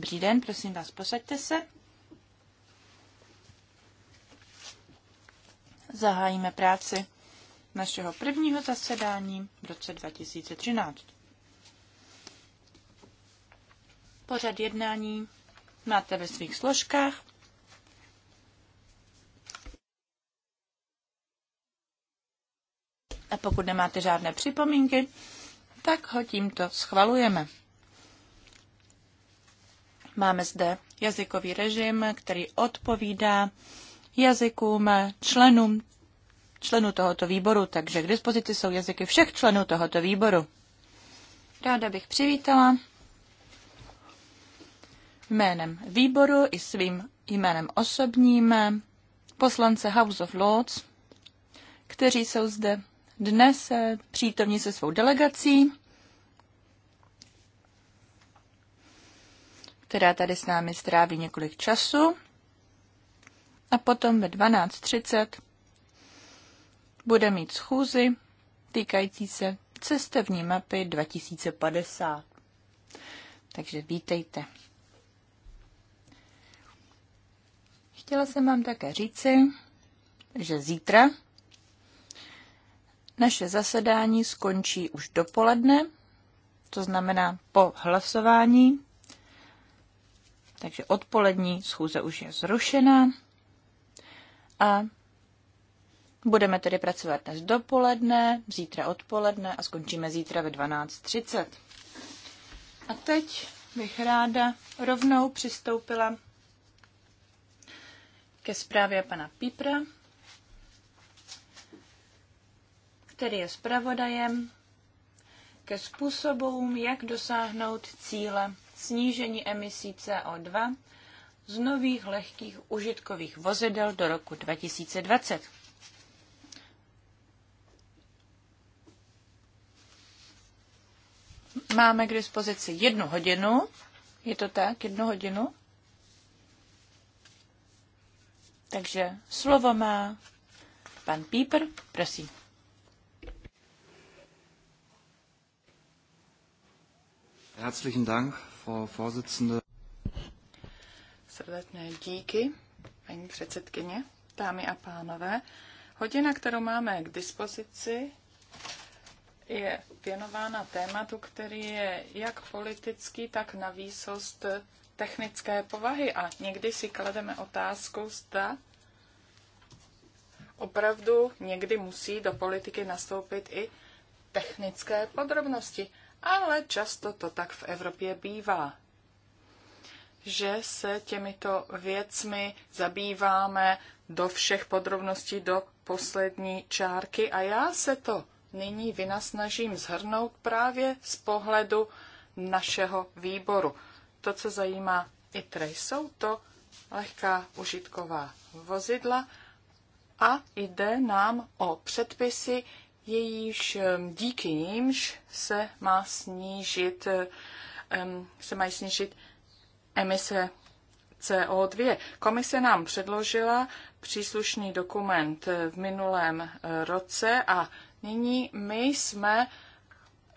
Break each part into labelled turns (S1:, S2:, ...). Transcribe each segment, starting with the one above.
S1: Dobrý den, prosím vás, posaďte se. Zahájíme práci našeho prvního zasedání v roce 2013. Pořad jednání máte ve svých složkách. A pokud nemáte žádné připomínky, tak ho tímto schvalujeme. Máme zde jazykový režim, který odpovídá jazykům členům členů tohoto výboru, takže k dispozici jsou jazyky všech členů tohoto výboru. Ráda bych přivítala jménem výboru i svým jménem osobním poslance House of Lords, kteří jsou zde dnes přítomní se svou delegací. která tady s námi stráví několik času. A potom ve 12.30 bude mít schůzi týkající se cestovní mapy 2050. Takže vítejte. Chtěla jsem vám také říci, že zítra naše zasedání skončí už dopoledne, to znamená po hlasování takže odpolední schůze už je zrušena a budeme tedy pracovat dnes dopoledne, zítra odpoledne a skončíme zítra ve 12.30. A teď bych ráda rovnou přistoupila ke zprávě pana Pípra, který je zpravodajem ke způsobům, jak dosáhnout cíle snížení emisí CO2 z nových lehkých užitkových vozidel do roku 2020. Máme k dispozici jednu hodinu. Je to tak? Jednu hodinu? Takže slovo má pan Píper, prosím.
S2: Herzlichen Dank, Frau Vorsitzende.
S3: Srdečné díky, paní předsedkyně, dámy a pánové. Hodina, kterou máme k dispozici, je věnována tématu, který je jak politický, tak na výsost technické povahy. A někdy si klademe otázku, zda opravdu někdy musí do politiky nastoupit i technické podrobnosti ale často to tak v Evropě bývá že se těmito věcmi zabýváme do všech podrobností, do poslední čárky a já se to nyní vynasnažím zhrnout právě z pohledu našeho výboru. To, co zajímá ITRE, jsou to lehká užitková vozidla a jde nám o předpisy, jejíž díky nímž se má snížit, se mají snížit emise CO2. Komise nám předložila příslušný dokument eh, v minulém eh, roce a nyní my jsme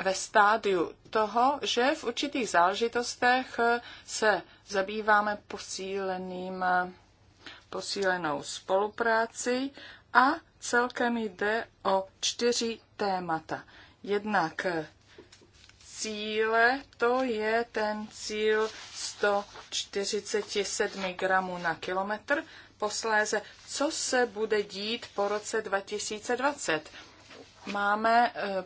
S3: ve stádiu toho, že v určitých záležitostech eh, se zabýváme posíleným, posílenou spolupráci a celkem jde o čtyři témata. Jednak cíle, to je ten cíl 147 gramů na kilometr. Posléze, co se bude dít po roce 2020. Máme eh,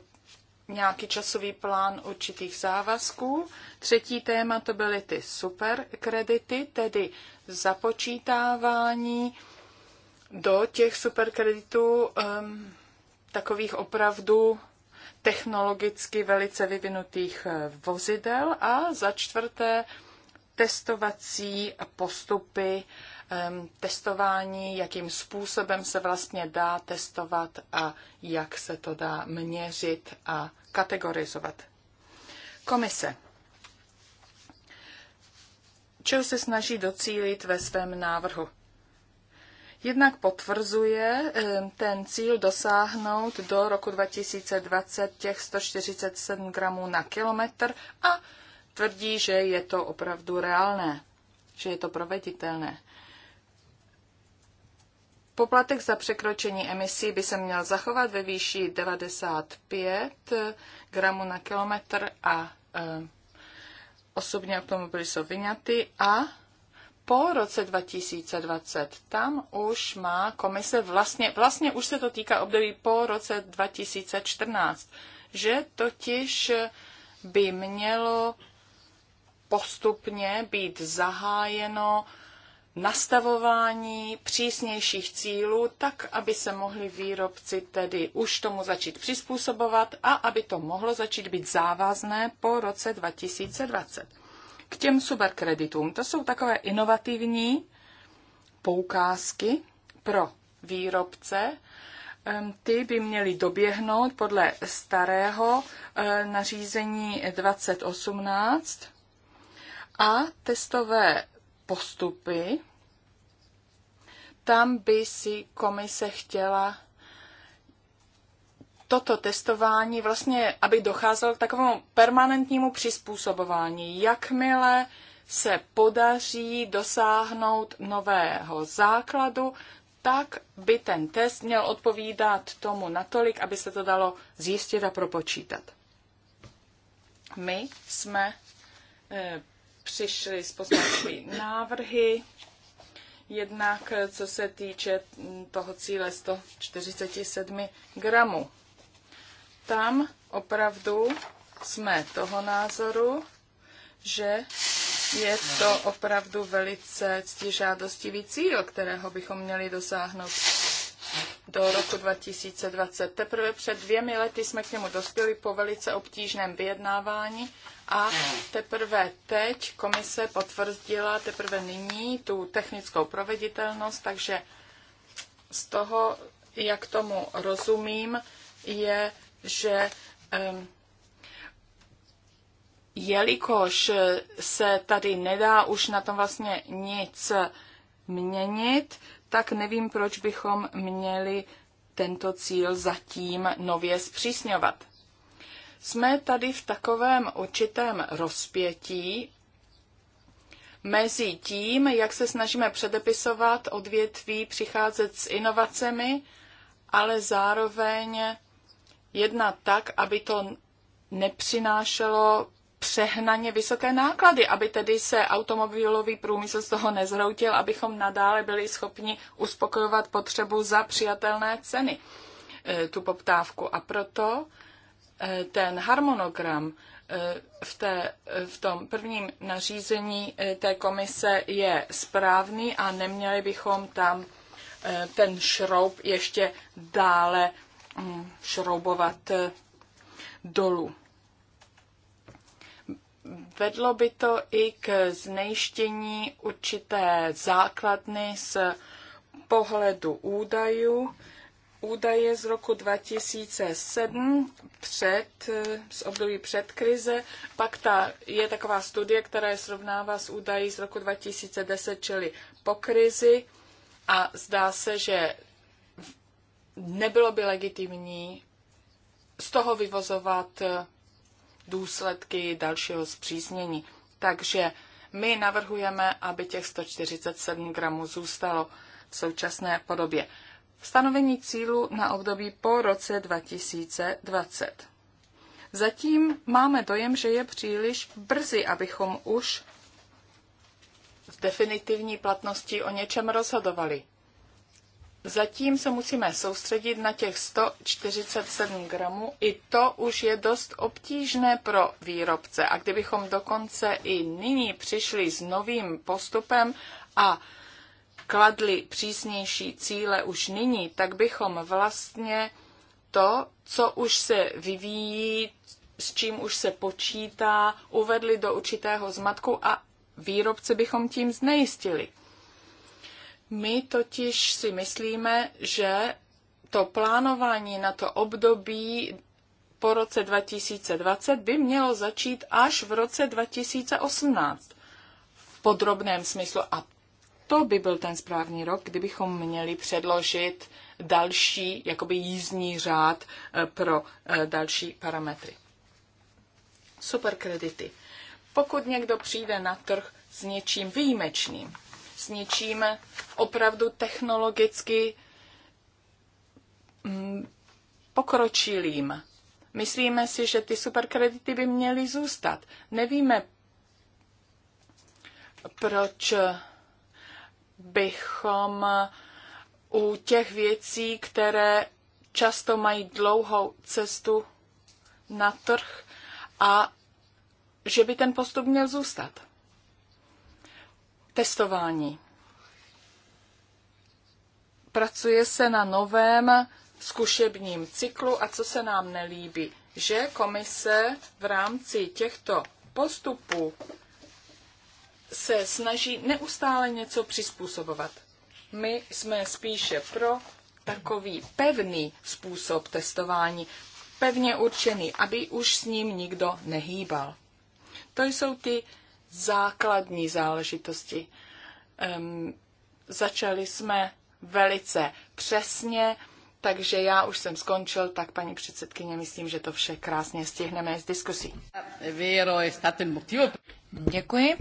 S3: nějaký časový plán určitých závazků. Třetí téma to byly ty superkredity, tedy započítávání do těch superkreditů um, takových opravdu technologicky velice vyvinutých eh, vozidel a za čtvrté testovací postupy, ehm, testování, jakým způsobem se vlastně dá testovat a jak se to dá měřit a kategorizovat. Komise. Čeho se snaží docílit ve svém návrhu? jednak potvrzuje eh, ten cíl dosáhnout do roku 2020 těch 147 gramů na kilometr a tvrdí, že je to opravdu reálné, že je to proveditelné. Poplatek za překročení emisí by se měl zachovat ve výši 95 eh, gramů na kilometr a e, osobní automobily jsou vyňaty a po roce 2020. Tam už má komise vlastně, vlastně už se to týká období po roce 2014, že totiž by mělo postupně být zahájeno nastavování přísnějších cílů, tak aby se mohli výrobci tedy už tomu začít přizpůsobovat a aby to mohlo začít být závazné po roce 2020 k těm superkreditům. To jsou takové inovativní poukázky pro výrobce. Ty by měly doběhnout podle starého eh, nařízení 2018 a testové postupy. Tam by si komise chtěla toto testování vlastně, aby docházelo k takovému permanentnímu přizpůsobování. Jakmile se podaří dosáhnout nového základu, tak by ten test měl odpovídat tomu natolik, aby se to dalo zjistit a propočítat. My jsme e, přišli s poslanci návrhy, jednak co se týče toho cíle 147 gramů tam opravdu jsme toho názoru, že je to opravdu velice ctižádostivý cíl, kterého bychom měli dosáhnout do roku 2020. Teprve před dvěmi lety jsme k němu dospěli po velice obtížném vyjednávání a teprve teď komise potvrdila teprve nyní tu technickou proveditelnost, takže z toho, jak tomu rozumím, je že jelikož se tady nedá už na tom vlastně nic měnit, tak nevím, proč bychom měli tento cíl zatím nově zpřísňovat. Jsme tady v takovém určitém rozpětí mezi tím, jak se snažíme předepisovat odvětví, přicházet s inovacemi, ale zároveň jednat tak, aby to nepřinášelo přehnaně vysoké náklady, aby tedy se automobilový průmysl z toho nezroutil, abychom nadále byli schopni uspokojovat potřebu za přijatelné ceny eh, tu poptávku. A proto eh, ten harmonogram eh, v, té, v tom prvním nařízení té komise je správný a neměli bychom tam ten šroub ještě dále šroubovat eh, dolů. Vedlo by to i k znejštění určité základny z pohledu údajů. Údaje z roku 2007 před, eh, z období před krize, pak ta, je taková studie, která je srovnává s údaji z roku 2010, čili po krizi. A zdá se, že nebylo by legitimní z toho vyvozovat eh, důsledky dalšího zpříznění. Takže my navrhujeme, aby těch 147 gramů zůstalo v současné podobě. Stanovení cílu na období po roce 2020. Zatím máme dojem, že je příliš brzy, abychom už s definitivní platností o něčem rozhodovali. Zatím se musíme soustředit na těch 147 gramů. I to už je dost obtížné pro výrobce. A kdybychom dokonce i nyní přišli s novým postupem a kladli přísnější cíle už nyní, tak bychom vlastně to, co už se vyvíjí, s čím už se počítá, uvedli do určitého zmatku a výrobce bychom tím znejistili. My totiž si myslíme, že to plánování na to období po roce 2020 by mělo začít až v roce 2018 v podrobném smyslu. A to by byl ten správný rok, kdybychom měli předložit další jakoby jízdní řád eh, pro eh, další parametry. Superkredity. Pokud někdo přijde na trh s něčím výjimečným, s něčím opravdu technologicky mm, pokročilým. Myslíme si, že ty superkredity by měly zůstat. Nevíme, proč bychom u těch věcí, které často mají dlouhou cestu na trh a že by ten postup měl zůstat testování. Pracuje se na novém zkušebním cyklu a co se nám nelíbí, že komise v rámci těchto postupů se snaží neustále něco přizpůsobovat. My jsme spíše pro takový pevný způsob testování, pevně určený, aby už s ním nikdo nehýbal. To jsou ty základní záležitosti. Um, začali jsme velice přesně, takže já už jsem skončil, tak paní předsedkyně, myslím, že to vše krásně stihneme z diskusí. Děkuji.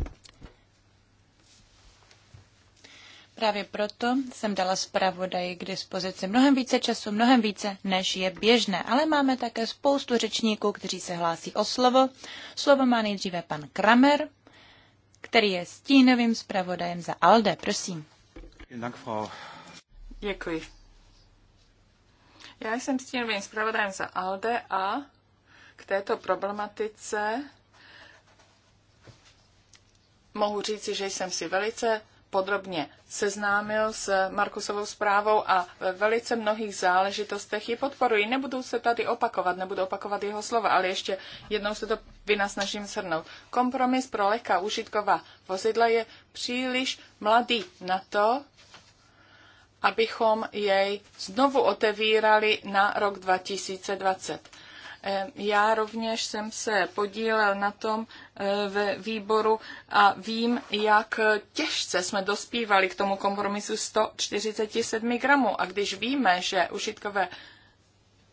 S3: Právě proto jsem dala
S1: zpravodaji k dispozici mnohem více času, mnohem více, než je běžné. Ale máme také spoustu řečníků, kteří se hlásí o slovo. Slovo má nejdříve pan Kramer, který je stínovým zpravodajem za ALDE. Prosím.
S3: Děkuji. Já jsem stínovým zpravodajem za ALDE a k této problematice mohu říci, že jsem si velice podrobně seznámil s Markusovou zprávou a ve velice mnohých záležitostech ji podporuji. Nebudu se tady opakovat, nebudu opakovat jeho slova, ale ještě jednou se to vynasnažím shrnout. Kompromis pro lehká užitková vozidla je příliš mladý na to, abychom jej znovu otevírali na rok 2020. Eh, já rovněž jsem se podílel na tom eh, ve výboru a vím, jak těžce jsme dospívali k tomu kompromisu 147 gramů. A když víme, že užitkové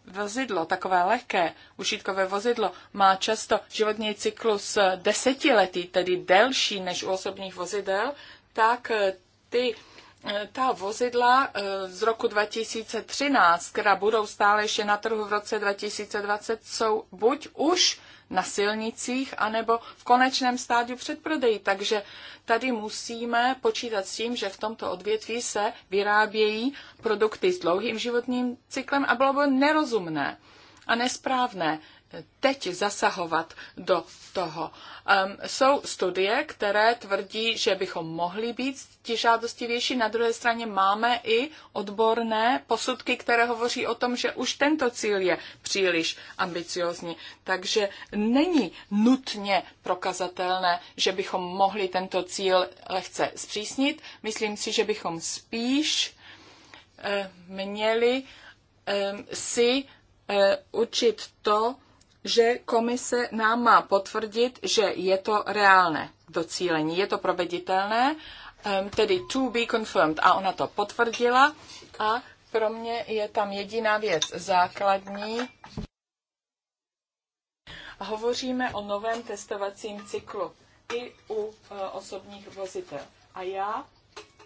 S3: vozidlo, takové lehké užitkové vozidlo, má často životní cyklus desetiletý, tedy delší než u osobních vozidel, tak eh, ty ta vozidla eh, z roku 2013, která budou stále ještě na trhu v roce 2020, jsou buď už na silnicích, anebo v konečném stádiu předprodeji. Takže tady musíme počítat s tím, že v tomto odvětví se vyrábějí produkty s dlouhým životním cyklem a bylo by nerozumné a nesprávné teď zasahovat do toho. Um, jsou studie, které tvrdí, že bychom mohli být ti žádostivější. Na druhé straně máme i odborné posudky, které hovoří o tom, že už tento cíl je příliš ambiciozní. Takže není nutně prokazatelné, že bychom mohli tento cíl lehce zpřísnit. Myslím si, že bychom spíš uh, měli eh, si uh, učit to, že komise nám má potvrdit, že je to reálné docílení, je to proveditelné, tedy to be confirmed. A ona to potvrdila a pro mě je tam jediná věc základní. Hovoříme o novém testovacím cyklu i u e, osobních vozitel. A já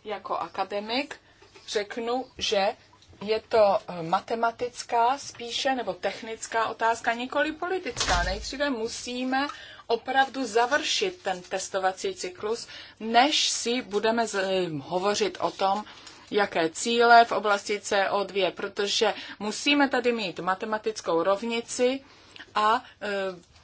S3: jako akademik řeknu, že je to eh, matematická spíše nebo technická otázka, nikoli politická. Nejdříve musíme opravdu završit ten testovací cyklus, než si budeme eh, hovořit o tom, jaké cíle v oblasti CO2, protože musíme tady mít matematickou rovnici a eh,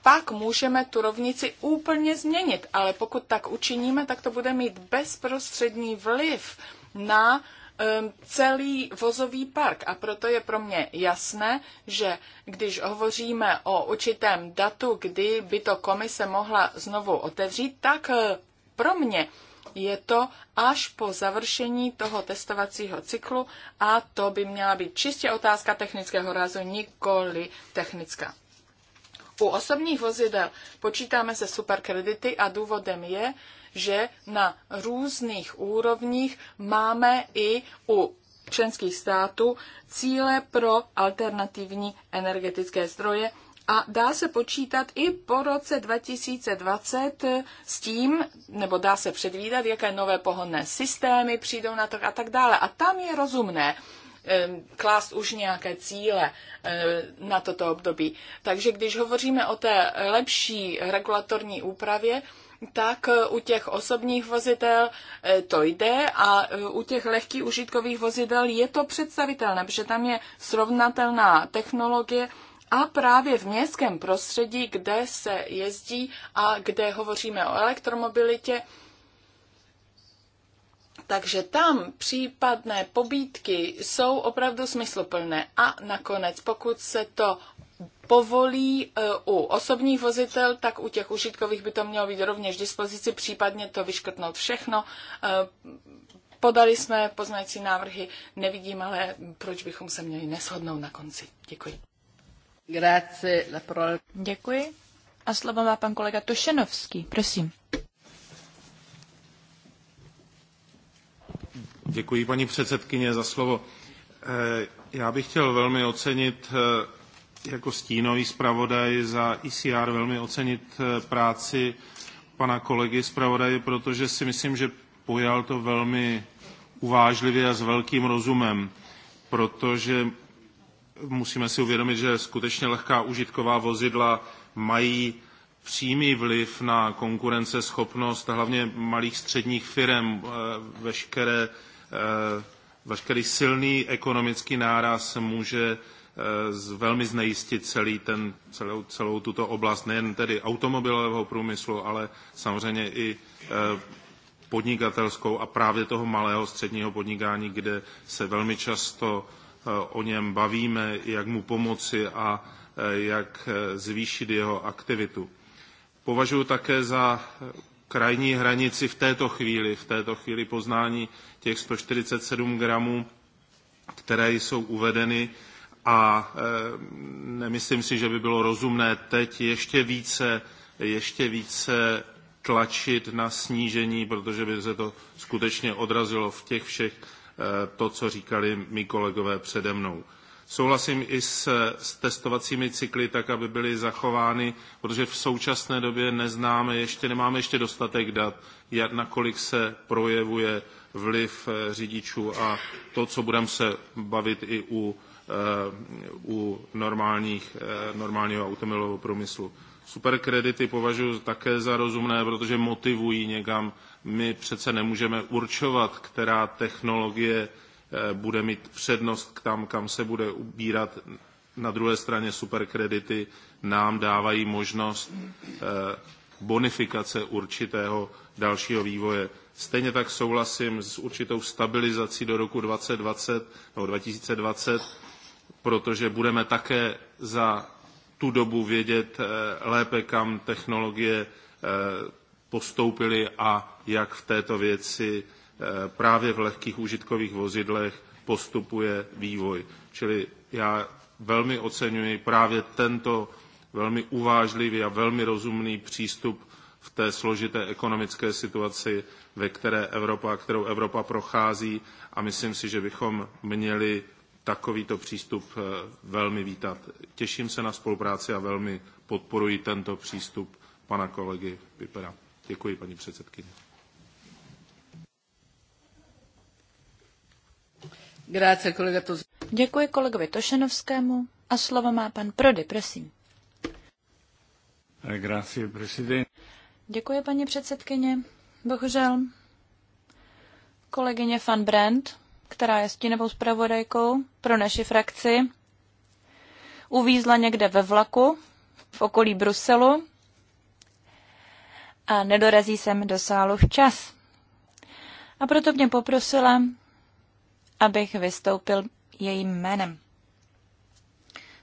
S3: pak můžeme tu rovnici úplně změnit, ale pokud tak učiníme, tak to bude mít bezprostřední vliv na Ehm, celý vozový park. A proto je pro mě jasné, že když hovoříme o určitém datu, kdy by to komise mohla znovu otevřít, tak eh, pro mě je to až po završení toho testovacího cyklu a to by měla být čistě otázka technického rázu, nikoli technická. U osobních vozidel počítáme se superkredity a důvodem je, že na různých úrovních máme i u členských států cíle pro alternativní energetické zdroje a dá se počítat i po roce 2020 s tím, nebo dá se předvídat, jaké nové pohonné systémy přijdou na trh a tak dále. A tam je rozumné klást už nějaké cíle na toto období. Takže když hovoříme o té lepší regulatorní úpravě, tak eh, u těch osobních vozidel eh, to jde a eh, u těch lehkých užitkových vozidel je to představitelné, protože tam je srovnatelná technologie, a právě v městském prostředí, kde se jezdí a kde hovoříme o elektromobilitě, takže tam případné pobídky jsou opravdu smysluplné. A nakonec, pokud se to povolí e, u osobních vozitel, tak u těch užitkových by to mělo být rovněž dispozici, případně to vyškrtnout všechno. E, podali jsme poznající návrhy, nevidím ale, proč bychom se měli neshodnout na konci. Děkuji. Děkuji. A slovo má pan kolega Tošenovský.
S1: Prosím.
S4: Děkuji, paní předsedkyně, za slovo. E, já bych chtěl velmi ocenit jako stínový zpravodaj za ICR e velmi ocenit eh, práci pana kolegy zpravodaje, protože si myslím, že pojal to velmi uvážlivě a s velkým rozumem, protože musíme si uvědomit, že skutečně lehká užitková vozidla mají přímý vliv na konkurenceschopnost hlavně malých středních firm. Eh, veškeré, eh, veškerý silný ekonomický náraz může Eh, velmi znejistit celý ten, celou, celou tuto oblast, nejen tedy automobilového průmyslu, ale samozřejmě i eh, podnikatelskou a právě toho malého středního podnikání, kde se velmi často eh, o něm bavíme, jak mu pomoci a jak zvýšit jeho aktivitu. Považuji také za krajní hranici v této chvíli, v této chvíli poznání těch 147 gramů, které jsou uvedeny a eh, nemyslím si, že by bylo rozumné teď ještě více, ještě více tlačit na snížení, protože by se to skutečně odrazilo v těch všech eh, to, co říkali mý kolegové přede mnou. Souhlasím i s, s testovacími cykly, tak aby byly zachovány, protože v současné době neznáme ještě, nemáme ještě dostatek dat, jak, nakolik se projevuje vliv eh, řidičů a to, co budeme se bavit i u Eh, u normálních, eh, normálního automobilového průmyslu. Superkredity považuji také za rozumné, protože motivují někam. My přece nemůžeme určovat, která technologie eh, bude mít přednost tam, kam se bude ubírat. Na druhé straně superkredity nám dávají možnost bonifikace určitého dalšího vývoje. Stejně tak souhlasím s určitou stabilizací do roku 2020, no 2020 protože budeme také za tu dobu vědět eh, lépe, kam technologie eh, postoupily a jak v této věci eh, právě v lehkých užitkových vozidlech postupuje vývoj. Čili já velmi oceňuji právě tento velmi uvážlivý a velmi rozumný přístup v té složité ekonomické situaci, ve které Evropa, kterou Evropa prochází a myslím si, že bychom měli takovýto přístup eh, velmi vítat. Těším se na spolupráci a velmi podporuji tento přístup pana kolegy Pipera. Děkuji, paní předsedkyně.
S1: Děkuji kolegovi Tošenovskému a slovo má pan Prody, prosím.
S4: Eh,
S1: Děkuji, paní předsedkyně. Bohužel kolegyně van Brandt která je stínovou zpravodajkou pro naši frakci, uvízla někde ve vlaku v okolí Bruselu a nedorazí sem do sálu včas. A proto mě poprosila, abych vystoupil jejím jménem.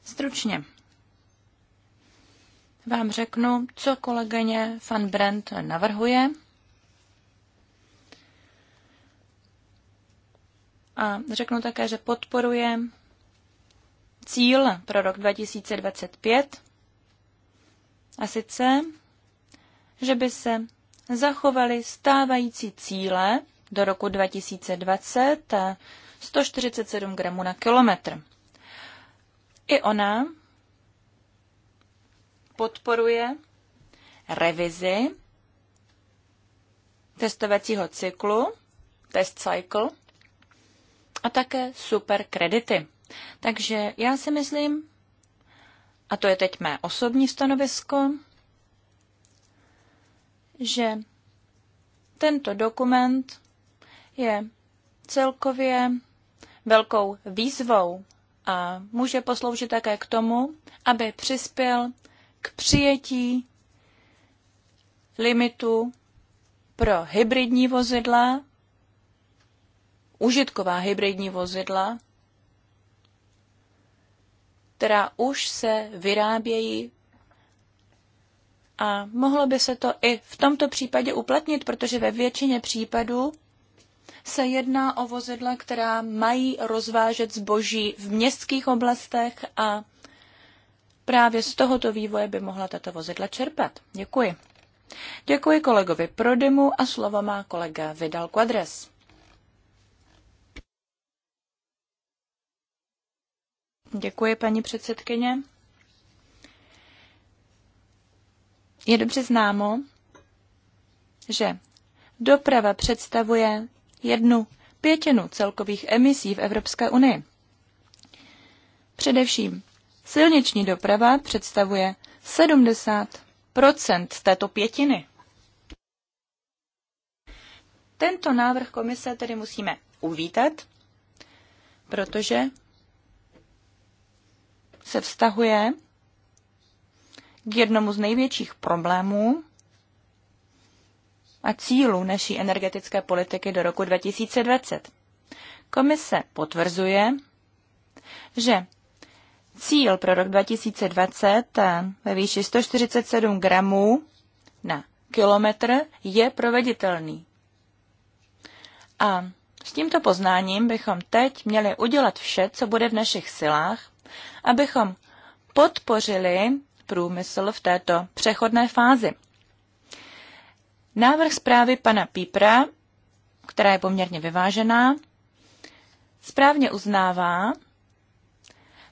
S1: Stručně vám řeknu, co kolegyně van Brent navrhuje a řeknu také, že podporuje cíl pro rok 2025 a sice, že by se zachovaly stávající cíle do roku 2020 a 147 gramů na kilometr. I ona podporuje revizi testovacího cyklu, test cycle, a také super kredity. Takže já si myslím, a to je teď mé osobní stanovisko, že tento dokument je celkově velkou výzvou a může posloužit také k tomu, aby přispěl k přijetí limitu pro hybridní vozidla užitková hybridní vozidla, která už se vyrábějí a mohlo by se to i v tomto případě uplatnit, protože ve většině případů se jedná o vozidla, která mají rozvážet zboží v městských oblastech a právě z tohoto vývoje by mohla tato vozidla čerpat. Děkuji. Děkuji kolegovi Prodymu a slovo má kolega Vidal Quadres. Děkuji, paní předsedkyně. Je dobře známo, že doprava představuje jednu pětinu celkových emisí v Evropské unii. Především silniční doprava představuje 70 této pětiny. Tento návrh komise tedy musíme uvítat, protože se vztahuje k jednomu z největších problémů a cílů naší energetické politiky do roku 2020. Komise potvrzuje, že cíl pro rok 2020 eh, ve výši 147 gramů na kilometr je proveditelný. A s tímto poznáním bychom teď měli udělat vše, co bude v našich silách, abychom podpořili průmysl v této přechodné fázi. Návrh zprávy pana Pípra, která je poměrně vyvážená, správně uznává,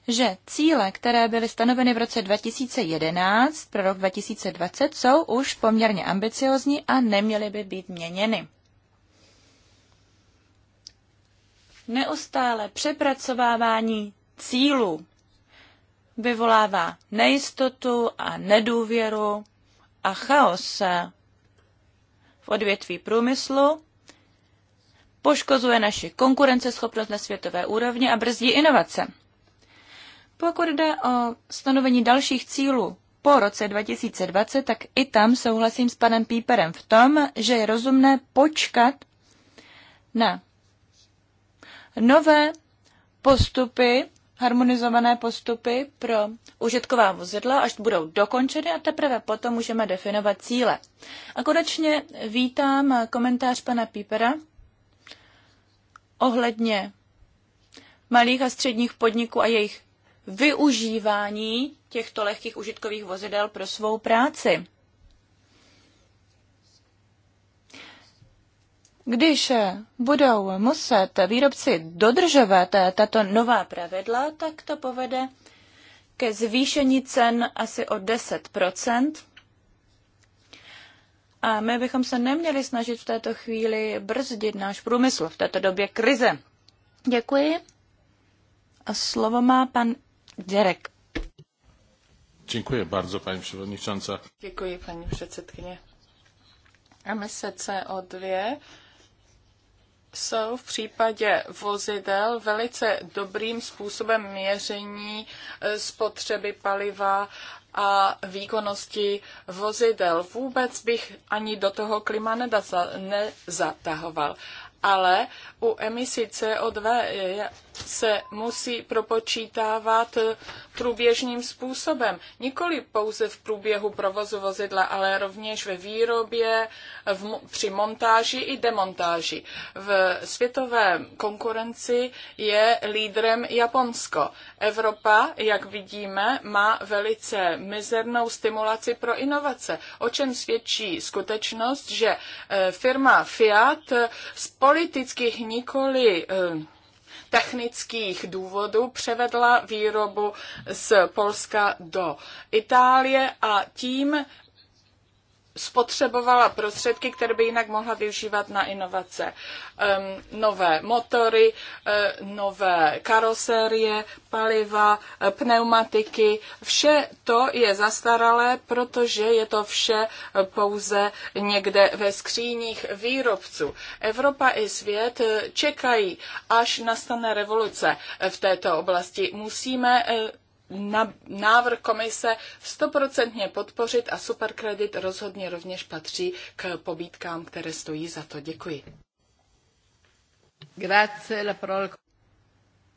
S1: že cíle, které byly stanoveny v roce 2011 pro rok 2020, jsou už poměrně ambiciozní a neměly by být měněny. Neustále přepracovávání cílů vyvolává nejistotu a nedůvěru a chaos v odvětví průmyslu, poškozuje naši konkurenceschopnost na světové úrovni a brzdí inovace. Pokud jde o stanovení dalších cílů po roce 2020, tak i tam souhlasím s panem Píperem v tom, že je rozumné počkat na nové postupy harmonizované postupy pro užitková vozidla, až budou dokončeny a teprve potom můžeme definovat cíle. A konečně vítám komentář pana Pípera ohledně malých a středních podniků a jejich využívání těchto lehkých užitkových vozidel pro svou práci. Když budou muset výrobci dodržovat tato nová pravidla, tak to povede ke zvýšení cen asi o 10 A my bychom se neměli snažit v této chvíli brzdit náš průmysl v této době krize. Děkuji. A slovo má pan Děrek.
S4: Děkuji bardzo, paní předsedkyně.
S3: Děkuji, paní předsedkyně. Emise CO2 jsou v případě vozidel velice dobrým způsobem měření eh, spotřeby paliva a výkonnosti vozidel. Vůbec bych ani do toho klima nezatahoval. Ale u emisí CO2 je se musí propočítávat průběžným způsobem. Nikoli pouze v průběhu provozu vozidla, ale rovněž ve výrobě, v, při montáži i demontáži. V světové konkurenci je lídrem Japonsko. Evropa, jak vidíme, má velice mizernou stimulaci pro inovace, o čem svědčí skutečnost, že eh, firma Fiat z politických nikoli eh, technických důvodů převedla výrobu z Polska do Itálie a tím spotřebovala prostředky, které by jinak mohla využívat na inovace. nové motory, e, nové karoserie, paliva, e, pneumatiky, vše to je zastaralé, protože je to vše pouze někde ve skříních výrobců. Evropa i svět e, čekají, až nastane revoluce v této oblasti. Musíme návrh komise stoprocentně podpořit a superkredit rozhodně rovněž patří k pobídkám, které stojí za to. Děkuji.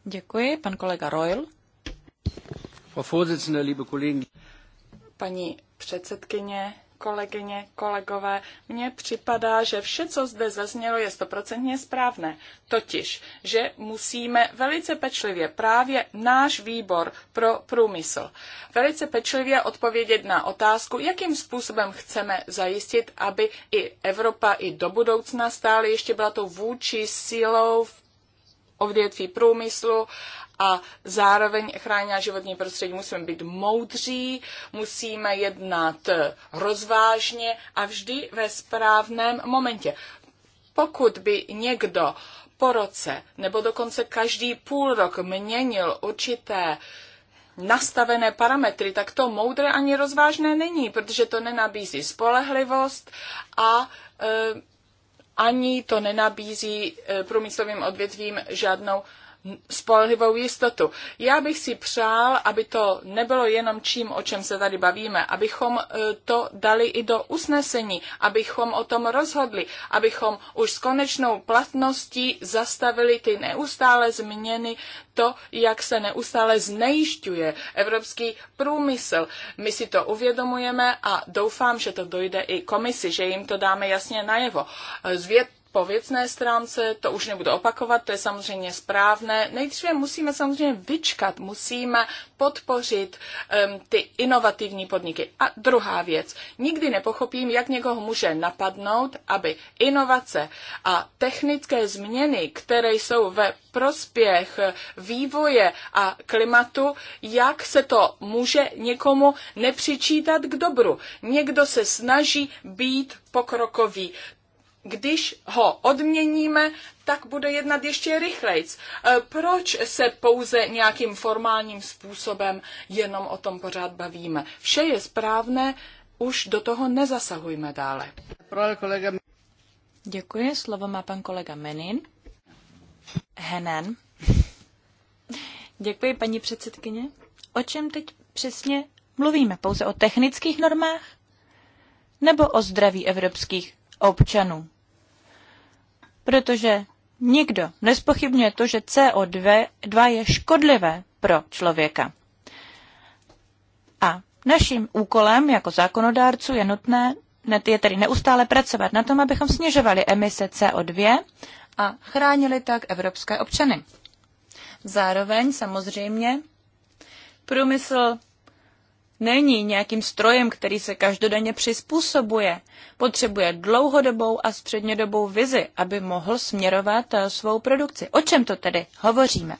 S3: Děkuji, pan kolega Royal. Paní předsedkyně, kolegyně, kolegové, mně připadá, že vše, co zde zaznělo, je stoprocentně správné. Totiž, že musíme velice pečlivě právě náš výbor pro průmysl velice pečlivě odpovědět na otázku, jakým způsobem chceme zajistit, aby i Evropa i do budoucna stále ještě byla tou vůči silou v odvětví průmyslu a zároveň chránila životní prostředí. Musíme být moudří, musíme jednat rozvážně a vždy ve správném momentě. Pokud by někdo po roce nebo dokonce každý půl rok měnil určité nastavené parametry, tak to moudré ani rozvážné není, protože to nenabízí spolehlivost a e, ani to nenabízí eh, průmyslovým odvětvím žádnou spolehlivou jistotu. Já bych si přál, aby to nebylo jenom čím, o čem se tady bavíme, abychom e, to dali i do usnesení, abychom o tom rozhodli, abychom už s konečnou platností zastavili ty neustále změny, to, jak se neustále znejišťuje evropský průmysl. My si to uvědomujeme a doufám, že to dojde i komisi, že jim to dáme jasně najevo. E, zvět po věcné stránce, to už nebudu opakovat, to je samozřejmě správné. Nejdříve musíme samozřejmě vyčkat, musíme podpořit um, ty inovativní podniky. A druhá věc, nikdy nepochopím, jak někoho může napadnout, aby inovace a technické změny, které jsou ve prospěch vývoje a klimatu, jak se to může někomu nepřičítat k dobru. Někdo se snaží být pokrokový když ho odměníme, tak bude jednat ještě rychleji. E, proč se pouze nějakým formálním způsobem jenom o tom pořád bavíme? Vše je správné, už do toho nezasahujme dále.
S1: Děkuji, slovo má pan kolega Menin. Henen. Děkuji, paní předsedkyně. O čem teď přesně mluvíme? Pouze o technických normách? Nebo o zdraví evropských občanů. Protože nikdo nespochybňuje to, že CO2 je škodlivé pro člověka. A naším úkolem jako zákonodárců je nutné je tedy neustále pracovat na tom, abychom snižovali emise CO2 a chránili tak evropské občany. Zároveň samozřejmě průmysl není nějakým strojem, který se každodenně přizpůsobuje. Potřebuje dlouhodobou a střednědobou vizi, aby mohl směrovat eh, svou produkci. O čem to tedy hovoříme?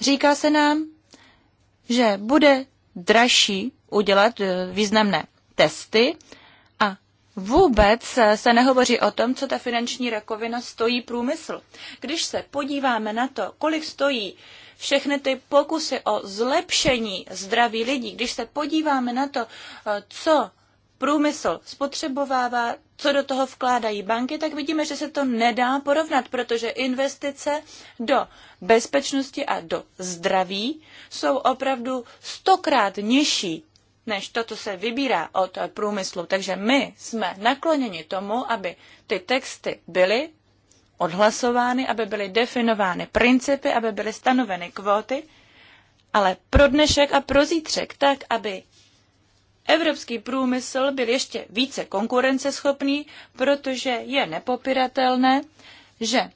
S1: Říká se nám, že bude dražší udělat eh, významné testy a vůbec eh, se nehovoří o tom, co ta finanční rakovina stojí průmysl. Když se podíváme na to, kolik stojí všechny ty pokusy o zlepšení zdraví lidí, když se podíváme na to, eh, co průmysl spotřebovává, co do toho vkládají banky, tak vidíme, že se to nedá porovnat, protože investice do bezpečnosti a do zdraví jsou opravdu stokrát nižší než to, co se vybírá od průmyslu. Takže my jsme nakloněni tomu, aby ty texty byly odhlasovány, aby byly definovány principy, aby byly stanoveny kvóty, ale pro dnešek a pro zítřek, tak aby evropský průmysl byl ještě více konkurenceschopný, protože je nepopiratelné, že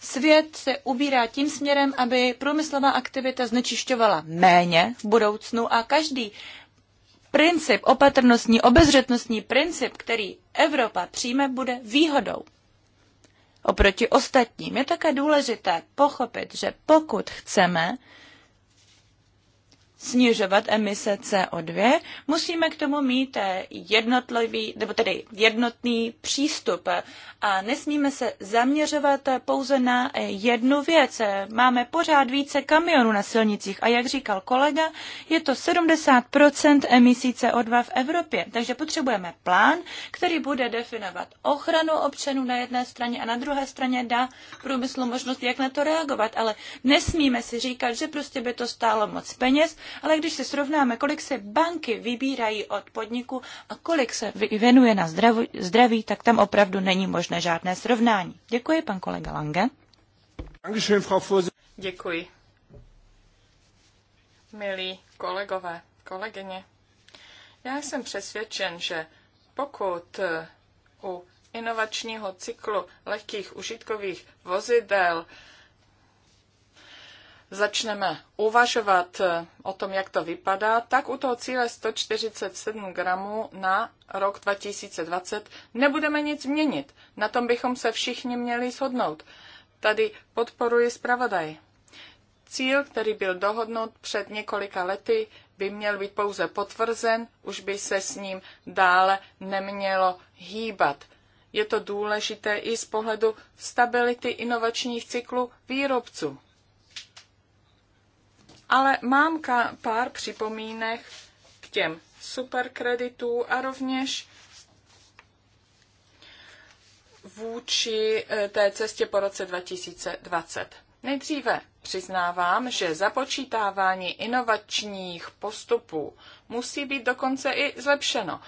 S1: svět se ubírá tím směrem, aby průmyslová aktivita znečišťovala méně v budoucnu a každý princip, opatrnostní, obezřetnostní princip, který Evropa přijme, bude výhodou oproti ostatním. Je také důležité pochopit, že pokud chceme snižovat emise CO2, musíme k tomu mít eh, jednotlivý, nebo tedy jednotný přístup a nesmíme se zaměřovat eh, pouze na eh, jednu věc. Máme pořád více kamionů na silnicích a jak říkal kolega, je to 70% emisí CO2 v Evropě. Takže potřebujeme plán, který bude definovat ochranu občanů na jedné straně a na druhé straně dá průmyslu možnost, jak na to reagovat, ale nesmíme si říkat, že prostě by to stálo moc peněz, ale když si srovnáme, kolik se banky vybírají od podniku a kolik se věnuje na zdraví, zdraví tak tam opravdu není možné žádné srovnání. Děkuji, pan kolega Lange.
S3: Děkuji. Milí kolegové, kolegyně, já jsem přesvědčen, že pokud eh, u inovačního cyklu lehkých užitkových vozidel začneme uvažovat eh, o tom, jak to vypadá, tak u toho cíle 147 gramů na rok 2020 nebudeme nic měnit. Na tom bychom se všichni měli shodnout. Tady podporuji zpravodaj. Cíl, který byl dohodnut před několika lety, by měl být pouze potvrzen, už by se s ním dále nemělo hýbat. Je to důležité i z pohledu stability inovačních cyklů výrobců ale mám pár připomínek k těm superkreditů a rovněž vůči e, té cestě po roce 2020. Nejdříve přiznávám, že započítávání inovačních postupů musí být dokonce i zlepšeno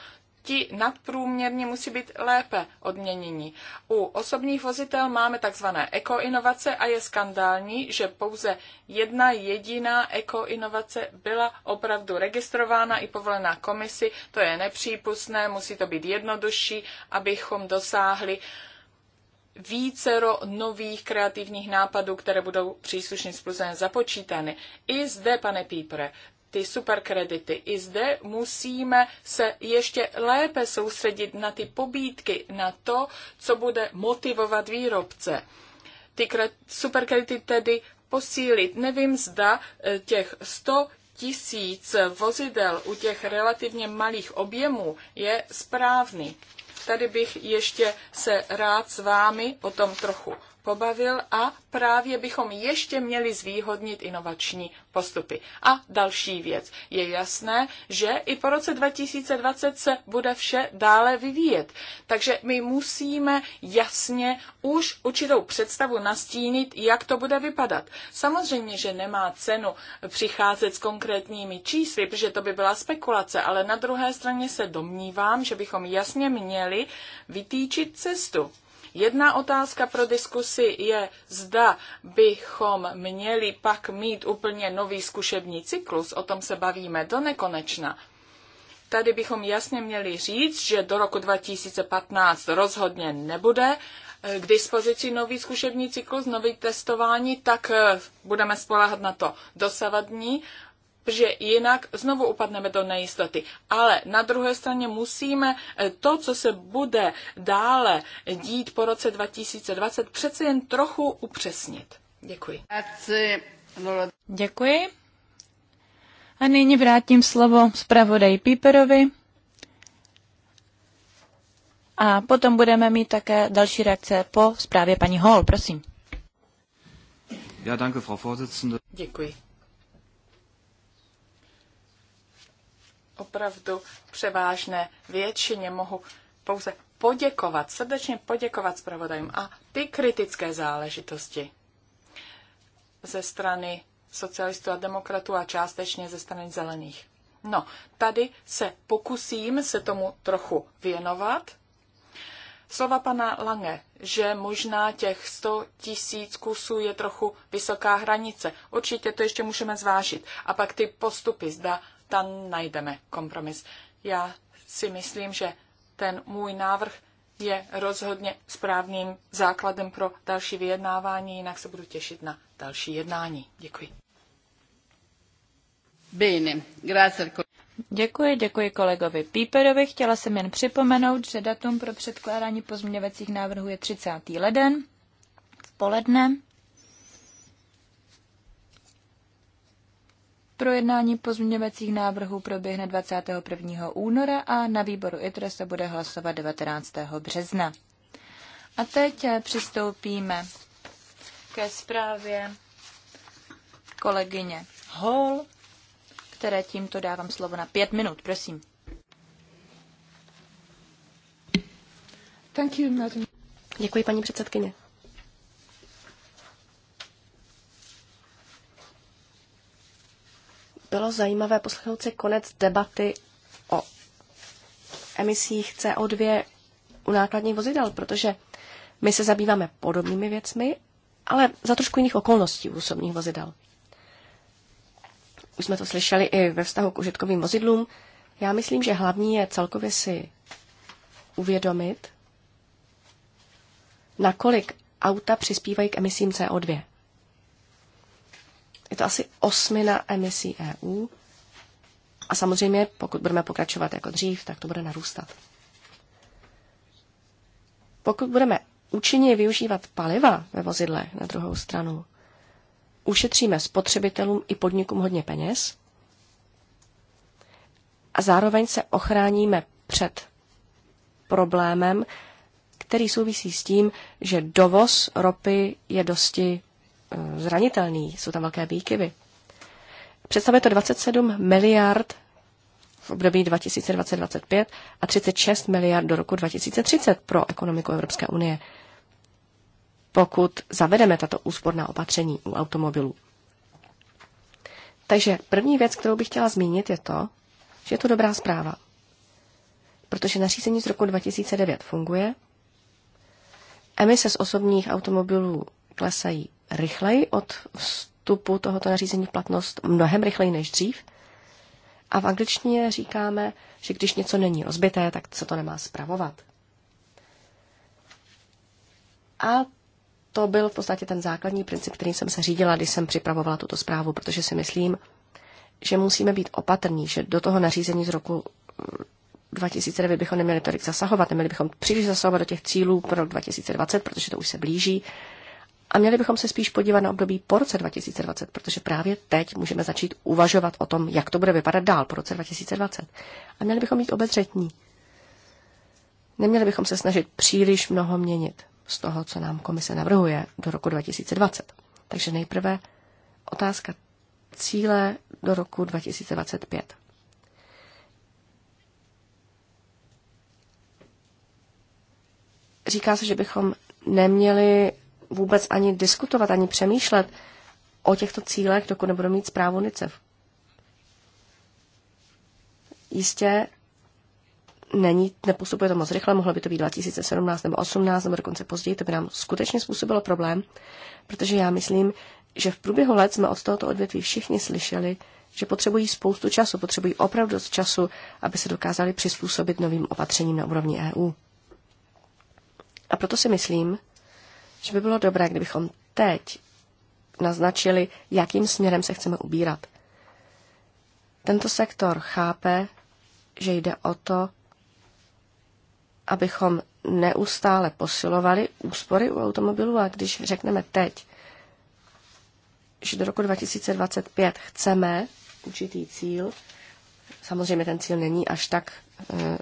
S3: ti nadprůměrně musí být lépe odměněni. U osobních vozitel máme takzvané ekoinovace a je skandální, že pouze jedna jediná ekoinovace byla opravdu registrována i povolená komisi. To je nepřípustné, musí to být jednodušší, abychom dosáhli vícero nových kreativních nápadů, které budou příslušným způsobem započítány. I zde, pane Pípre, ty superkredity. I zde musíme se ještě lépe soustředit na ty pobídky, na to, co bude motivovat výrobce. Ty superkredity tedy posílit. Nevím, zda e, těch 100 tisíc vozidel u těch relativně malých objemů je správný. Tady bych ještě se rád s vámi o tom trochu pobavil a právě bychom ještě měli zvýhodnit inovační postupy. A další věc. Je jasné, že i po roce 2020 se bude vše dále vyvíjet. Takže my musíme jasně už určitou představu nastínit, jak to bude vypadat. Samozřejmě, že nemá cenu přicházet s konkrétními čísly, protože to by byla spekulace, ale na druhé straně se domnívám, že bychom jasně měli vytýčit cestu Jedna otázka pro diskusi je, zda bychom měli pak mít úplně nový zkušební cyklus, o tom se bavíme do nekonečna. Tady bychom jasně měli říct, že do roku 2015 rozhodně nebude eh, k dispozici nový zkušební cyklus, nový testování, tak eh, budeme spoláhat na to dosavadní protože jinak znovu upadneme do nejistoty. Ale na druhé straně musíme eh, to, co se bude dále dít po roce 2020, přece jen trochu upřesnit. Děkuji. Děkuji.
S1: A nyní vrátím slovo zpravodaj Píperovi. A potom budeme mít také další reakce po zprávě paní Hall. Prosím.
S3: Ja, danke, Frau Vorsitzende. Děkuji, opravdu převážné většině mohu pouze poděkovat, srdečně poděkovat zpravodajům a ty kritické záležitosti ze strany socialistů a demokratů a částečně ze strany zelených. No, tady se pokusím se tomu trochu věnovat. Slova pana Lange, že možná těch 100 tisíc kusů je trochu vysoká hranice. Určitě to ještě můžeme zvážit. A pak ty postupy, zda tam najdeme kompromis. Já si myslím, že ten můj návrh je rozhodně správným základem pro další vyjednávání, jinak se budu těšit na další jednání. Děkuji. Bene, grazie. Děkuji, děkuji
S1: kolegovi Píperovi. Chtěla jsem jen připomenout, že datum pro předkládání pozměňovacích návrhů je 30. leden v poledne. Projednání pozměňovacích návrhů proběhne 21. února a na výboru ITRE se bude hlasovat 19. března. A teď eh, přistoupíme ke zprávě kolegyně Hall, které tímto dávám slovo na pět minut. Prosím.
S2: Děkuji, paní předsedkyně. Bylo zajímavé poslechnout si konec debaty o emisích CO2 u nákladních vozidel, protože my se zabýváme podobnými věcmi, ale za trošku jiných okolností u osobních vozidel. Už jsme to slyšeli i ve vztahu k užitkovým vozidlům. Já myslím, že hlavní je celkově si uvědomit, nakolik auta přispívají k emisím CO2. Je to asi osmina emisí EU. A samozřejmě, pokud budeme pokračovat jako dřív, tak to bude narůstat. Pokud budeme účinně využívat paliva ve vozidlech na druhou stranu, ušetříme spotřebitelům i podnikům hodně peněz a zároveň se ochráníme před problémem, který souvisí s tím, že dovoz ropy je dosti Eh, zranitelný, jsou tam velké výkyvy. Představuje to 27 miliard v období 2020-2025 a 36 miliard do roku 2030 pro ekonomiku Evropské unie, pokud zavedeme tato úsporná opatření u automobilů. Takže první věc, kterou bych chtěla zmínit, je to, že je to dobrá zpráva. Protože nařízení z roku 2009 funguje, emise z osobních automobilů klesají rychleji od vstupu tohoto nařízení v platnost, mnohem rychleji než dřív. A v angličtině říkáme, že když něco není rozbité, tak se to nemá spravovat. A to byl v podstatě ten základní princip, kterým jsem se řídila, když jsem připravovala tuto zprávu, protože si myslím, že musíme být opatrní, že do toho nařízení z roku 2009 mm, bychom neměli tolik zasahovat, neměli bychom příliš zasahovat do těch cílů pro rok 2020, protože to už se blíží a měli bychom se spíš podívat na období po roce 2020, protože právě teď můžeme začít uvažovat o tom, jak to bude vypadat dál po roce 2020. A měli bychom být obezřetní. Neměli bychom se snažit příliš mnoho měnit z toho, co nám komise navrhuje do roku 2020. Takže nejprve otázka cíle do roku 2025. Říká se, že bychom neměli vůbec ani diskutovat, ani přemýšlet o těchto cílech, dokud nebudeme mít zprávu NICEF. Jistě není, nepostupuje to moc rychle, mohlo by to být 2017 nebo 2018, nebo dokonce později, to by nám skutečně způsobilo problém, protože já myslím, že v průběhu let jsme od tohoto odvětví všichni slyšeli, že potřebují spoustu času, potřebují opravdu dost času, aby se dokázali přizpůsobit novým opatřením na úrovni EU. A proto si myslím, že by bylo dobré, kdybychom teď naznačili, jakým směrem se chceme ubírat. Tento sektor chápe, že jde o to, abychom neustále posilovali úspory u automobilů a když řekneme teď, že do roku 2025 chceme určitý cíl, samozřejmě ten cíl není až tak e,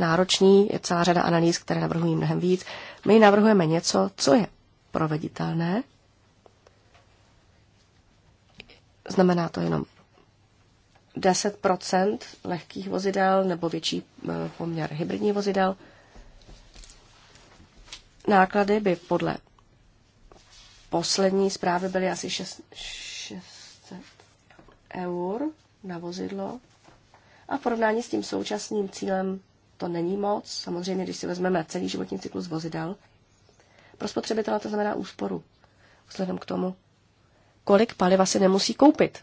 S2: náročný, je celá řada analýz, které navrhují mnohem víc, my navrhujeme něco, co je proveditelné. Znamená to jenom 10 lehkých vozidel nebo větší eh, poměr hybridních vozidel. Náklady by podle poslední zprávy byly asi 600 eur na vozidlo. A v porovnání s tím současným cílem to není moc. Samozřejmě, když si vezmeme celý životní cyklus vozidel, pro spotřebitele to znamená úsporu. Vzhledem k tomu, kolik paliva si nemusí koupit.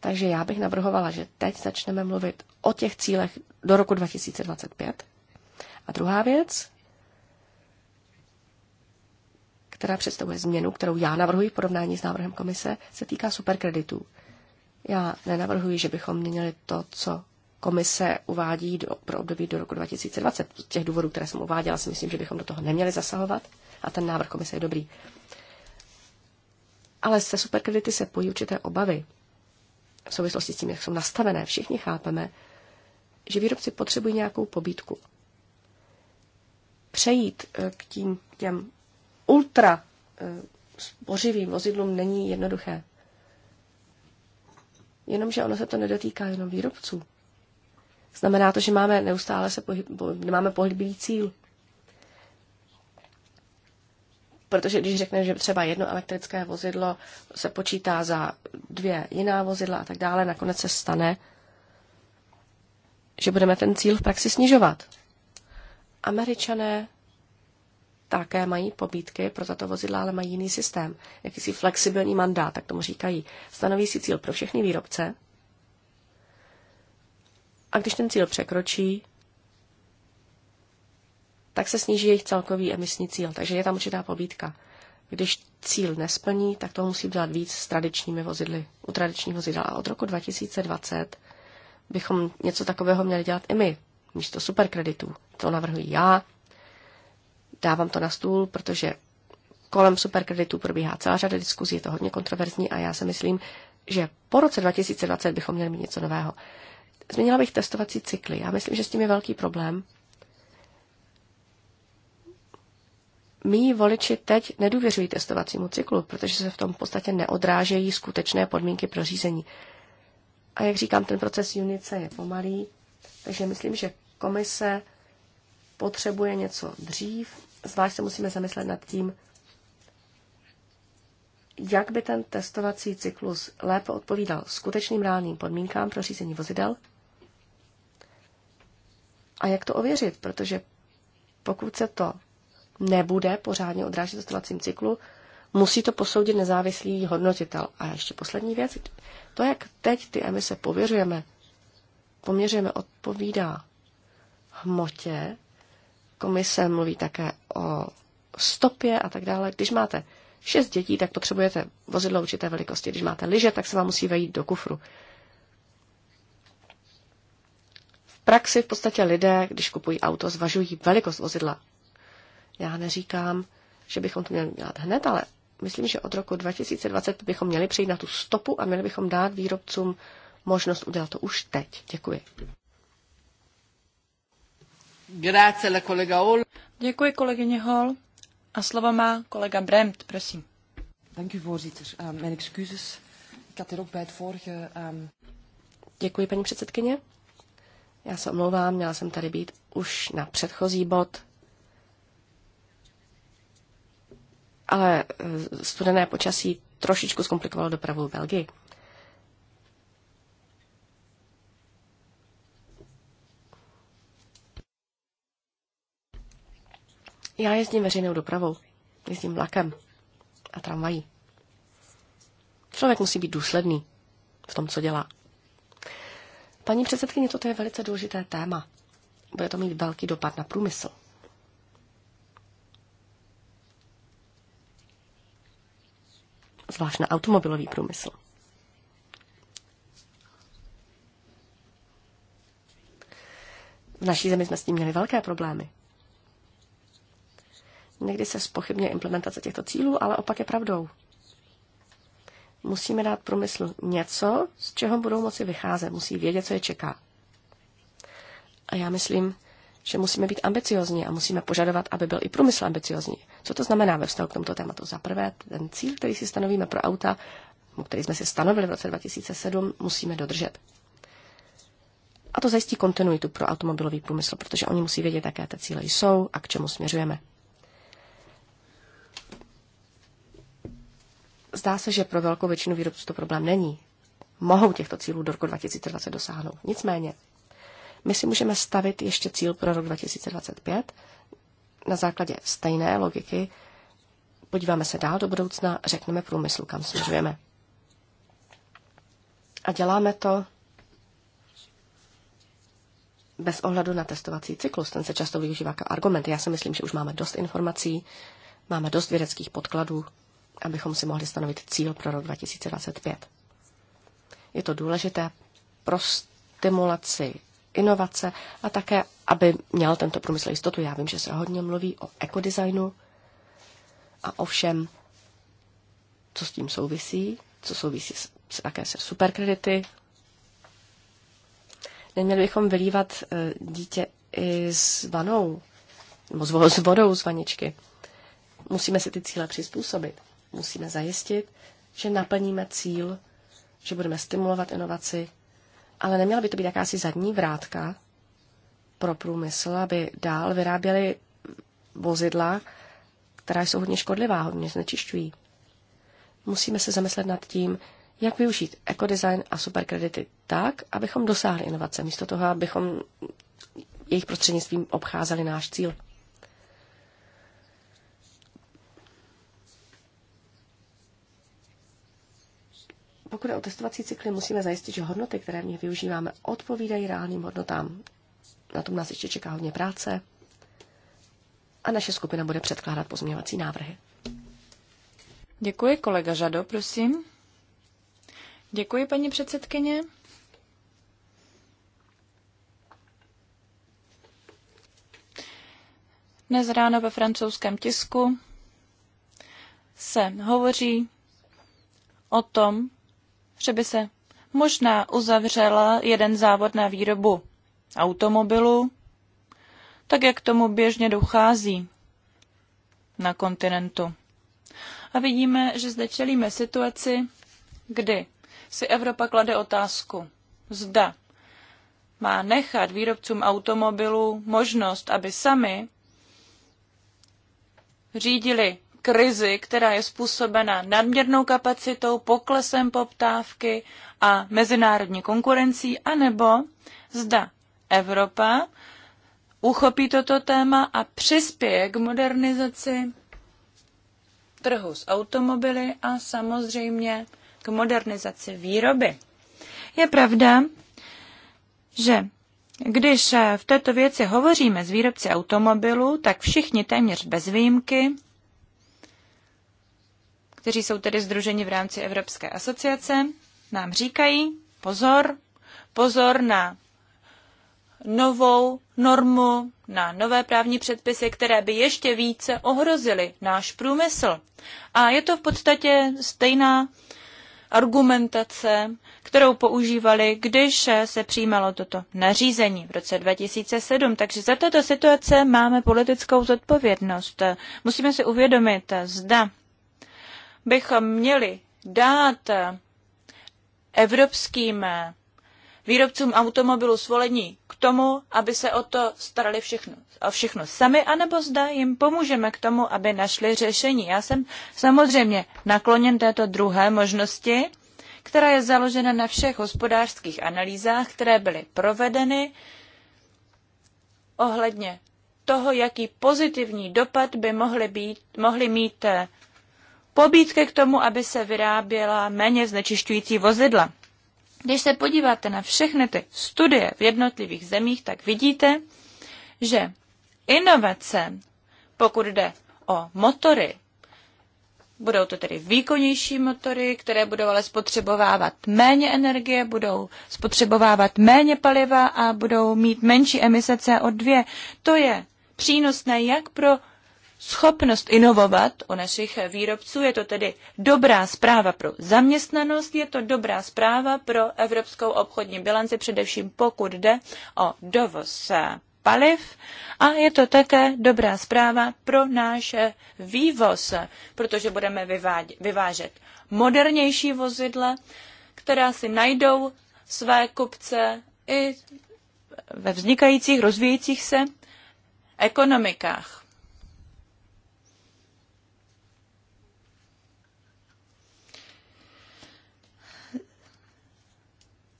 S2: Takže já bych navrhovala, že teď začneme mluvit o těch cílech do roku 2025. A druhá věc, která představuje změnu, kterou já navrhuji v porovnání s návrhem komise, se týká superkreditů. Já nenavrhuji, že bychom měnili to, co komise uvádí do, pro období do roku 2020. Z těch důvodů, které jsem uváděla, si myslím, že bychom do toho neměli zasahovat a ten návrh komise je dobrý. Ale se superkredity se pojí určité obavy v souvislosti s tím, jak jsou nastavené. Všichni chápeme, že výrobci potřebují nějakou pobídku. Přejít eh, k tím těm ultra spořivým eh, vozidlům není jednoduché. Jenomže ono se to nedotýká jenom výrobců. Znamená to, že máme neustále se pohyb, nemáme pohyblivý cíl. Protože když řekneme, že třeba jedno elektrické vozidlo se počítá za dvě jiná vozidla a tak dále, nakonec se stane, že budeme ten cíl v praxi snižovat. Američané také mají pobídky pro tato vozidla, ale mají jiný systém, jakýsi flexibilní mandát, tak tomu říkají. Stanoví si cíl pro všechny výrobce a když ten cíl překročí, tak se sníží jejich celkový emisní cíl. Takže je tam určitá pobídka. Když cíl nesplní, tak to musí dělat víc s tradičními vozidly, u tradičních vozidel. A od roku 2020 bychom něco takového měli dělat i my, místo superkreditů. To navrhuji já, dávám to na stůl, protože kolem superkreditů probíhá celá řada diskuzí, je to hodně kontroverzní a já si myslím, že po roce 2020 bychom měli mít něco nového. Změnila bych testovací cykly. Já myslím, že s tím je velký problém. Mí voliči teď nedůvěřují testovacímu cyklu, protože se v tom v podstatě neodrážejí skutečné podmínky pro řízení. A jak říkám, ten proces Unice je pomalý, takže myslím, že komise potřebuje něco dřív. Zvlášť se musíme zamyslet nad tím, jak by ten testovací cyklus lépe odpovídal skutečným reálným podmínkám pro řízení vozidel a jak to ověřit? Protože pokud se to nebude pořádně odrážet v testovacím cyklu, musí to posoudit nezávislý hodnotitel. A ještě poslední věc. To, jak teď ty emise pověřujeme, poměřujeme, odpovídá hmotě. Komise mluví také o stopě a tak dále. Když máte šest dětí, tak potřebujete vozidlo určité velikosti. Když máte liže, tak se vám musí vejít do kufru. praxi v podstatě lidé, když kupují auto, zvažují velikost vozidla. Já neříkám, že bychom to měli dělat hned, ale myslím, že od roku 2020 bychom měli přejít na tu stopu a měli bychom dát výrobcům možnost udělat to už teď. Děkuji.
S1: Děkuji kolegyně Hall. A slovo má kolega Bremt, prosím. Ehm, er
S2: ehm, Děkuji, paní předsedkyně. Já se omlouvám, měla jsem tady být už na předchozí bod. Ale e, studené počasí trošičku zkomplikovalo dopravu v Belgii. Já jezdím veřejnou dopravou. Jezdím vlakem a tramvají. Člověk musí být důsledný v tom, co dělá. Paní předsedkyně, toto je velice důležité téma. Bude to mít velký dopad na průmysl. Zvlášť na automobilový průmysl. V naší zemi jsme s tím měli velké problémy. Někdy se spochybně implementace těchto cílů, ale opak je pravdou. Musíme dát průmyslu něco, z čeho budou moci vycházet. Musí vědět, co je čeká. A já myslím, že musíme být ambiciozní a musíme požadovat, aby byl i průmysl ambiciozní. Co to znamená ve vztahu k tomuto tématu? Za prvé, ten cíl, který si stanovíme pro auta, který jsme si stanovili v roce 2007, musíme dodržet. A to zajistí kontinuitu pro automobilový průmysl, protože oni musí vědět, jaké ty cíle jsou a k čemu směřujeme. zdá se, že pro velkou většinu výrobců to problém není. Mohou těchto cílů do roku 2020 dosáhnout. Nicméně, my si můžeme stavit ještě cíl pro rok 2025 na základě stejné logiky. Podíváme se dál do budoucna, řekneme průmyslu, kam směřujeme. A děláme to bez ohledu na testovací cyklus. Ten se často využívá jako argument. Já si myslím, že už máme dost informací, máme dost vědeckých podkladů abychom si mohli stanovit cíl pro rok 2025. Je to důležité pro stimulaci inovace a také, aby měl tento průmysl jistotu. Já vím, že se hodně mluví o ekodesignu a o všem, co s tím souvisí, co souvisí s, s, také se superkredity. Neměli bychom vylívat eh, dítě i s vanou, nebo s vodou z vaničky. Musíme si ty cíle přizpůsobit. Musíme zajistit, že naplníme cíl, že budeme stimulovat inovaci, ale neměla by to být jakási zadní vrátka pro průmysl, aby dál vyráběli vozidla, která jsou hodně škodlivá, hodně znečišťují. Musíme se zamyslet nad tím, jak využít ekodesign a superkredity tak, abychom dosáhli inovace, místo toho, abychom jejich prostřednictvím obcházeli náš cíl. pokud je o testovací cykly, musíme zajistit, že hodnoty, které v nich využíváme, odpovídají reálným hodnotám. Na tom nás ještě čeká hodně práce a naše skupina bude předkládat pozměňovací návrhy.
S1: Děkuji, kolega Žado, prosím. Děkuji, paní předsedkyně. Dnes ráno ve francouzském tisku se hovoří o tom, že by se možná uzavřel jeden závod na výrobu automobilu, tak jak tomu běžně dochází na kontinentu. A vidíme, že zde čelíme situaci, kdy si Evropa klade otázku, zda má nechat výrobcům automobilů možnost, aby sami řídili krizi, která je způsobena nadměrnou kapacitou, poklesem poptávky a mezinárodní konkurencí, anebo zda Evropa uchopí toto téma a přispěje k modernizaci trhu s automobily a samozřejmě k modernizaci výroby. Je pravda, že když v této věci hovoříme s výrobci automobilů, tak všichni téměř bez výjimky kteří jsou tedy združeni v rámci Evropské asociace, nám říkají, pozor, pozor na novou normu, na nové právní předpisy, které by ještě více ohrozily náš průmysl. A je to v podstatě stejná argumentace, kterou používali, když se přijímalo toto nařízení v roce 2007. Takže za této situace máme politickou zodpovědnost. Musíme si uvědomit, zda bychom měli dát evropským výrobcům automobilů svolení k tomu, aby se o to starali všechno, o všechno sami, anebo zda jim pomůžeme k tomu, aby našli řešení. Já jsem samozřejmě nakloněn této druhé možnosti, která je založena na všech hospodářských analýzách, které byly provedeny ohledně toho, jaký pozitivní dopad by mohly, být, mohly mít eh, pobídky k tomu, aby se vyráběla méně znečišťující vozidla. Když se podíváte na všechny ty studie v jednotlivých zemích, tak vidíte, že inovace, pokud jde o motory, budou to tedy výkonnější motory, které budou ale spotřebovávat méně energie, budou spotřebovávat méně paliva a budou mít menší emise CO2. To je přínosné jak pro schopnost inovovat u našich výrobců. Je to tedy dobrá zpráva pro zaměstnanost, je to dobrá zpráva pro evropskou obchodní bilanci, především pokud jde o dovoz paliv a je to také dobrá zpráva pro náš vývoz, protože budeme vyvážet modernější vozidla, která si najdou své kupce i ve vznikajících, rozvíjejících se ekonomikách.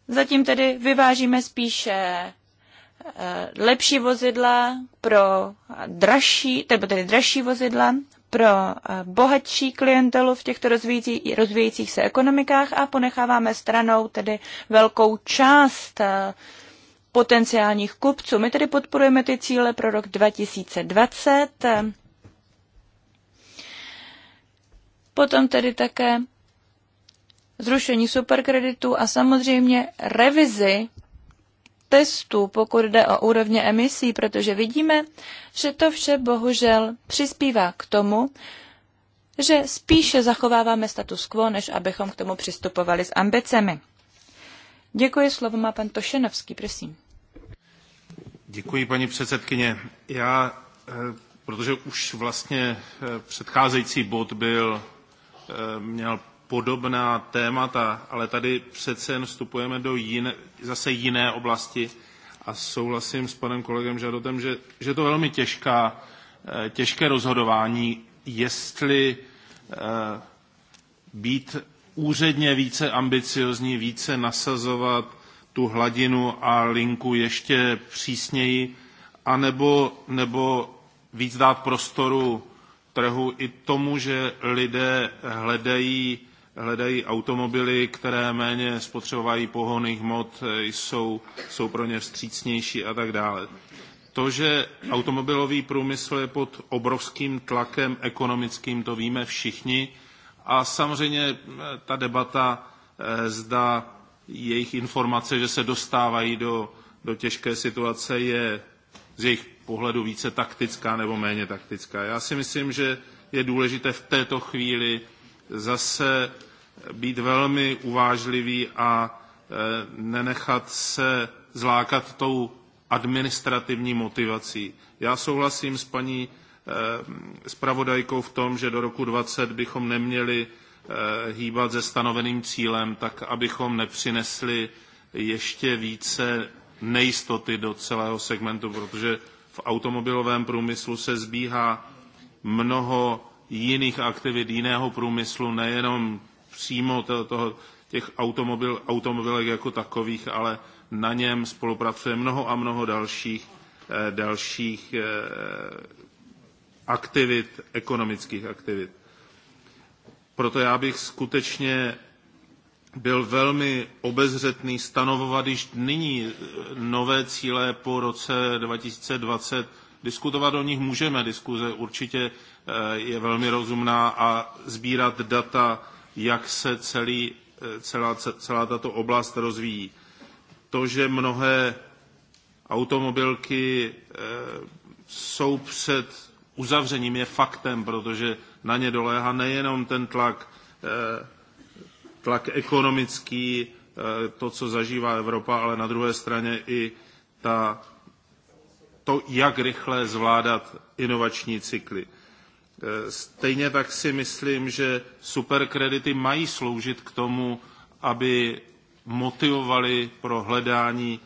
S1: Zatím tedy vyvážíme spíše eh, lepší vozidla pro dražší, tedy tedy dražší vozidla pro eh, bohatší klientelu v těchto rozvíjící, rozvíjících se ekonomikách a ponecháváme stranou tedy velkou část eh, potenciálních kupců. My tedy podporujeme ty cíle pro rok 2020. Potom tedy také zrušení superkreditů a samozřejmě revizi testů, pokud jde o úrovně emisí, protože vidíme, že to vše bohužel přispívá k tomu, že spíše zachováváme status quo, než abychom k tomu přistupovali s ambicemi. Děkuji, slovo má pan Tošenovský, prosím.
S4: Děkuji, paní předsedkyně. Já, eh, protože už vlastně eh, předcházející bod byl, eh, měl podobná témata, ale tady přece jen vstupujeme do jiné, zase jiné oblasti a souhlasím s panem kolegem Žadotem, že, že to velmi těžká, eh, těžké rozhodování, jestli eh, být úředně více ambiciozní, více nasazovat tu hladinu a linku ještě přísněji, anebo nebo víc dát prostoru trhu i tomu, že lidé hledají hledají automobily, které méně spotřebovají pohonných hmot, eh, jsou, jsou pro ně vstřícnější a tak dále. To, že automobilový průmysl je pod obrovským tlakem ekonomickým, to víme všichni. A samozřejmě eh, ta debata, eh, zda jejich informace, že se dostávají do, do těžké situace, je z jejich pohledu více taktická nebo méně taktická. Já si myslím, že je důležité v této chvíli zase být velmi uvážlivý a e, nenechat se zlákat tou administrativní motivací. Já souhlasím s paní e, zpravodajkou v tom, že do roku 20 bychom neměli e, hýbat se stanoveným cílem, tak abychom nepřinesli ještě více nejistoty do celého segmentu, protože v automobilovém průmyslu se zbíhá mnoho jiných aktivit, jiného průmyslu, nejenom přímo to, toho, těch automobil, automobilek jako takových, ale na něm spolupracuje mnoho a mnoho dalších, eh, dalších eh, aktivit, ekonomických aktivit. Proto já bych skutečně byl velmi obezřetný stanovovat již nyní eh, nové cíle po roce 2020. Diskutovat o nich můžeme, diskuze určitě Eh, je velmi rozumná a sbírat data, jak se celý, eh, celá, celá tato oblast rozvíjí. To, že mnohé automobilky eh, jsou před uzavřením, je faktem, protože na ně doléhá nejenom ten tlak, tlak ekonomický, to, co zažívá Evropa, ale na druhé straně i ta, to, jak rychle zvládat inovační cykly. Stejně tak si myslím, že superkredity mají sloužit k tomu, aby motivovali pro hledání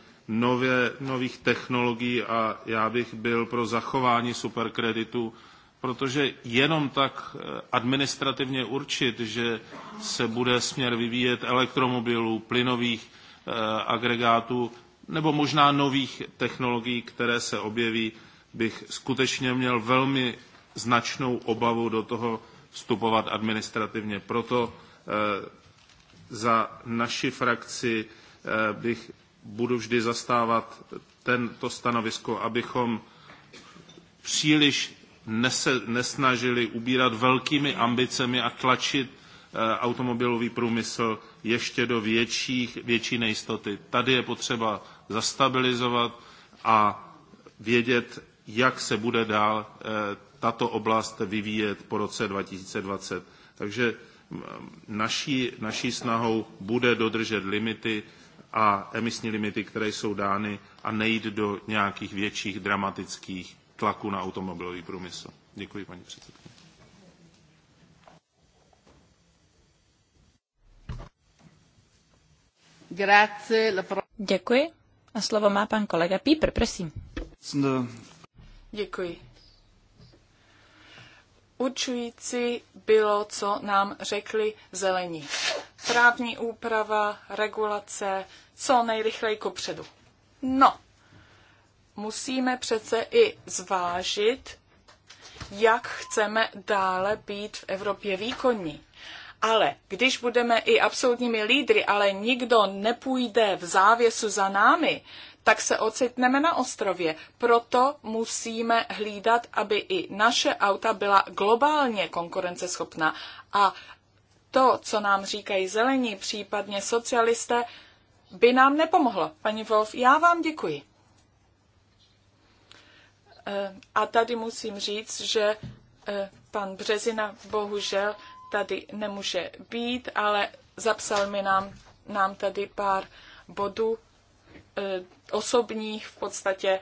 S4: nových technologií a já bych byl pro zachování superkreditu, protože jenom tak eh, administrativně určit, že se bude směr vyvíjet elektromobilů, plynových eh, agregátů nebo možná nových technologií, které se objeví, bych skutečně měl velmi značnou obavu do toho vstupovat administrativně. Proto eh, za naši frakci eh, bych budu vždy zastávat tento stanovisko, abychom příliš nese, nesnažili ubírat velkými ambicemi a tlačit eh, automobilový průmysl ještě do větších, větší nejistoty. Tady je potřeba zastabilizovat a vědět, jak se bude dál tato oblast vyvíjet po roce 2020. Takže naší, naší snahou bude dodržet limity a emisní limity, které jsou dány a nejít do nějakých větších dramatických tlaků na automobilový průmysl. Děkuji, paní předsedkyně.
S1: Děkuji. A slovo má pan kolega Píper, prosím.
S3: Děkuji. Učující bylo, co nám řekli zelení. Právní úprava, regulace, co nejrychleji kopředu. No, musíme přece i zvážit, jak chceme dále být v Evropě výkonní. Ale když budeme i absolutními lídry, ale nikdo nepůjde v závěsu za námi, tak se ocitneme na ostrově. Proto musíme hlídat, aby i naše auta byla globálně konkurenceschopná. A to, co nám říkají zelení, případně socialisté, by nám nepomohlo. Paní Wolf, já vám děkuji. Eh, a tady musím říct, že eh, pan Březina bohužel tady nemůže být, ale zapsal mi nám, nám tady pár bodů Eh, osobních v podstatě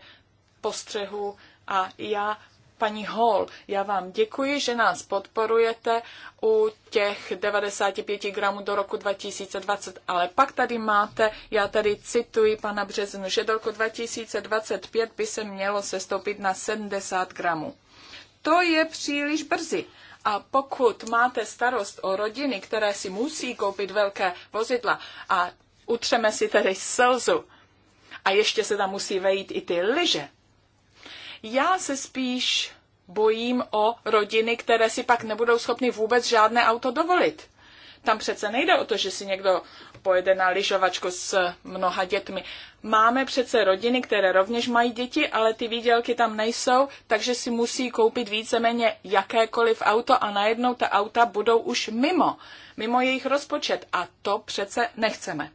S3: postřehů a já Paní Hall, já vám děkuji, že nás podporujete u těch 95 gramů do roku 2020, ale pak tady máte, já tady cituji pana Březinu, že do roku 2025 by se mělo sestoupit na 70 gramů. To je příliš brzy. A pokud máte starost o rodiny, které si musí koupit velké vozidla a utřeme si tedy slzu, a ještě se tam musí vejít i ty lyže. Já se spíš bojím o rodiny, které si pak nebudou schopny vůbec žádné auto dovolit. Tam přece nejde o to, že si někdo pojede na lyžovačku s mnoha dětmi. Máme přece rodiny, které rovněž mají děti, ale ty výdělky tam nejsou, takže si musí koupit víceméně jakékoliv auto a najednou ta auta budou už mimo, mimo jejich rozpočet. A to přece nechceme.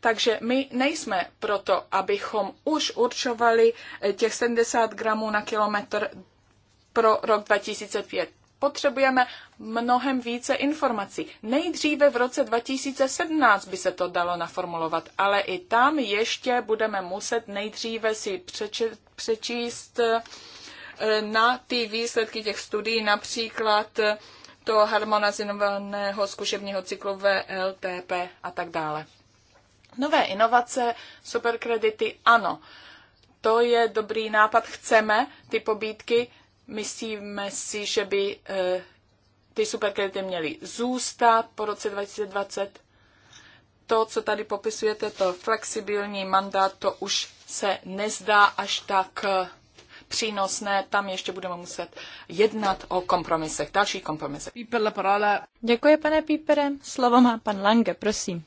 S3: Takže my nejsme proto, abychom už určovali eh, těch 70 gramů na kilometr pro rok 2005. Potřebujeme mnohem více informací. Nejdříve v roce 2017 by se to dalo naformulovat, ale i tam ještě budeme muset nejdříve si přeči, přečíst eh, na ty výsledky těch studií, například eh, toho harmonizovaného zkušebního cyklu VLTP a tak dále. Nové inovace, superkredity, ano, to je dobrý nápad, chceme ty pobídky, myslíme si, že by e, ty superkredity měly zůstat po roce 2020. To, co tady popisujete, to flexibilní mandát, to už se nezdá až tak eh, přínosné. Tam ještě budeme muset jednat o kompromisech, další kompromisech.
S1: Děkuji, pane Pípere. Slovo má pan Lange, prosím.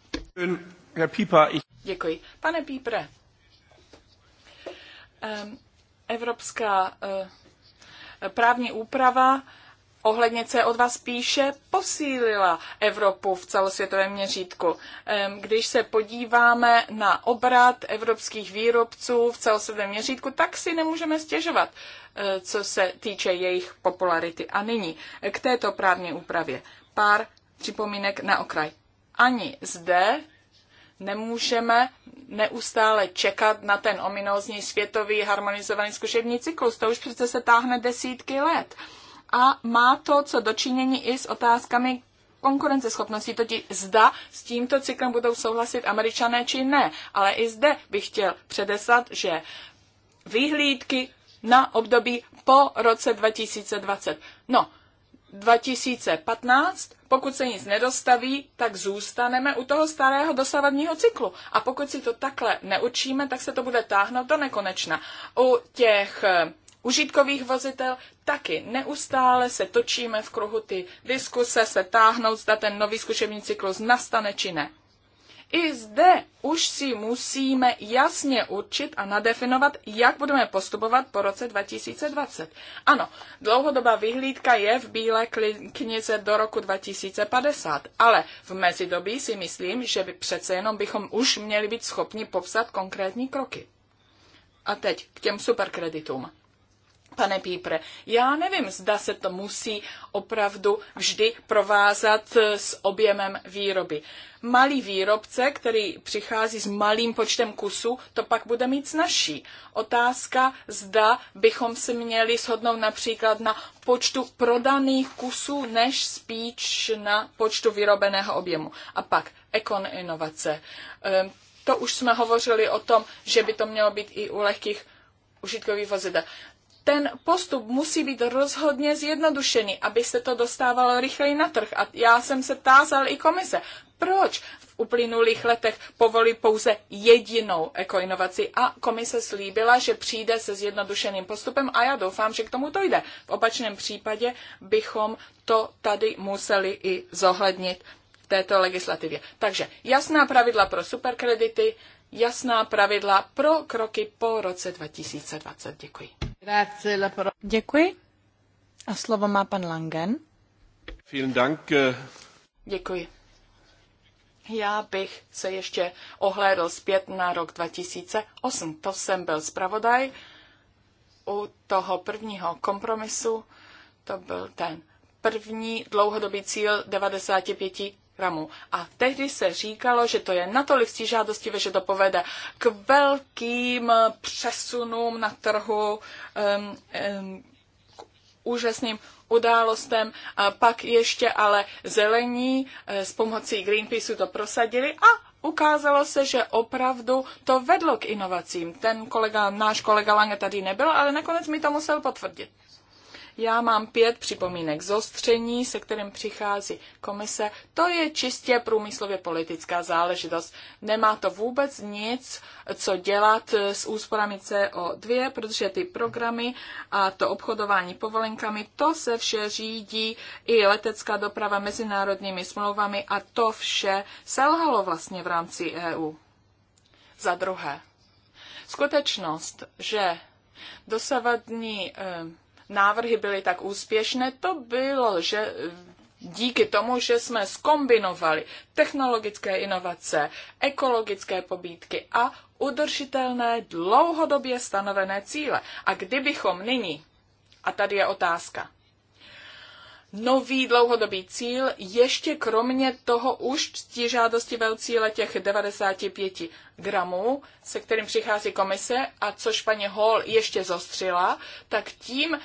S3: Děkuji. Pane Pípre, evropská e, právní úprava ohledně co vás píše posílila Evropu v celosvětovém měřítku. Když se podíváme na obrat evropských výrobců v celosvětovém měřítku, tak si nemůžeme stěžovat, e, co se týče jejich popularity. A nyní k této právní úpravě pár připomínek na okraj. Ani zde nemůžeme neustále čekat na ten ominózní světový harmonizovaný zkušební cyklus. To už přece se táhne desítky let. A má to co dočinění i s otázkami konkurenceschopnosti, totiž zda s tímto cyklem budou souhlasit američané či ne. Ale i zde bych chtěl předeslat, že vyhlídky na období po roce 2020. No, 2015 pokud se nic nedostaví, tak zůstaneme u toho starého dosavadního cyklu. A pokud si to takhle neučíme, tak se to bude táhnout do nekonečna. U těch eh, užitkových vozitel taky neustále se točíme v kruhu ty diskuse, se táhnout, zda ten nový zkušební cyklus nastane či ne. I zde už si musíme jasně určit a nadefinovat, jak budeme postupovat po roce 2020. Ano, dlouhodobá vyhlídka je v Bílé knize do roku 2050, ale v mezidobí si myslím, že by přece jenom bychom už měli být schopni popsat konkrétní kroky. A teď k těm superkreditům. Pane Pípre, já nevím, zda se to musí opravdu vždy provázat s objemem výroby. Malý výrobce, který přichází s malým počtem kusů, to pak bude mít snažší. Otázka, zda bychom se měli shodnout například na počtu prodaných kusů, než spíš na počtu vyrobeného objemu. A pak ekon inovace. Ehm, to už jsme hovořili o tom, že by to mělo být i u lehkých užitkových vozidel ten postup musí být rozhodně zjednodušený, aby se to dostávalo rychleji na trh. A já jsem se tázal i komise, proč v uplynulých letech povolí pouze jedinou ekoinovaci a komise slíbila, že přijde se zjednodušeným postupem a já doufám, že k tomu to jde. V opačném případě bychom to tady museli i zohlednit v této legislativě. Takže jasná pravidla pro superkredity, jasná pravidla pro kroky po roce 2020. Děkuji. Děkuji. A slovo má pan Langen.
S4: Vielen Dank. Eh.
S3: Děkuji. Já bych se ještě ohlédl zpět na rok 2008. To jsem byl zpravodaj u toho prvního kompromisu. To byl ten první dlouhodobý cíl 95 programu. A tehdy se říkalo, že to je natolik stížádostivé, že to povede k velkým eh, přesunům na trhu, um, um, k úžasným událostem. A pak ještě ale zelení eh, s pomocí Greenpeaceu to prosadili a ukázalo se, že opravdu to vedlo k inovacím. Ten kolega, náš kolega Lange tady nebyl, ale nakonec mi to musel potvrdit. Já mám pět připomínek zostření, se kterým přichází komise. To je čistě průmyslově politická záležitost. Nemá to vůbec nic, co dělat eh, s úsporami CO2, protože ty programy a to obchodování povolenkami, to se vše řídí i letecká doprava mezinárodními smlouvami a to vše selhalo vlastně v rámci EU. Za druhé, skutečnost, že dosavadní eh, návrhy byly tak úspěšné, to bylo, že díky tomu, že jsme skombinovali technologické inovace, ekologické pobídky a udržitelné dlouhodobě stanovené cíle. A kdybychom nyní, a tady je otázka, nový dlouhodobý cíl, ještě kromě toho už ctí žádostivého cíle těch 95 gramů, se kterým přichází komise a což paní Hall ještě zostřila, tak tím um,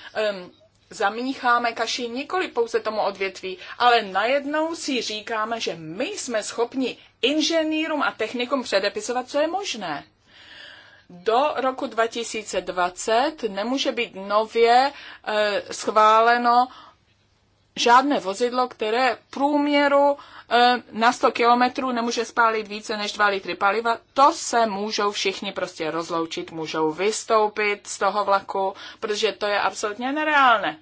S3: zamícháme kaši nikoli pouze tomu odvětví, ale najednou si říkáme, že my jsme schopni inženýrům a technikům předepisovat, co je možné. Do roku 2020 nemůže být nově e, schváleno žádné vozidlo, které průměru eh, na 100 kilometrů nemůže spálit více než 2 litry paliva, to se můžou všichni prostě rozloučit, můžou vystoupit z toho vlaku, protože to je absolutně nereálné.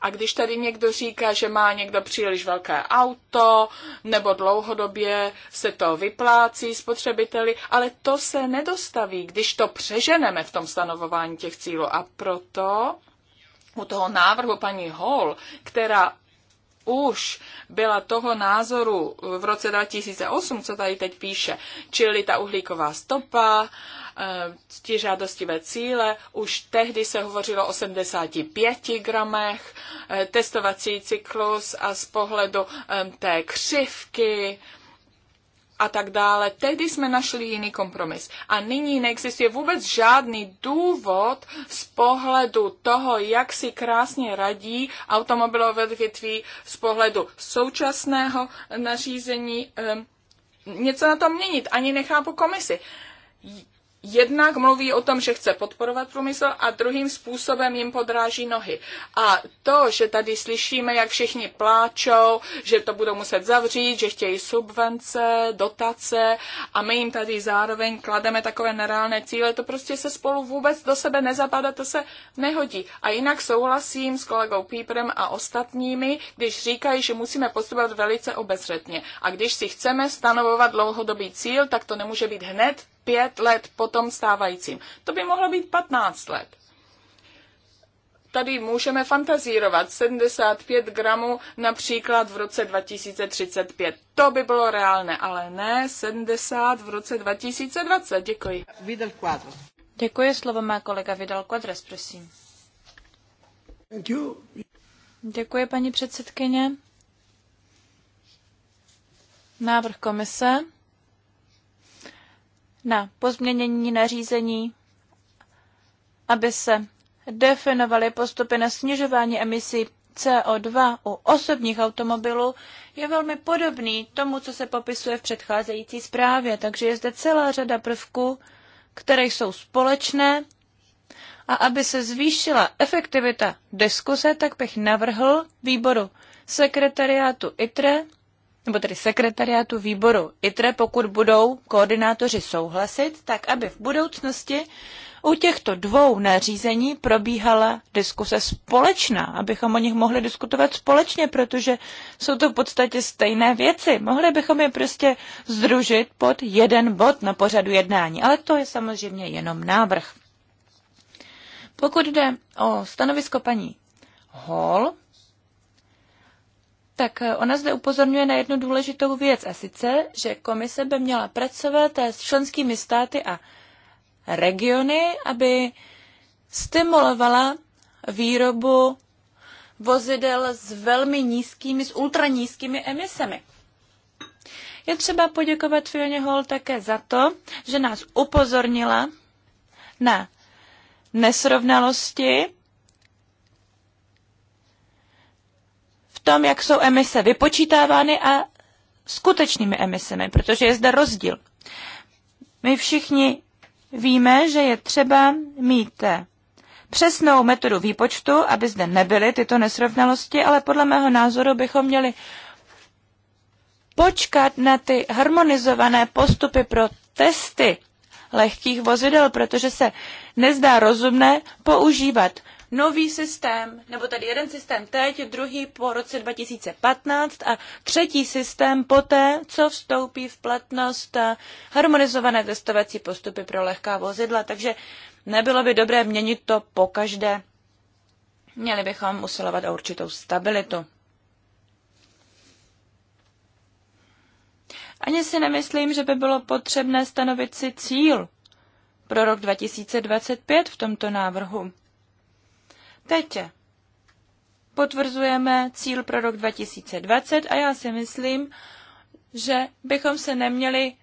S3: A když tady někdo říká, že má někdo příliš velké auto, nebo dlouhodobě se to vyplácí spotřebiteli, ale to se nedostaví, když to přeženeme v tom stanovování těch cílů. A proto u toho návrhu paní Hall, která už byla toho názoru v roce 2008, co tady teď píše, čili ta uhlíková stopa, eh, ti žádostivé cíle, už tehdy se hovořilo o 75 gramech, eh, testovací cyklus a z pohledu eh, té křivky, a tak dále. Tehdy jsme našli jiný kompromis. A nyní neexistuje vůbec žádný důvod z pohledu toho, jak si krásně radí automobilové větví z pohledu současného nařízení um, něco na tom měnit. Ani nechápu komisi jednak mluví o tom, že chce podporovat průmysl a druhým způsobem jim podráží nohy. A to, že tady slyšíme, jak všichni pláčou, že to budou muset zavřít, že chtějí subvence, dotace a my jim tady zároveň klademe takové nereálné cíle, to prostě se spolu vůbec do sebe nezapadá, to se nehodí. A jinak souhlasím s kolegou Píprem a ostatními, když říkají, že musíme postupovat velice obezřetně. A když si chceme stanovovat dlouhodobý cíl, tak to nemůže být hned, pět let potom stávajícím. To by mohlo být 15 let. Tady můžeme fantazírovat 75 gramů například v roce 2035. To by bylo reálné, ale ne 70 v roce 2020. Děkuji. Vidal Quadras.
S1: Děkuji, slovo má kolega Vidal Quadres, prosím. Thank you. Děkuji, paní předsedkyně. Návrh komise na pozměnění nařízení, aby se definovaly postupy na snižování emisí CO2 u osobních automobilů, je velmi podobný tomu, co se popisuje v předcházející zprávě. Takže je zde celá řada prvků, které jsou společné. A aby se zvýšila efektivita diskuse, tak bych navrhl výboru sekretariátu ITRE, nebo tedy sekretariátu výboru ITRE, pokud budou koordinátoři souhlasit, tak aby v budoucnosti u těchto dvou nařízení probíhala diskuse společná, abychom o nich mohli diskutovat společně, protože jsou to v podstatě stejné věci. Mohli bychom je prostě združit pod jeden bod na pořadu jednání, ale to je samozřejmě jenom návrh. Pokud jde o stanovisko paní
S3: Hall,
S1: tak eh, ona zde upozorňuje na jednu důležitou věc, a sice, že komise by měla pracovat eh, s členskými státy a regiony, aby stimulovala výrobu vozidel s velmi nízkými, s ultranízkými emisemi. Je třeba poděkovat Fioně Hall také za to, že nás upozornila na nesrovnalosti tom, jak jsou emise vypočítávány a skutečnými emisemi, protože je zde rozdíl. My všichni víme, že je třeba mít eh, přesnou metodu výpočtu, aby zde nebyly tyto nesrovnalosti, ale podle mého názoru bychom měli počkat na ty harmonizované postupy pro testy lehkých vozidel, protože se nezdá rozumné používat nový systém, nebo tedy jeden systém teď, druhý po roce 2015 a třetí systém poté, co vstoupí v platnost eh, harmonizované testovací postupy pro lehká vozidla. Takže nebylo by dobré měnit to po každé. Měli bychom usilovat o určitou stabilitu. Ani si nemyslím, že by bylo potřebné stanovit si cíl pro rok 2025 v tomto návrhu. Teď potvrzujeme cíl pro rok 2020 a já si myslím, že bychom se neměli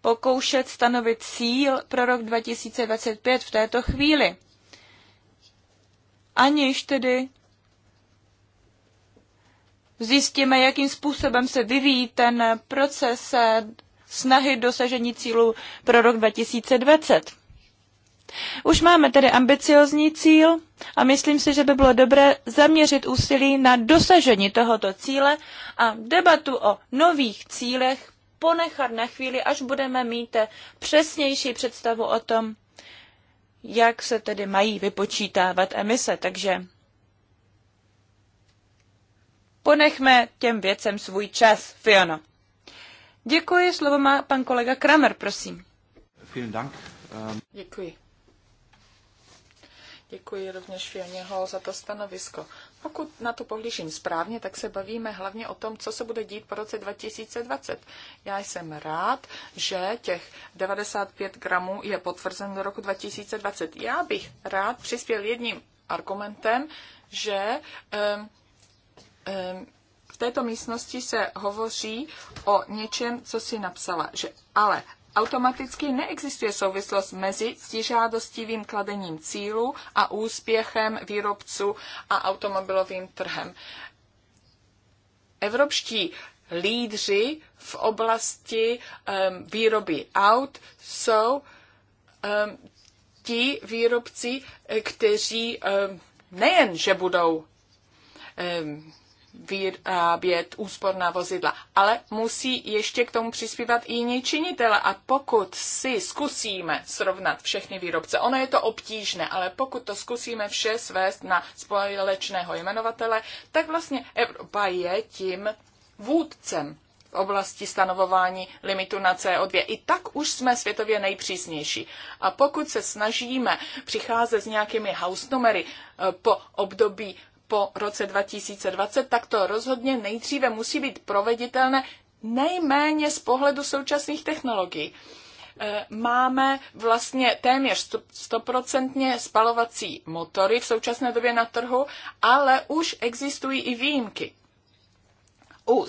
S1: pokoušet stanovit cíl pro rok 2025 v této chvíli. Aniž tedy zjistíme, jakým způsobem se vyvíjí ten proces eh, snahy dosažení cílu pro rok 2020. Už máme tedy ambiciozní cíl a myslím si, že by bylo dobré zaměřit úsilí na dosažení tohoto cíle a debatu o nových cílech ponechat na chvíli, až budeme mít přesnější představu o tom, jak se tedy mají vypočítávat emise. Takže ponechme těm věcem svůj čas, Fiona. Děkuji, slovo má pan kolega Kramer, prosím. Vielen Dank.
S3: Děkuji. Děkuji rovněž Fioně za to stanovisko. Pokud na to pohlížím správně, tak se bavíme hlavně o tom, co se bude dít po roce 2020. Já jsem rád, že těch 95 gramů je potvrzen do roku 2020. Já bych rád přispěl jedním argumentem, že um, um, v této místnosti se hovoří o něčem, co si napsala, že ale Automaticky neexistuje souvislost mezi stižádostivým kladením cílů a úspěchem výrobců a automobilovým trhem. Evropští lídři v oblasti um, výroby aut jsou um, ti výrobci, kteří um, nejen, že budou um, vyrábět úsporná vozidla, ale musí ještě k tomu přispívat i jiní činitele. A pokud si zkusíme srovnat všechny výrobce, ono je to obtížné, ale pokud to zkusíme vše svést na společného jmenovatele, tak vlastně Evropa je tím vůdcem v oblasti stanovování limitu na CO2. I tak už jsme světově nejpřísnější. A pokud se snažíme přicházet s nějakými numery eh, po období po roce 2020, tak to rozhodně nejdříve musí být proveditelné nejméně z pohledu současných technologií. E, máme vlastně téměř stoprocentně spalovací motory v současné době na trhu, ale už existují i výjimky. U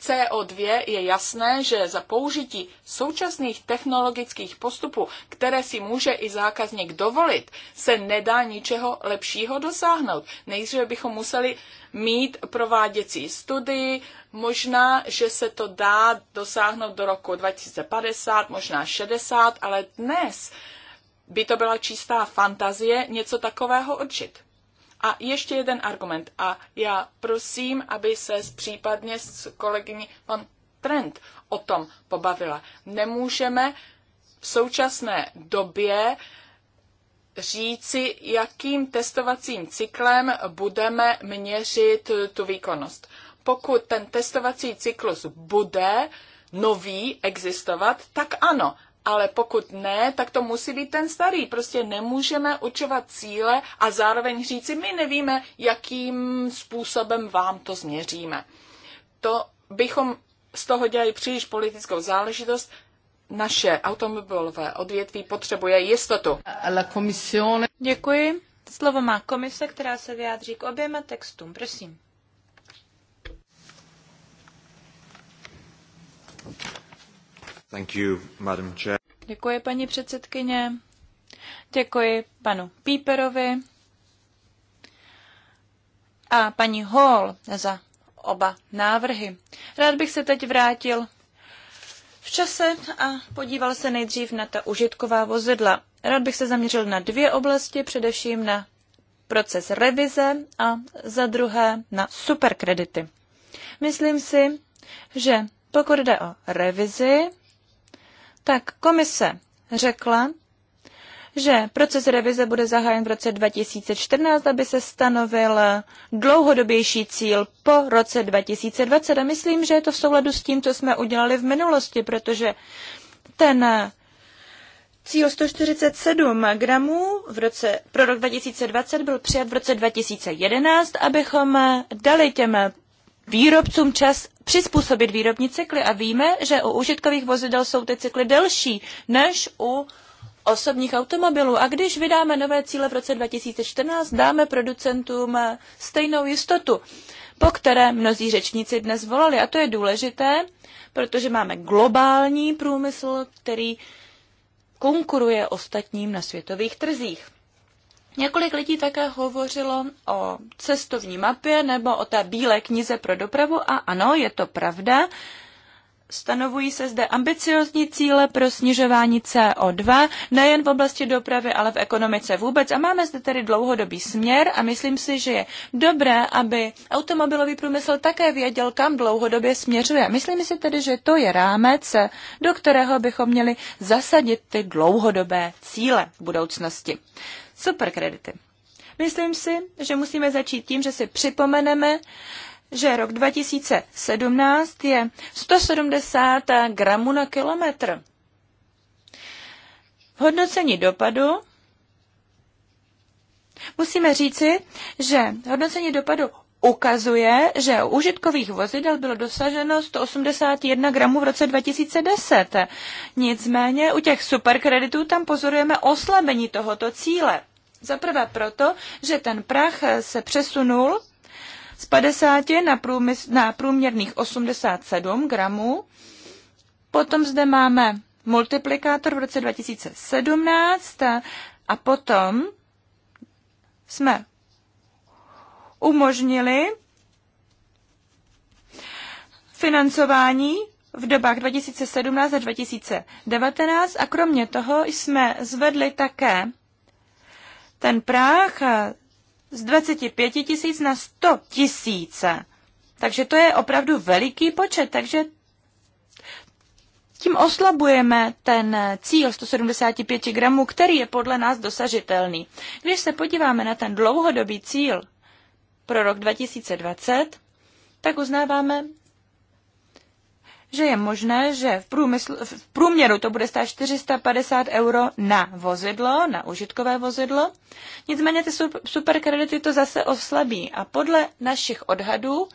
S3: CO2 je jasné, že za použití současných technologických postupů, které si může i zákazník dovolit, se nedá ničeho lepšího dosáhnout. Nejdříve bychom museli mít prováděcí studii, možná, že se to dá dosáhnout do roku 2050, možná 60, ale dnes by to byla čistá fantazie něco takového určit. A ještě jeden argument. A já prosím, aby se případně s kolegyní pan Trent o tom pobavila. Nemůžeme v současné době říci, jakým testovacím cyklem budeme měřit tu výkonnost. Pokud ten testovací cyklus bude nový existovat, tak ano, ale pokud ne, tak to musí být ten starý. Prostě nemůžeme určovat cíle a zároveň říci, my nevíme, jakým způsobem vám to změříme. To bychom z toho dělali příliš politickou záležitost. Naše automobilové odvětví potřebuje jistotu. Děkuji. Slovo má komise, která se vyjádří k oběma textům. Prosím.
S1: Děkuji, paní předsedkyně. Děkuji panu Píperovi a paní Hall za oba návrhy. Rád bych se teď vrátil v čase a podíval se nejdřív na ta užitková vozidla. Rád bych se zaměřil na dvě oblasti, především na proces revize a za druhé na superkredity. Myslím si, že pokud jde o revizi, tak komise řekla, že proces revize bude zahájen v roce 2014, aby se stanovil dlouhodobější cíl po roce 2020. A myslím, že je to v souladu s tím, co jsme udělali v minulosti, protože ten cíl 147 gramů v roce, pro rok 2020 byl přijat v roce 2011, abychom dali těm výrobcům čas přizpůsobit výrobní cykly a víme, že u užitkových vozidel jsou ty cykly delší než u osobních automobilů. A když vydáme nové cíle v roce 2014, dáme producentům stejnou jistotu, po které mnozí řečníci dnes volali. A to je důležité, protože máme globální průmysl, který konkuruje ostatním na světových trzích. Několik lidí také hovořilo o cestovní mapě nebo o té bílé knize pro dopravu a ano, je to pravda. Stanovují se zde ambiciozní cíle pro snižování CO2, nejen v oblasti dopravy, ale v ekonomice vůbec. A máme zde tedy dlouhodobý směr a myslím si, že je dobré, aby automobilový průmysl také věděl, kam dlouhodobě směřuje. Myslím si tedy, že to je rámec, do kterého bychom měli zasadit ty dlouhodobé cíle v budoucnosti superkredity. Myslím si, že musíme začít tím, že si připomeneme, že rok 2017 je 170 gramů na kilometr. V hodnocení dopadu musíme říci, že hodnocení dopadu ukazuje, že u užitkových vozidel bylo dosaženo 181 gramů v roce 2010. Nicméně u těch superkreditů tam pozorujeme oslabení tohoto cíle. Za prvé proto, že ten prach se přesunul z 50 na, průmysl, na průměrných 87 gramů. Potom zde máme multiplikátor v roce 2017 a, a potom jsme umožnili financování v dobách 2017 a 2019 a kromě toho jsme zvedli také ten práh eh, z 25 tisíc na 100 tisíce. Takže to je opravdu veliký počet, takže tím oslabujeme ten eh, cíl 175 gramů, který je podle nás dosažitelný. Když se podíváme na ten dlouhodobý cíl pro rok 2020, tak uznáváme, že je možné, že v, průmysl, v průměru to bude stát 450 euro na vozidlo, na užitkové vozidlo. Nicméně ty superkredity to zase oslabí a podle našich odhadů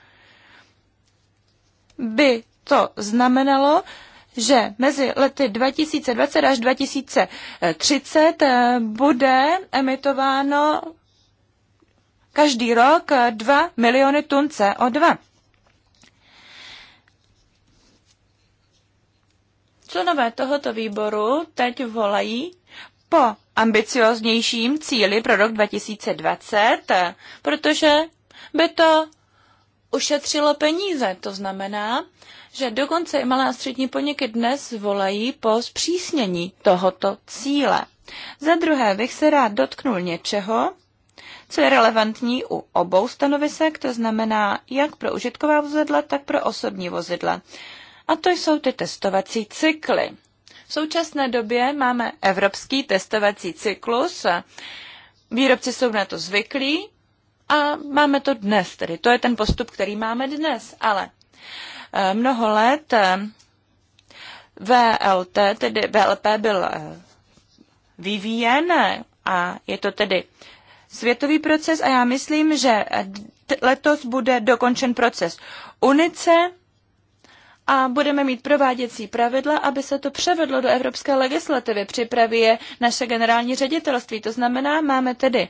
S1: by to znamenalo, že mezi lety 2020 až 2030 eh, bude emitováno každý rok 2 eh, miliony tun CO2. Členové tohoto výboru teď volají po ambicioznějším cíli pro rok 2020, protože by to ušetřilo peníze. To znamená, že dokonce i malé a střední podniky dnes volají po zpřísnění tohoto cíle. Za druhé bych se rád dotknul něčeho, co je relevantní u obou stanovisek, to znamená jak pro užitková vozidla, tak pro osobní vozidla. A to jsou ty testovací cykly. V současné době máme evropský testovací cyklus. Výrobci jsou na to zvyklí a máme to dnes, tedy to je ten postup, který máme dnes. Ale eh, mnoho let eh, VLT, tedy VLP byl eh, vyvíjen a je to tedy světový proces a já myslím, že letos bude dokončen proces UNICE a budeme mít prováděcí pravidla, aby se to převedlo do evropské legislativy. Připraví je naše generální ředitelství. To znamená, máme tedy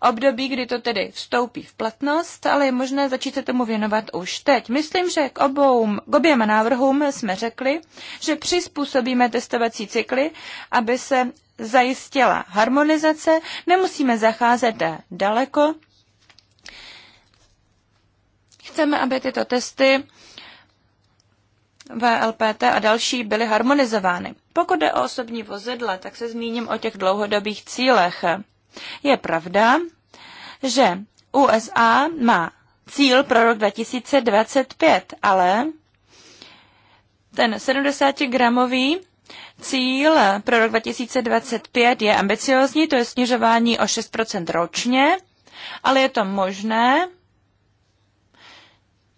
S1: období, kdy to tedy vstoupí v platnost, ale je možné začít se tomu věnovat už teď. Myslím, že k, obou, k oběma návrhům jsme řekli, že přizpůsobíme testovací cykly, aby se zajistila harmonizace, nemusíme zacházet daleko. Chceme, aby tyto testy VLPT a další byly harmonizovány. Pokud jde o osobní vozidla, tak se zmíním o těch dlouhodobých cílech. Je pravda, že USA má cíl pro rok 2025, ale ten 70-gramový cíl pro rok 2025 je ambiciozní, to je snižování o 6% ročně, ale je to možné.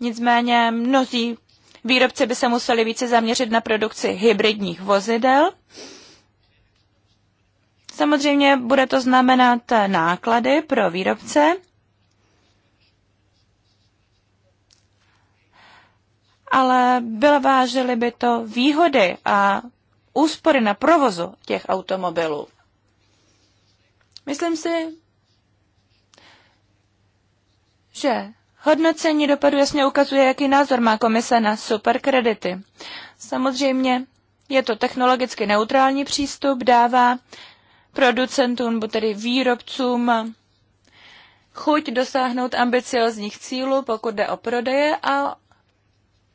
S1: Nicméně mnozí Výrobci by se museli více zaměřit na produkci hybridních vozidel. Samozřejmě bude to znamenat náklady pro výrobce. Ale byla vážily by to výhody a úspory na provozu těch automobilů. Myslím si, že Hodnocení dopadu jasně ukazuje, jaký názor má komise na superkredity. Samozřejmě je to technologicky neutrální přístup, dává producentům, nebo tedy výrobcům, chuť dosáhnout ambiciozních cílů, pokud jde o prodeje, a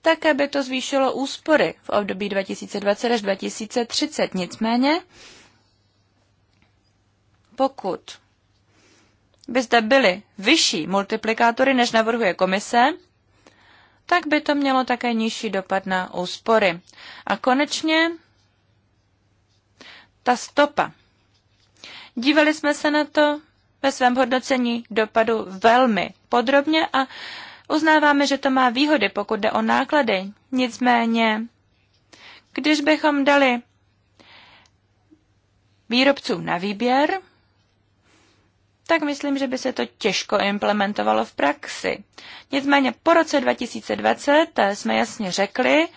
S1: také by to zvýšilo úspory v období 2020 až 2030. Nicméně, pokud by zde byly vyšší multiplikátory, než navrhuje komise, tak by to mělo také nižší dopad na úspory. A konečně ta stopa. Dívali jsme se na to ve svém hodnocení dopadu velmi podrobně a uznáváme, že to má výhody, pokud jde o náklady. Nicméně, když bychom dali výrobcům na výběr, tak myslím, že by se to těžko implementovalo v praxi. Nicméně po roce 2020 eh, jsme jasně řekli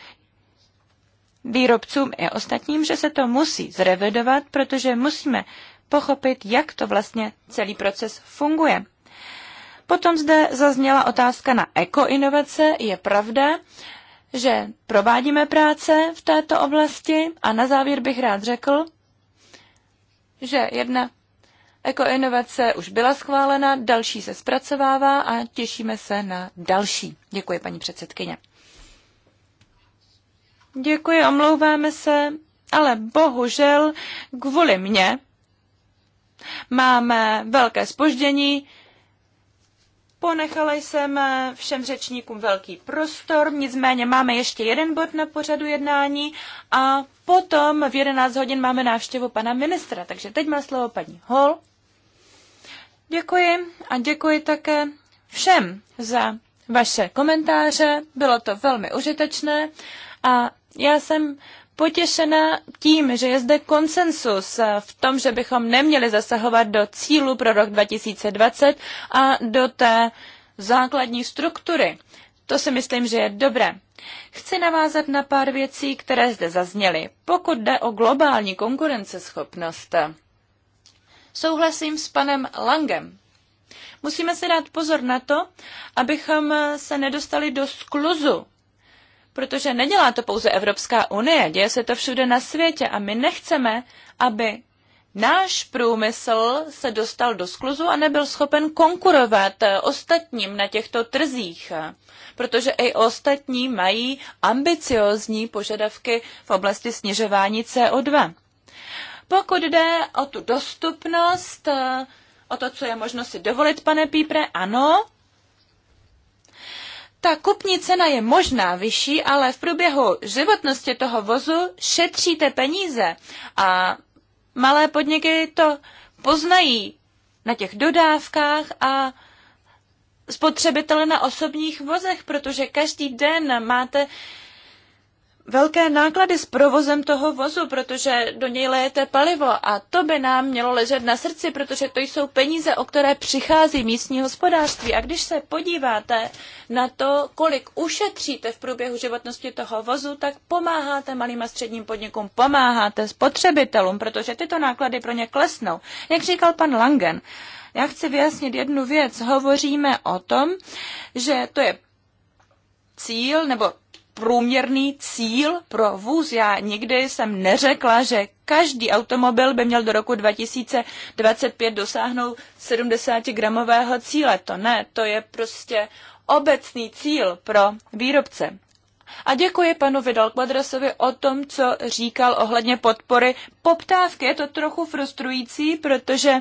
S1: výrobcům i ostatním, že se to musí zrevidovat, protože musíme pochopit, jak to vlastně celý proces funguje. Potom zde zazněla otázka na ekoinovace. Je pravda, že provádíme práce v této oblasti a na závěr bych rád řekl, že jedna Ekoinovace už byla schválena, další se zpracovává a těšíme se na další. Děkuji, paní předsedkyně. Děkuji, omlouváme se, ale bohužel kvůli mně máme velké spoždění. Ponechala jsem všem řečníkům velký prostor, nicméně máme ještě jeden bod na pořadu jednání a potom v 11 hodin máme návštěvu pana ministra. Takže teď má slovo paní Hol Děkuji a děkuji také všem za vaše komentáře. Bylo to velmi užitečné a já jsem potěšena tím, že je zde konsensus v tom, že bychom neměli zasahovat do cílu pro rok 2020 a do té základní struktury. To si myslím, že je dobré. Chci navázat na pár věcí, které zde zazněly. Pokud jde o globální konkurenceschopnost, Souhlasím s panem Langem. Musíme si dát pozor na to, abychom se nedostali do skluzu, protože nedělá to pouze Evropská unie, děje se to všude na světě a my nechceme, aby náš průmysl se dostal do skluzu a nebyl schopen konkurovat ostatním na těchto trzích, protože i ostatní mají ambiciozní požadavky v oblasti snižování CO2. Pokud jde o tu dostupnost, eh, o to, co je možno si dovolit, pane Pípre, ano, ta kupní cena je možná vyšší, ale v průběhu životnosti toho vozu šetříte peníze a malé podniky to poznají na těch dodávkách a spotřebitele na osobních vozech, protože každý den máte velké náklady s provozem toho vozu, protože do něj lejete palivo a to by nám mělo ležet na srdci, protože to jsou peníze, o které přichází místní hospodářství. A když se podíváte na to, kolik ušetříte v průběhu životnosti toho vozu, tak pomáháte malým a středním podnikům, pomáháte spotřebitelům, protože tyto náklady pro ně klesnou. Jak říkal pan Langen, já chci vyjasnit jednu věc. Hovoříme o tom, že to je cíl nebo průměrný cíl pro vůz. Já nikdy jsem neřekla, že každý automobil by měl do roku 2025 dosáhnout 70 gramového cíle. To ne, to je prostě obecný cíl pro výrobce. A děkuji panu Vidal Quadrasovi o tom, co říkal ohledně podpory poptávky. Je to trochu frustrující, protože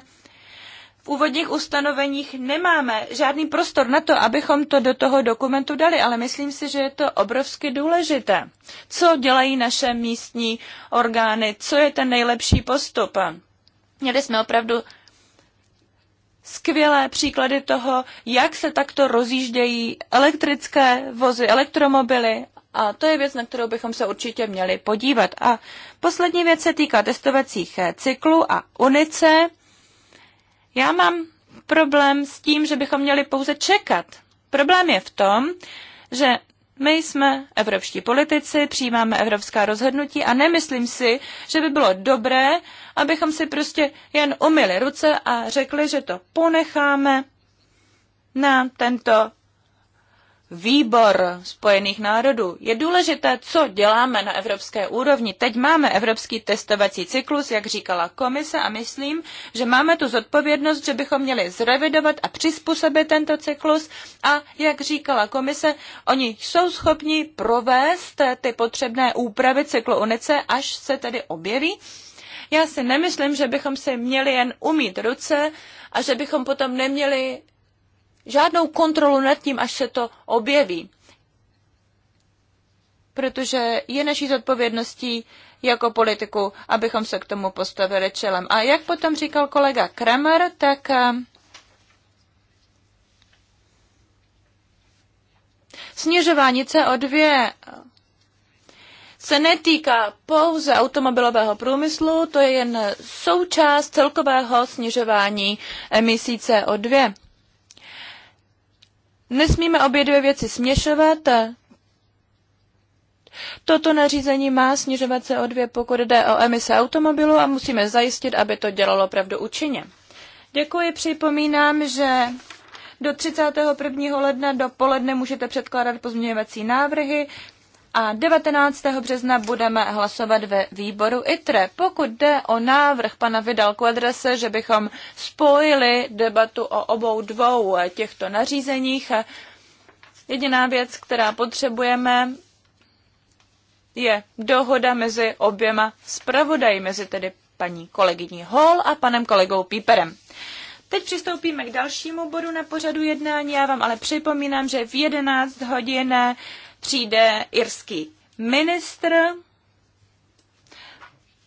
S1: úvodních ustanoveních nemáme žádný prostor na to, abychom to do toho dokumentu dali, ale myslím si, že je to obrovsky důležité. Co dělají naše místní orgány, co je ten nejlepší postup. Měli jsme opravdu skvělé příklady toho, jak se takto rozjíždějí elektrické vozy, elektromobily a to je věc, na kterou bychom se určitě měli podívat. A poslední věc se týká testovacích cyklů a unice. Já mám problém s tím, že bychom měli pouze čekat. Problém je v tom, že my jsme evropští politici, přijímáme evropská rozhodnutí a nemyslím si, že by bylo dobré, abychom si prostě jen umyli ruce a řekli, že to ponecháme na tento výbor Spojených národů. Je důležité, co děláme na evropské úrovni. Teď máme evropský testovací cyklus, jak říkala komise, a myslím, že máme tu zodpovědnost, že bychom měli zrevidovat a přizpůsobit tento cyklus. A jak říkala komise, oni jsou schopni provést ty potřebné úpravy cyklu UNICE, až se tedy objeví. Já si nemyslím, že bychom si měli jen umít ruce a že bychom potom neměli žádnou kontrolu nad tím, až se to objeví. Protože je naší zodpovědností jako politiku, abychom se k tomu postavili čelem. A jak potom říkal kolega Kramer, tak eh, snižování CO2 se netýká pouze automobilového průmyslu, to je jen součást celkového snižování emisí CO2. Nesmíme obě dvě věci směšovat. Toto nařízení má snižovat se o dvě, pokud jde o emise automobilu a musíme zajistit, aby to dělalo opravdu účinně. Děkuji, připomínám, že do 31. ledna do poledne můžete předkládat pozměňovací návrhy a 19. března budeme hlasovat ve výboru ITRE. Pokud jde o návrh pana Vidal Quadrase, že bychom spojili debatu o obou dvou těchto nařízeních, jediná věc, která potřebujeme, je dohoda mezi oběma zpravodaji, mezi tedy paní kolegyní Hall a panem kolegou Píperem. Teď přistoupíme k dalšímu bodu na pořadu jednání. Já vám ale připomínám, že v 11 hodin přijde irský ministr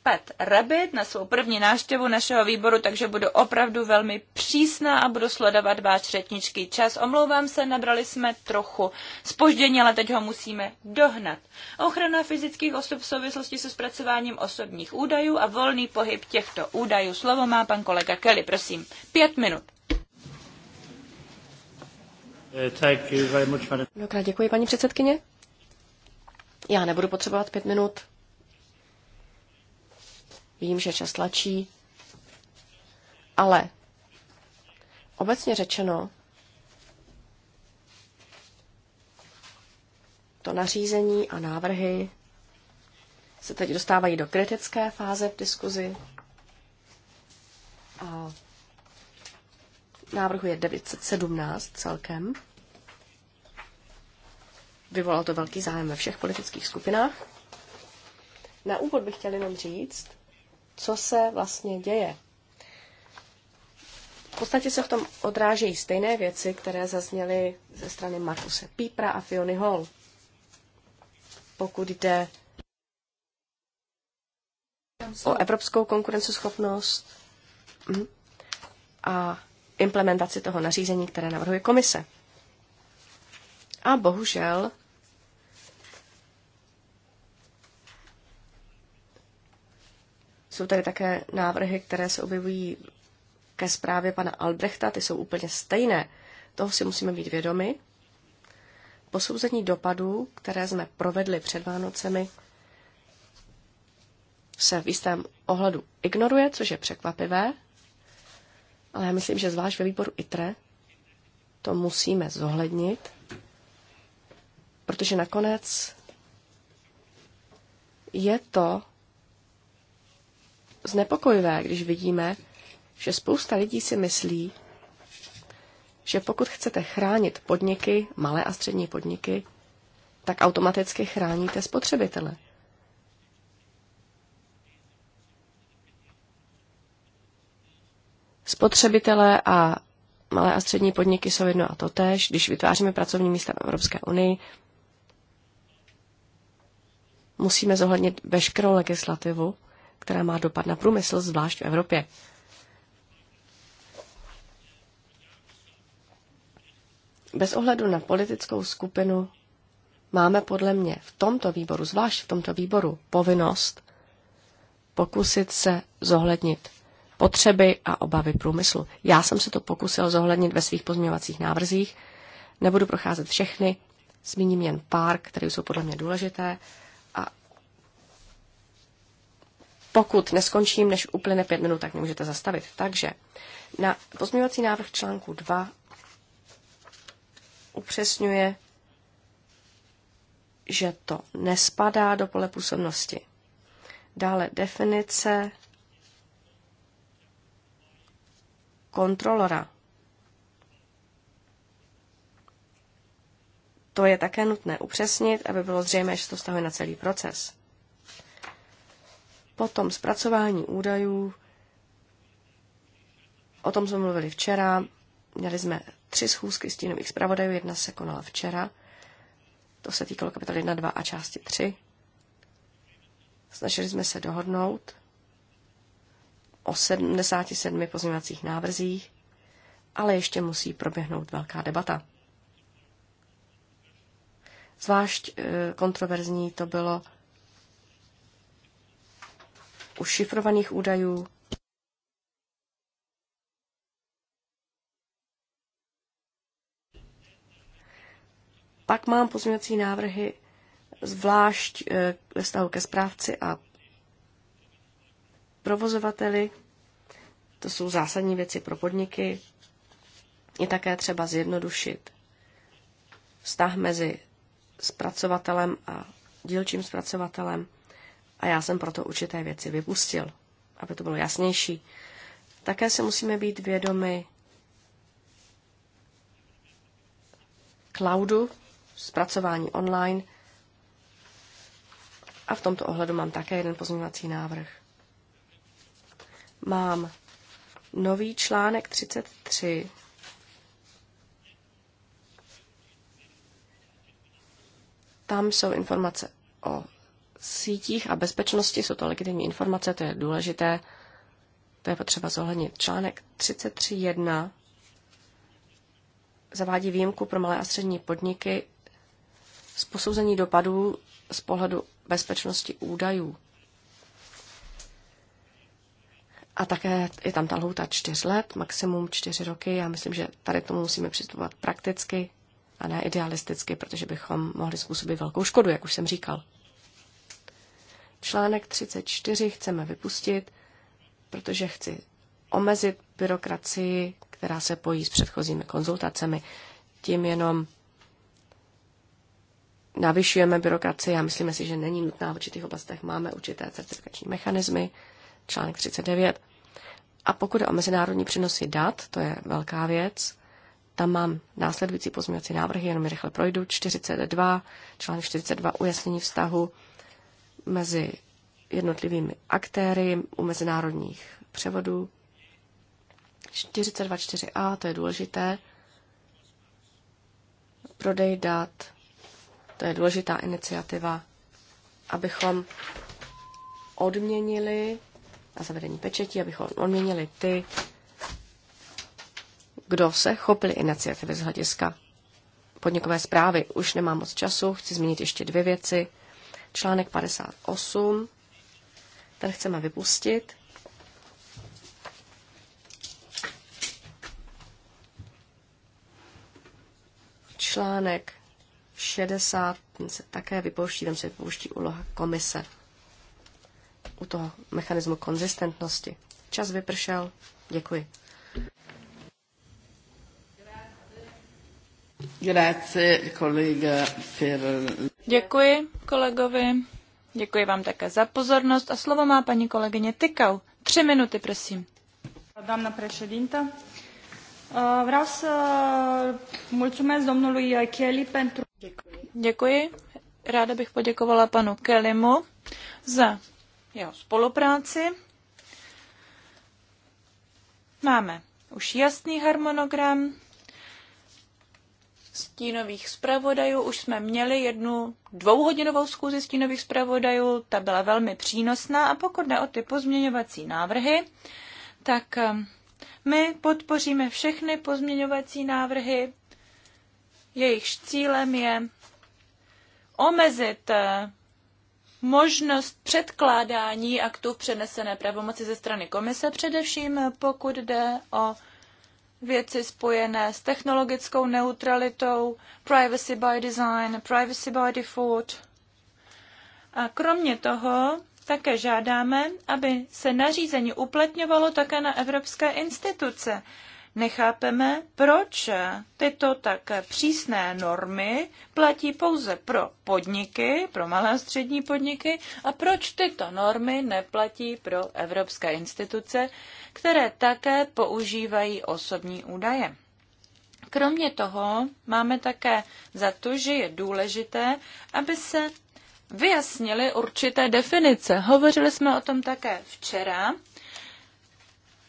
S1: Pat Rabbit na svou první návštěvu našeho výboru, takže budu opravdu velmi přísná a budu sledovat váš řetničký čas. Omlouvám se, nabrali jsme trochu spoždění, ale teď ho musíme dohnat. Ochrana fyzických osob v souvislosti se zpracováním osobních údajů a volný pohyb těchto údajů. Slovo má pan kolega Kelly, prosím.
S2: Pět minut.
S4: Eh, thank you very much,
S2: děkuji, paní předsedkyně. Já nebudu potřebovat pět minut. Vím, že čas tlačí, ale obecně řečeno, to nařízení a návrhy se teď dostávají do kritické fáze v diskuzi. A návrhu je 917 celkem. Vyvolalo to velký zájem ve všech politických skupinách. Na úvod bych chtěl jenom říct, co se vlastně děje. V podstatě se v tom odrážejí stejné věci, které zazněly ze strany Markuse Pípra a Fiony Hall. Pokud jde o evropskou konkurenceschopnost mhm, a implementaci toho nařízení, které navrhuje komise. A bohužel jsou tady také návrhy, které se objevují ke zprávě pana Albrechta, ty jsou úplně stejné. Toho si musíme být vědomi. Posouzení dopadů, které jsme provedli před Vánocemi, se v jistém ohledu ignoruje, což je překvapivé, ale já myslím, že zvlášť ve výboru ITRE to musíme zohlednit, protože nakonec je to znepokojivé, když vidíme, že spousta lidí si myslí, že pokud chcete chránit podniky, malé a střední podniky, tak automaticky chráníte spotřebitele. Spotřebitelé a malé a střední podniky jsou jedno a to tež. Když vytváříme pracovní místa v Evropské unii, musíme zohlednit veškerou legislativu, která má dopad na průmysl, zvlášť v Evropě. Bez ohledu na politickou skupinu máme podle mě v tomto výboru, zvlášť v tomto výboru, povinnost pokusit se zohlednit potřeby a obavy průmyslu. Já jsem se to pokusil zohlednit ve svých pozměňovacích návrzích. Nebudu procházet všechny, zmíním jen pár, které jsou podle mě důležité. A pokud neskončím, než uplyne pět minut, tak mě můžete zastavit. Takže na pozměňovací návrh článku 2 upřesňuje, že to nespadá do pole působnosti. Dále definice kontrolora. To je také nutné upřesnit, aby bylo zřejmé, že to stahuje na celý proces. Potom zpracování údajů. O tom jsme mluvili včera. Měli jsme tři schůzky stínových zpravodajů. Jedna se konala včera. To se týkalo kapitoly 1, 2 a části 3. Snažili jsme se dohodnout o 77 pozměňovacích návrzích, ale ještě musí proběhnout velká debata. Zvlášť eh, kontroverzní to bylo u šifrovaných údajů, Pak mám pozměňovací návrhy zvlášť eh, ve vztahu ke správci a provozovateli. To jsou zásadní věci pro podniky. Je také třeba zjednodušit vztah mezi zpracovatelem a dílčím zpracovatelem. A já jsem proto určité věci vypustil, aby to bylo jasnější. Také se musíme být vědomi cloudu, zpracování online. A v tomto ohledu mám také jeden pozměňovací návrh mám nový článek 33. Tam jsou informace o sítích a bezpečnosti, jsou to legitimní informace, to je důležité, to je potřeba zohlednit. Článek 33.1 zavádí výjimku pro malé a střední podniky z posouzení dopadů z pohledu bezpečnosti údajů. A také je tam ta lhůta čtyř let, maximum čtyři roky. Já myslím, že tady tomu musíme přistupovat prakticky a ne idealisticky, protože bychom mohli způsobit velkou škodu, jak už jsem říkal. Článek 34 chceme vypustit, protože chci omezit byrokracii, která se pojí s předchozími konzultacemi. Tím jenom navyšujeme byrokracii a myslíme si, že není nutná v určitých oblastech. Máme určité certifikační mechanismy, článek 39. A pokud je o mezinárodní přenosy dat, to je velká věc, tam mám následující pozměňovací návrhy, jenom je rychle projdu. 42, článek 42, ujasnění vztahu mezi jednotlivými aktéry u mezinárodních převodů. 42.4a, to je důležité. Prodej dat, to je důležitá iniciativa, abychom odměnili na zavedení pečetí, abychom odměnili ty, kdo se chopili iniciativy z hlediska podnikové zprávy. Už nemám moc času, chci zmínit ještě dvě věci. Článek 58, ten chceme vypustit. Článek 60, ten se také vypouští, tam se vypouští úloha komise u toho mechanismu konzistentnosti. Čas vypršel. Děkuji.
S1: Děkuji kolegovi. Děkuji vám také za pozornost a slovo má paní kolegyně Tykau. Tři minuty, prosím. Doamna președintă, uh, vreau să mulțumesc domnului Kelly pentru... Děkuji. Děkuji. Ráda bych poděkovala panu Kellymu za jeho spolupráci. Máme už jasný harmonogram stínových zpravodajů. Už jsme měli jednu dvouhodinovou zkůzi stínových zpravodajů, ta byla velmi přínosná a pokud jde o ty pozměňovací návrhy, tak um, my podpoříme všechny pozměňovací návrhy. Jejich cílem je omezit eh, možnost předkládání aktů přenesené pravomoci ze strany komise, především pokud jde o věci spojené s technologickou neutralitou, privacy by design, privacy by default. A kromě toho také žádáme, aby se nařízení uplatňovalo také na evropské instituce, Nechápeme, proč tyto tak přísné normy platí pouze pro podniky, pro malé a střední podniky a proč tyto normy neplatí pro evropské instituce, které také používají osobní údaje. Kromě toho máme také za to, že je důležité, aby se vyjasnily určité definice. Hovořili jsme o tom také včera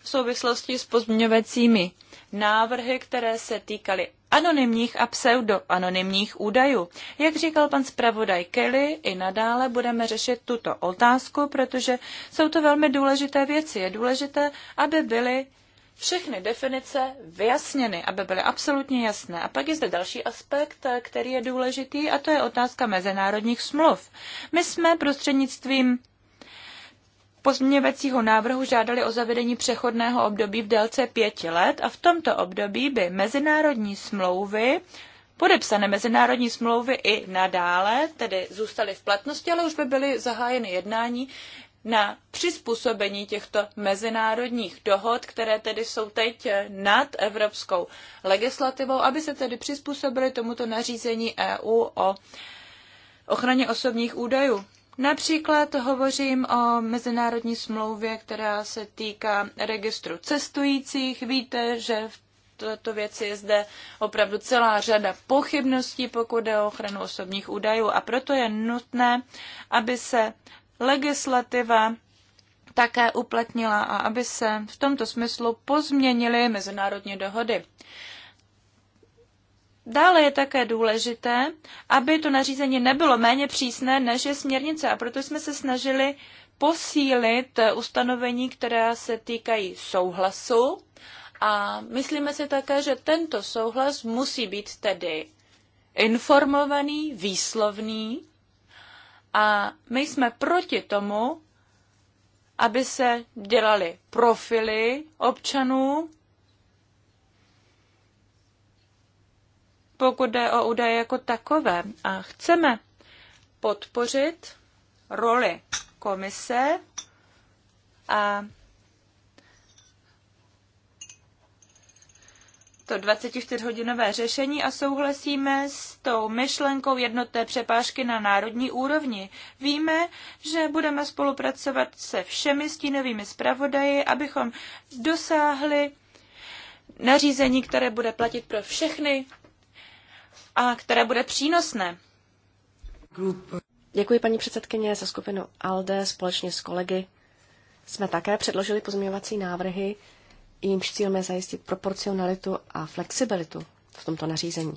S1: v souvislosti s pozměňovacími návrhy, které se týkaly anonymních a pseudoanonymních údajů. Jak říkal pan zpravodaj Kelly, i nadále budeme řešit tuto otázku, protože jsou to velmi důležité věci. Je důležité, aby byly všechny definice vyjasněny, aby byly absolutně jasné. A pak je zde další aspekt, který je důležitý, a to je otázka mezinárodních smluv. My jsme prostřednictvím pozměňovacího návrhu žádali o zavedení přechodného období v délce pěti let a v tomto období by mezinárodní smlouvy, podepsané mezinárodní smlouvy i nadále, tedy zůstaly v platnosti, ale už by byly zahájeny jednání na přizpůsobení těchto mezinárodních dohod, které tedy jsou teď eh, nad evropskou legislativou, aby se tedy přizpůsobily tomuto nařízení EU o ochraně osobních údajů. Například hovořím o mezinárodní smlouvě, která se týká registru cestujících. Víte, že v této věci je zde opravdu celá řada pochybností, pokud je o ochranu osobních údajů a proto je nutné, aby se legislativa také uplatnila a aby se v tomto smyslu pozměnily mezinárodní dohody. Dále je také důležité, aby to nařízení nebylo méně přísné, než je směrnice a proto jsme se snažili posílit eh, ustanovení, která se týkají souhlasu a myslíme si také, že tento souhlas musí být tedy informovaný, výslovný a my jsme proti tomu, aby se dělali profily občanů pokud jde o údaje jako takové. A chceme podpořit roli komise a to 24-hodinové řešení a souhlasíme s tou myšlenkou jednotné přepážky na národní úrovni. Víme, že budeme spolupracovat se všemi stínovými zpravodaji, abychom dosáhli nařízení, které bude platit pro všechny a které bude přínosné.
S2: Děkuji paní předsedkyně za skupinu ALDE společně s kolegy. Jsme také předložili pozměňovací návrhy, jimž cílem je zajistit proporcionalitu a flexibilitu v tomto nařízení.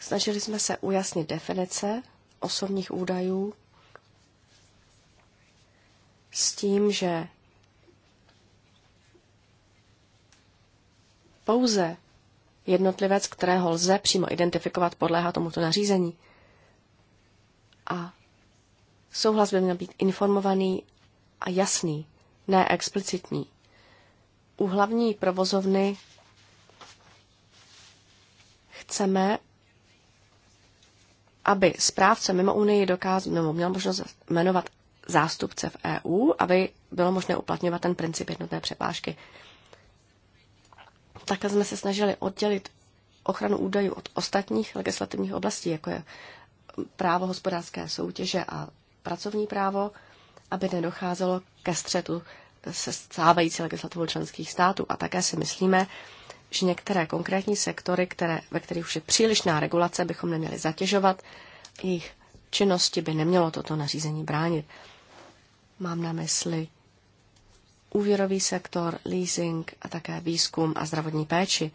S2: Snažili jsme se ujasnit definice osobních údajů s tím, že pouze Jednotlivec, kterého lze přímo identifikovat, podléhá tomuto nařízení. A souhlas by měl být informovaný a jasný, ne explicitní. U hlavní provozovny chceme, aby správce mimo Unii dokázal, nebo měl možnost jmenovat zástupce v EU, aby bylo možné uplatňovat ten princip jednotné přepážky takhle jsme se snažili oddělit ochranu údajů od ostatních legislativních oblastí, jako je právo hospodářské soutěže a pracovní právo, aby nedocházelo ke střetu se stávající legislativou členských států. A také si myslíme, že některé konkrétní sektory, které, ve kterých už je přílišná regulace, bychom neměli zatěžovat, jejich činnosti by nemělo toto nařízení bránit. Mám na mysli úvěrový sektor, leasing a také výzkum a zdravotní péči.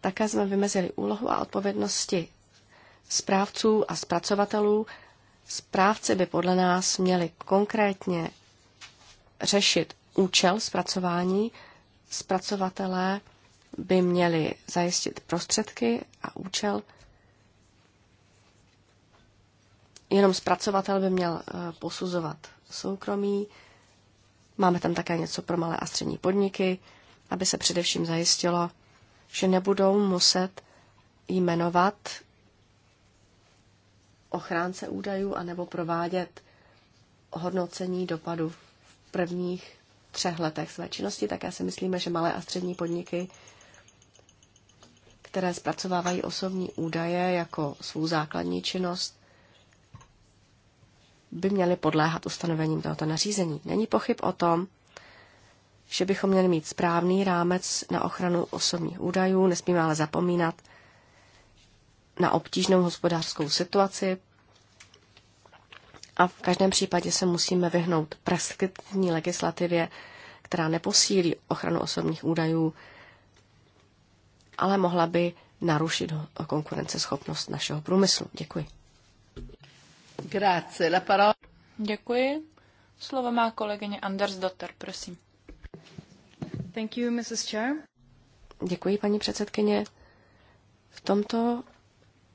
S2: Také jsme vymezili úlohu a odpovědnosti správců a zpracovatelů. Správci by podle nás měli konkrétně řešit účel zpracování, zpracovatelé by měli zajistit prostředky a účel. Jenom zpracovatel by měl eh, posuzovat soukromí Máme tam také něco pro malé a střední podniky, aby se především zajistilo, že nebudou muset jmenovat ochránce údajů anebo provádět hodnocení dopadu v prvních třech letech své činnosti. Také si myslíme, že malé a střední podniky, které zpracovávají osobní údaje jako svou základní činnost, by měly podléhat ustanovením tohoto nařízení. Není pochyb o tom, že bychom měli mít správný rámec na ochranu osobních údajů, nesmíme ale zapomínat na obtížnou hospodářskou situaci a v každém případě se musíme vyhnout preskriptní legislativě, která neposílí ochranu osobních údajů, ale mohla by narušit konkurenceschopnost našeho průmyslu. Děkuji. Grazie, la parola.
S1: Děkuji. Slovo má kolegyně Anders Dotter, prosím.
S2: Thank you, Mrs. Chair. Děkuji, paní předsedkyně. V tomto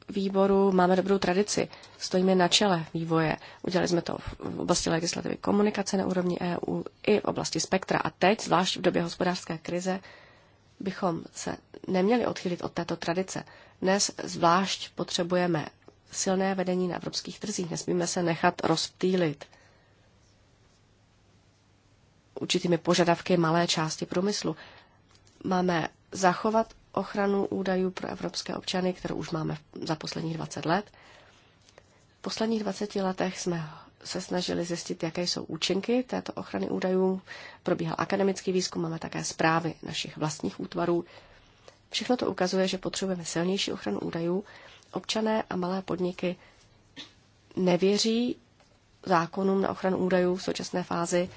S2: výboru máme dobrou tradici. Stojíme na čele vývoje. Udělali jsme to v oblasti legislativy komunikace na úrovni EU i v oblasti spektra. A teď, zvlášť v době hospodářské krize, bychom se neměli odchylit od této tradice. Dnes zvlášť potřebujeme silné vedení na evropských trzích. Nesmíme se nechat rozptýlit určitými požadavky malé části průmyslu. Máme zachovat ochranu údajů pro evropské občany, kterou už máme za posledních 20 let. V posledních 20 letech jsme se snažili zjistit, jaké jsou účinky této ochrany údajů. Probíhal akademický výzkum, máme také zprávy našich vlastních útvarů. Všechno to ukazuje, že potřebujeme silnější ochranu údajů Občané a malé podniky nevěří zákonům na ochranu údajů v současné fázi.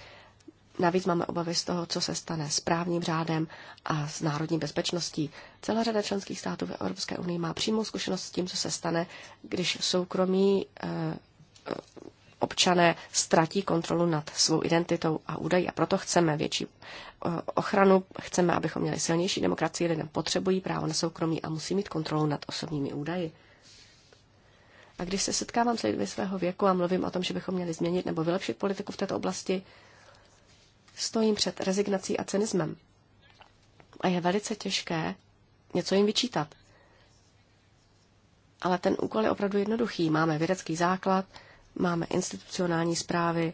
S2: Navíc máme obavy z toho, co se stane s právním řádem a s národní bezpečností. Celá řada členských států v Evropské unii má přímou zkušenost s tím, co se stane, když soukromí eh, občané ztratí kontrolu nad svou identitou a údají. A proto chceme větší eh, ochranu, chceme, abychom měli silnější demokracii, lidem potřebují právo na soukromí a musí mít kontrolu nad osobními údaji. A když se setkávám s lidmi svého věku a mluvím o tom, že bychom měli změnit nebo vylepšit politiku v této oblasti, stojím před rezignací a cynismem. A je velice těžké něco jim vyčítat. Ale ten úkol je opravdu jednoduchý. Máme vědecký základ, máme institucionální zprávy,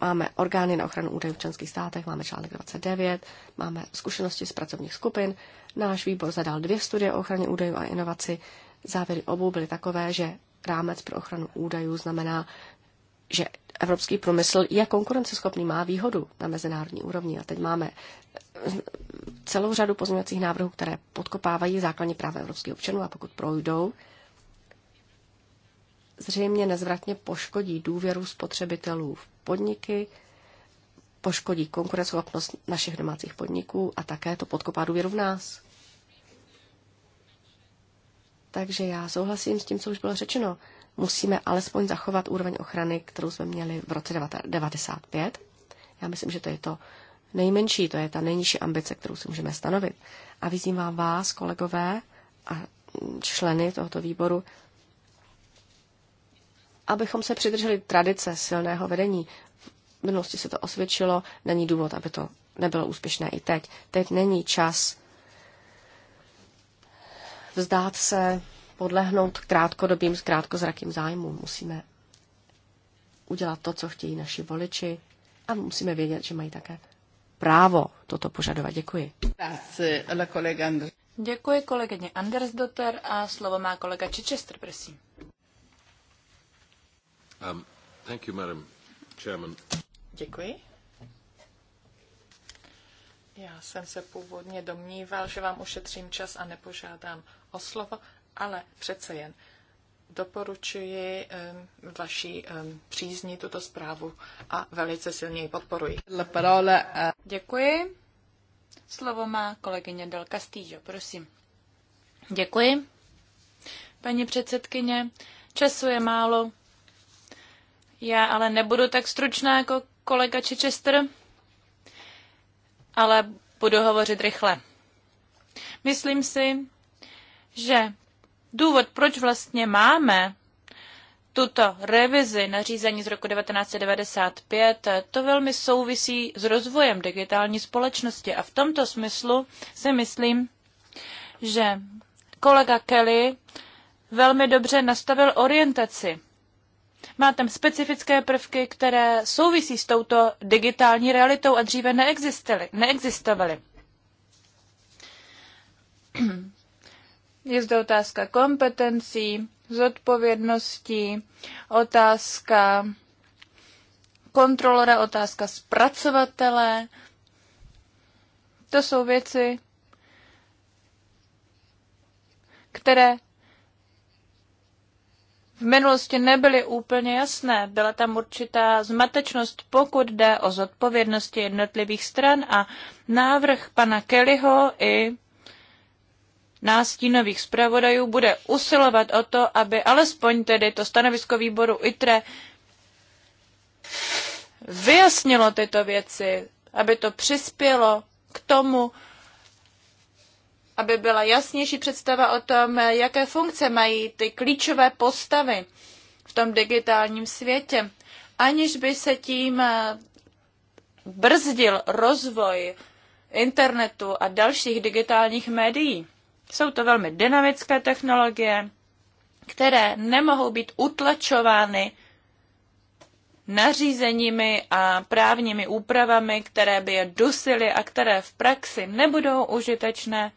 S2: máme orgány na ochranu údajů v členských státech, máme článek 29, máme zkušenosti z pracovních skupin. Náš výbor zadal dvě studie o ochraně údajů a inovaci. Závěry obou byly takové, že rámec pro ochranu údajů znamená, že evropský průmysl je konkurenceschopný, má výhodu na mezinárodní úrovni. A teď máme eh, celou řadu pozměňovacích návrhů, které podkopávají základní práva evropských občanů a pokud projdou, zřejmě nezvratně poškodí důvěru spotřebitelů v podniky, poškodí konkurenceschopnost našich domácích podniků a také to podkopá důvěru v nás. Takže já souhlasím s tím, co už bylo řečeno. Musíme alespoň zachovat úroveň ochrany, kterou jsme měli v roce 1995. Já myslím, že to je to nejmenší, to je ta nejnižší ambice, kterou si můžeme stanovit. A vyzývám vás, kolegové a členy tohoto výboru, abychom se přidrželi tradice silného vedení. V minulosti se to osvědčilo, není důvod, aby to nebylo úspěšné i teď. Teď není čas vzdát se, podlehnout krátkodobým, krátkozrakým zájmům. Musíme udělat to, co chtějí naši voliči a musíme vědět, že mají také právo toto požadovat. Děkuji.
S3: Děkuji kolegyně Andersdotter
S1: a slovo má kolega Chichester, prosím.
S2: Um,
S3: Děkuji. Já jsem se původně domníval, že vám ušetřím čas a nepožádám o slovo, ale přece jen doporučuji um, vaší um, přízni tuto zprávu a velice silně ji podporuji. Děkuji.
S1: Slovo má kolegyně Del Castillo, prosím. Děkuji. Paní předsedkyně, času je málo, já ale nebudu tak stručná jako kolega Chichester, ale budu hovořit rychle. Myslím si, že důvod, proč vlastně máme tuto revizi nařízení z roku 1995, to velmi souvisí s rozvojem digitální společnosti a v tomto smyslu si myslím, že kolega Kelly velmi dobře nastavil orientaci má tam specifické prvky, které souvisí s touto digitální realitou a dříve neexistovaly. Je zde otázka kompetencí, zodpovědností, otázka kontrolora, otázka zpracovatele. To jsou věci, které v minulosti nebyly úplně jasné. Byla tam určitá zmatečnost, pokud jde o zodpovědnosti jednotlivých stran a návrh pana Kellyho i nástínových zpravodajů bude usilovat o to, aby alespoň tedy to stanovisko výboru ITRE vyjasnilo tyto věci, aby to přispělo k tomu, aby byla jasnější představa o tom, jaké funkce mají ty klíčové postavy v tom digitálním světě, aniž by se tím eh, brzdil rozvoj internetu a dalších digitálních médií. Jsou to velmi dynamické technologie, které nemohou být utlačovány nařízeními a právními úpravami, které by je dusily a které v praxi nebudou užitečné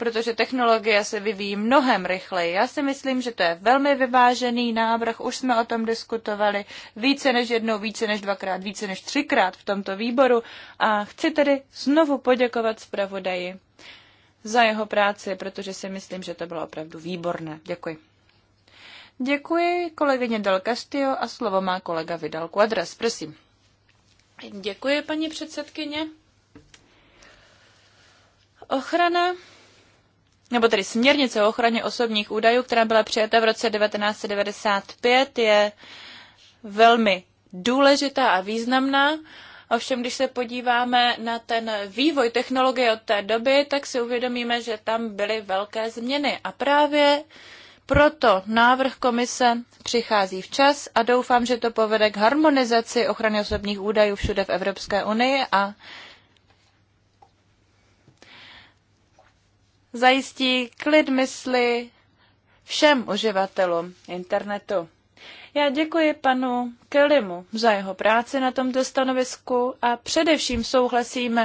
S1: protože technologie se vyvíjí mnohem rychleji. Já si myslím, že to je velmi vyvážený návrh, už jsme o tom diskutovali více než jednou, více než dvakrát, více než třikrát v tomto výboru a chci tedy znovu poděkovat zpravodaji za jeho práci, protože si myslím, že to bylo opravdu výborné. Děkuji. Děkuji kolegyně Del Castillo a slovo má kolega Vidal Quadras. Prosím. Děkuji, paní předsedkyně. Ochrana nebo tedy směrnice o ochraně osobních údajů, která byla přijata v roce 1995, je velmi důležitá a významná. Ovšem, když se podíváme na ten vývoj technologie od té doby, tak si uvědomíme, že tam byly velké změny. A právě proto návrh komise přichází včas a doufám, že to povede k harmonizaci ochrany osobních údajů všude v Evropské unii a zajistí klid mysli všem uživatelům internetu. Já děkuji panu Kellymu za jeho práci na tomto stanovisku a především souhlasím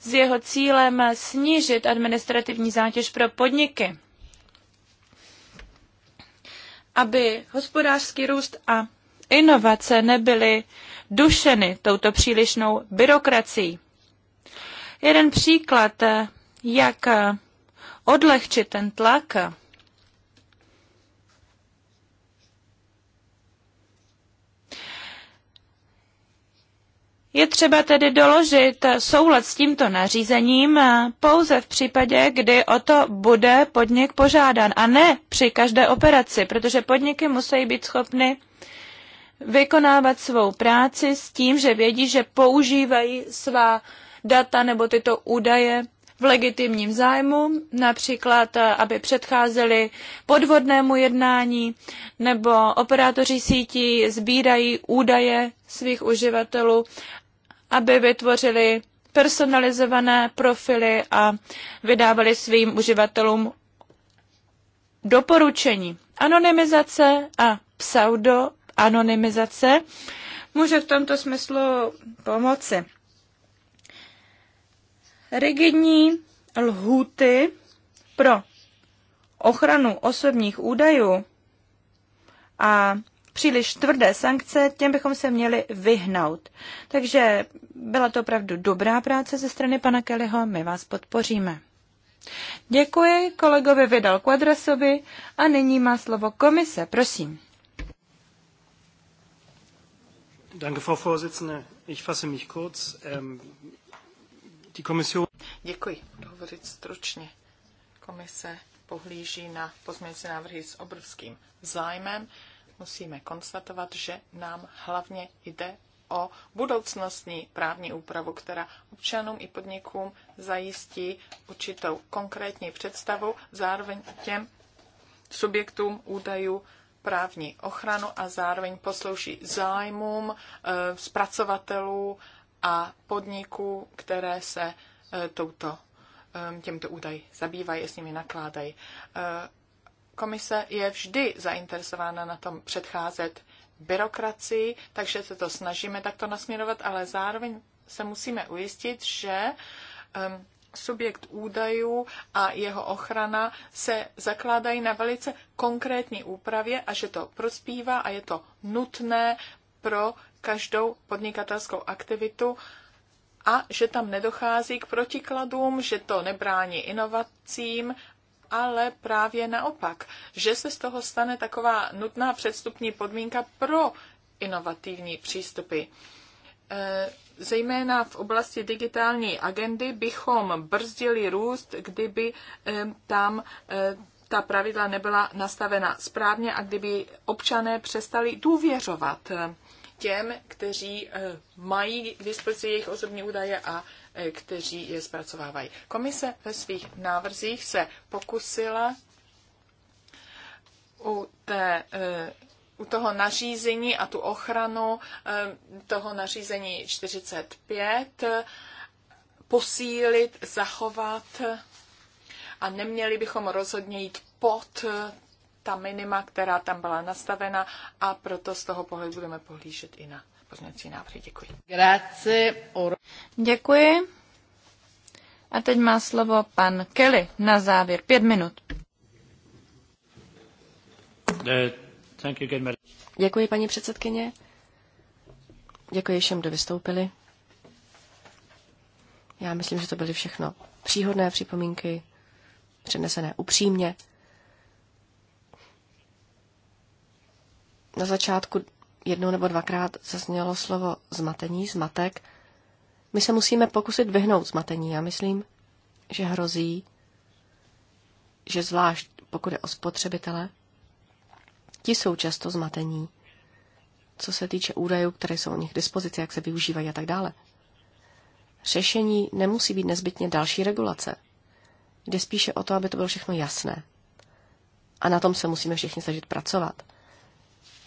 S1: s jeho cílem snížit administrativní zátěž pro podniky, aby hospodářský růst a inovace nebyly dušeny touto přílišnou byrokracií. Jeden příklad, jak odlehčit ten tlak. Je třeba tedy doložit soulad s tímto nařízením pouze v případě, kdy o to bude podnik požádán a ne při každé operaci, protože podniky musí být schopny vykonávat svou práci s tím, že vědí, že používají svá data nebo tyto údaje v legitimním zájmu, například eh, aby předcházeli podvodnému jednání, nebo operátoři sítí sbírají údaje svých uživatelů, aby vytvořili personalizované profily a vydávali svým uživatelům doporučení. Anonymizace a pseudo anonymizace může v tomto smyslu pomoci rigidní lhuty pro ochranu osobních údajů a příliš tvrdé sankce, těm bychom se měli vyhnout. Takže byla to opravdu dobrá práce ze strany pana Kellyho, my vás podpoříme. Děkuji kolegovi Vidal Quadrasovi a nyní má slovo komise, prosím.
S4: Danke, Frau Vorsitzende. Ich fasse mich kurz. Ähm,
S3: Děkuji. hovořit stručně. Komise pohlíží na pozměňující návrhy s obrovským zájmem. Musíme konstatovat, že nám hlavně jde o budoucnostní právní úpravu, která občanům i podnikům zajistí určitou konkrétní představu, zároveň těm subjektům údajů právní ochranu a zároveň poslouží zájmům eh, zpracovatelů a podniků, které se e, touto, e, těmto údaji zabývají a s nimi nakládají. E, komise je vždy zainteresována na tom předcházet byrokracii, takže se to snažíme takto nasměrovat, ale zároveň se musíme ujistit, že subjekt údajů a jeho ochrana se zakládají na velice konkrétní úpravě a že to prospívá a je to nutné pro každou podnikatelskou aktivitu a že tam nedochází k protikladům, že to nebrání inovacím, ale právě naopak, že se z toho stane taková nutná předstupní podmínka pro inovativní přístupy. E, zejména v oblasti digitální agendy bychom brzdili růst, kdyby e, tam e, ta pravidla nebyla nastavena správně a kdyby občané přestali důvěřovat těm, kteří eh, mají k dispozici jejich osobní údaje a eh, kteří je zpracovávají. Komise ve svých návrzích se pokusila u, té, eh, u toho nařízení a tu ochranu toho nařízení 45 posílit, zachovat a neměli bychom rozhodně jít pod ta minima, která tam byla nastavena a proto z toho pohledu budeme pohlížet i na pozměňovací návrhy. Děkuji.
S1: Děkuji. A teď má slovo pan Kelly na závěr. Pět minut. Eh,
S2: Děkuji, paní předsedkyně. Děkuji všem, kdo vystoupili. Já myslím, že to byly všechno příhodné připomínky, přenesené upřímně. na začátku jednou nebo dvakrát zaznělo slovo zmatení, zmatek. My se musíme pokusit vyhnout zmatení. Já myslím, že hrozí, že zvlášť pokud je o spotřebitele, ti jsou často zmatení, co se týče údajů, které jsou u nich k dispozici, jak se využívají a tak dále. Řešení nemusí být nezbytně další regulace. Jde spíše o to, aby to bylo všechno jasné. A na tom se musíme všichni snažit pracovat.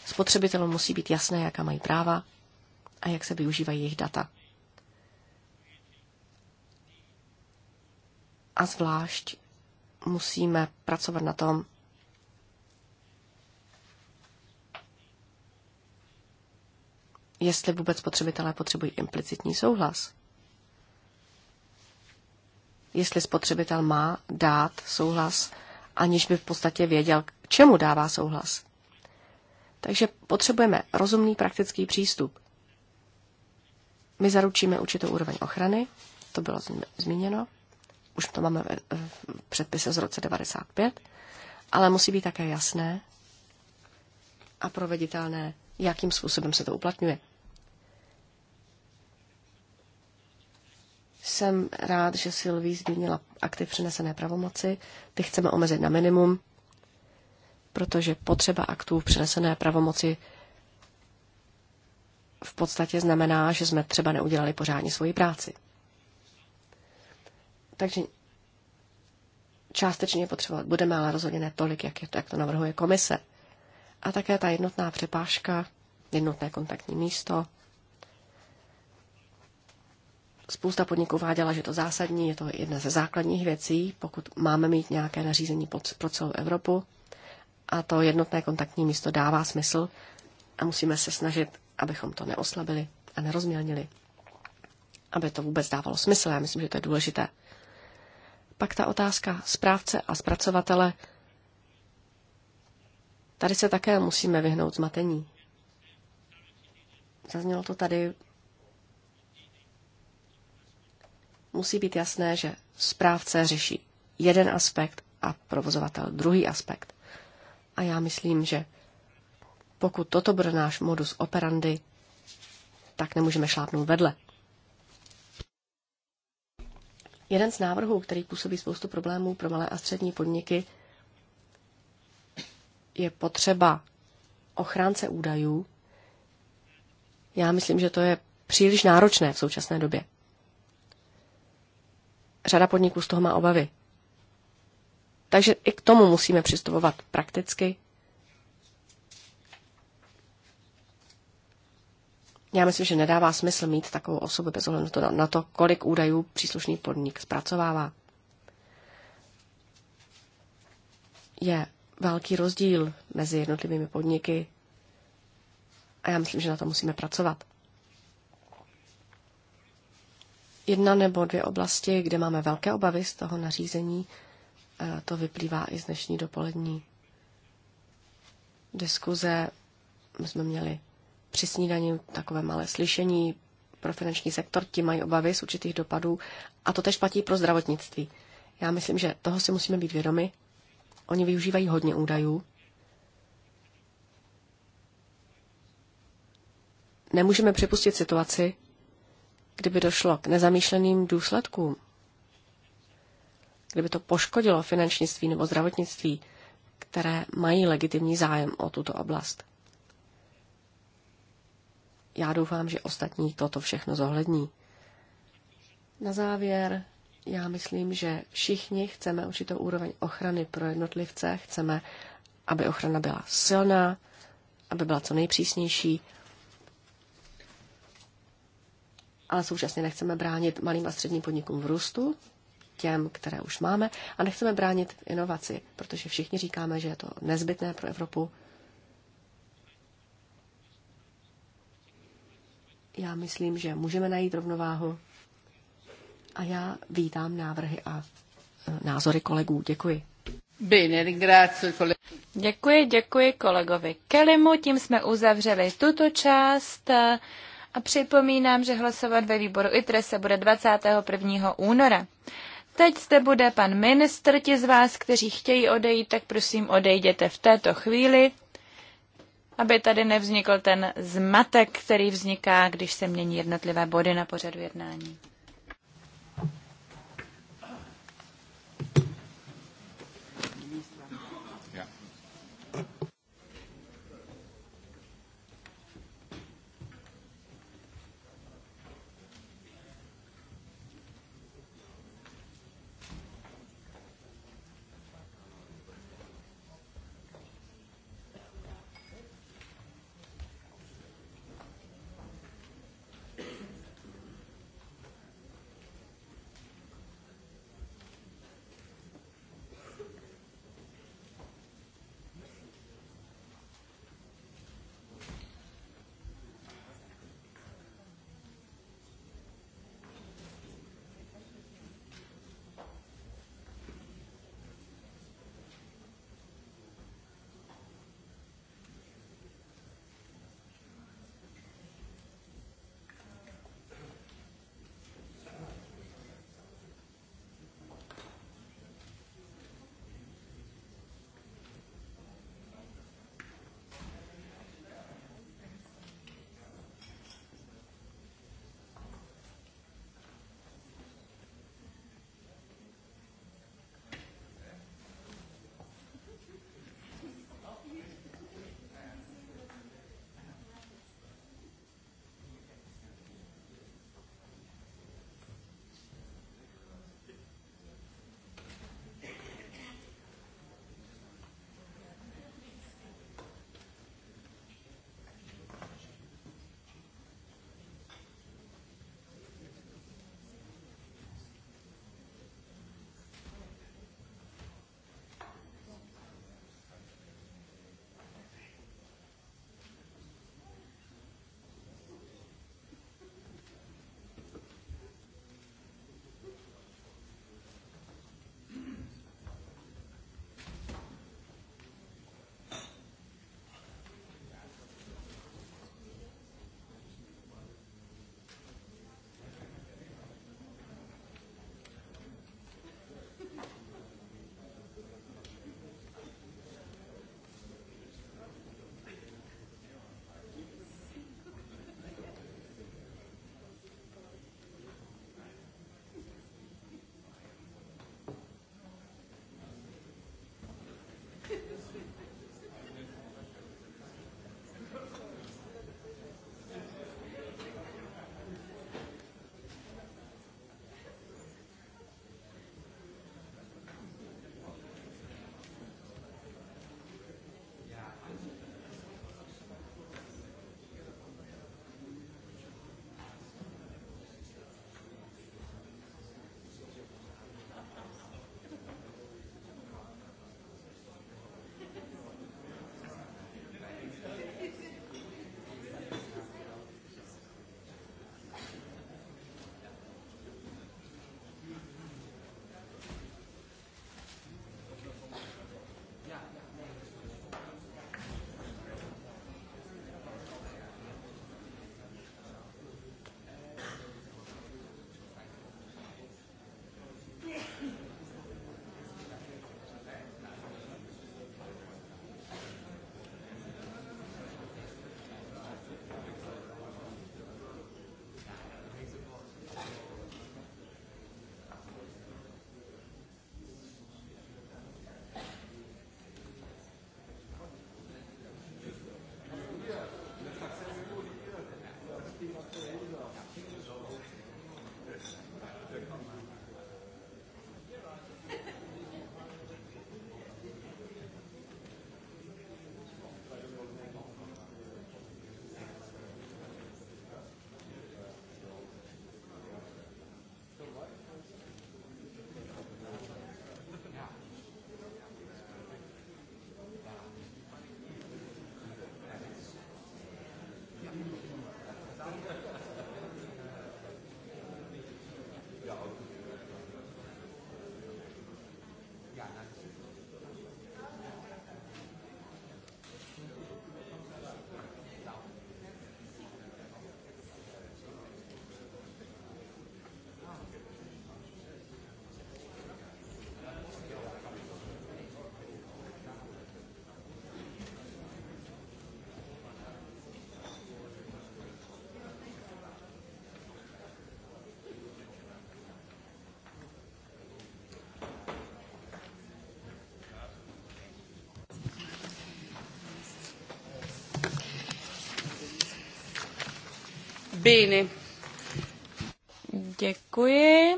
S2: Spotřebitelům musí být jasné, jaká mají práva a jak se využívají jejich data. A zvlášť musíme pracovat na tom, jestli vůbec spotřebitelé potřebují implicitní souhlas. Jestli spotřebitel má dát souhlas, aniž by v podstatě věděl, k čemu dává souhlas. Takže potřebujeme rozumný praktický přístup. My zaručíme určitou úroveň ochrany, to bylo zmíněno, už to máme v předpise z roce 95, ale musí být také jasné a proveditelné, jakým způsobem se to uplatňuje. Jsem rád, že Silví zmínila akty přenesené pravomoci. Ty chceme omezit na minimum, protože potřeba aktů v přenesené pravomoci v podstatě znamená, že jsme třeba neudělali pořádně svoji práci. Takže částečně potřebovat budeme, ale rozhodně ne tolik, jak, je to, jak to navrhuje komise. A také ta jednotná přepážka, jednotné kontaktní místo. Spousta podniků váděla, že to zásadní, je to jedna ze základních věcí, pokud máme mít nějaké nařízení pod, pro celou Evropu. A to jednotné kontaktní místo dává smysl a musíme se snažit, abychom to neoslabili a nerozmělnili. Aby to vůbec dávalo smysl, já myslím, že to je důležité. Pak ta otázka správce a zpracovatele. Tady se také musíme vyhnout zmatení. Zaznělo to tady. Musí být jasné, že správce řeší jeden aspekt a provozovatel druhý aspekt. A já myslím, že pokud toto bude náš modus operandi, tak nemůžeme šlápnout vedle. Jeden z návrhů, který působí spoustu problémů pro malé a střední podniky, je potřeba ochránce údajů. Já myslím, že to je příliš náročné v současné době. Řada podniků z toho má obavy. Takže i k tomu musíme přistupovat prakticky. Já myslím, že nedává smysl mít takovou osobu bez ohledu na to, kolik údajů příslušný podnik zpracovává. Je velký rozdíl mezi jednotlivými podniky a já myslím, že na to musíme pracovat. Jedna nebo dvě oblasti, kde máme velké obavy z toho nařízení, Eh, to vyplývá i z dnešní dopolední diskuze. My jsme měli při snídaní takové malé slyšení pro finanční sektor, ti mají obavy z určitých dopadů a to tež platí pro zdravotnictví. Já myslím, že toho si musíme být vědomi. Oni využívají hodně údajů. Nemůžeme připustit situaci, kdyby došlo k nezamýšleným důsledkům kdyby to poškodilo finančnictví nebo zdravotnictví, které mají legitimní zájem o tuto oblast. Já doufám, že ostatní toto všechno zohlední. Na závěr, já myslím, že všichni chceme určitou úroveň ochrany pro jednotlivce, chceme, aby ochrana byla silná, aby byla co nejpřísnější, ale současně nechceme bránit malým a středním podnikům v růstu, těm, které už máme a nechceme bránit v inovaci, protože všichni říkáme, že je to nezbytné pro Evropu. Já myslím, že můžeme najít rovnováhu a já vítám návrhy a e, názory kolegů. Děkuji. Děkuji, děkuji kolegovi Kelimu. Tím jsme uzavřeli tuto část
S1: e, a připomínám, že hlasovat ve výboru ITRE se bude 21. února. Teď zde bude pan ministr, ti z vás, kteří chtějí odejít, tak prosím odejděte v této chvíli, aby tady nevznikl ten zmatek, který vzniká, když se mění jednotlivé body na pořadu jednání. Bene. Děkuji.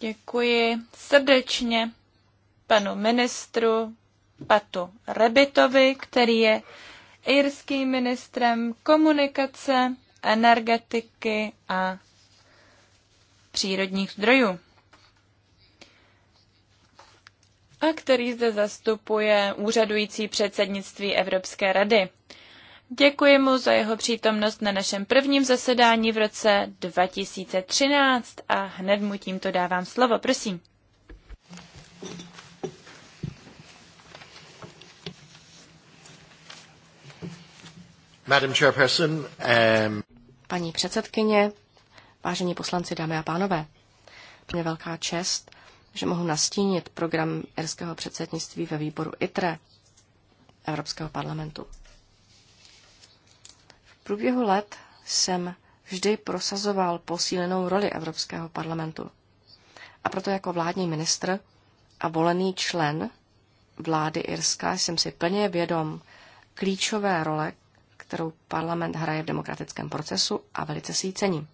S1: Děkuji srdečně panu ministru Patu Rebitovi, který je irským ministrem komunikace, energetiky a přírodních zdrojů. A který zde zastupuje úřadující předsednictví Evropské rady. Děkuji mu za jeho přítomnost na našem prvním zasedání v roce 2013 a hned mu tímto dávám slovo. Prosím. Madam Chairperson,
S2: um... Paní předsedkyně, vážení poslanci, dámy a pánové, mě velká čest, že mohu nastínit program irského předsednictví ve výboru ITRE Evropského parlamentu průběhu let jsem vždy prosazoval posílenou roli Evropského parlamentu. A proto jako vládní ministr a volený člen vlády Irska jsem si plně vědom klíčové role, kterou parlament hraje v demokratickém procesu a velice si ji cením.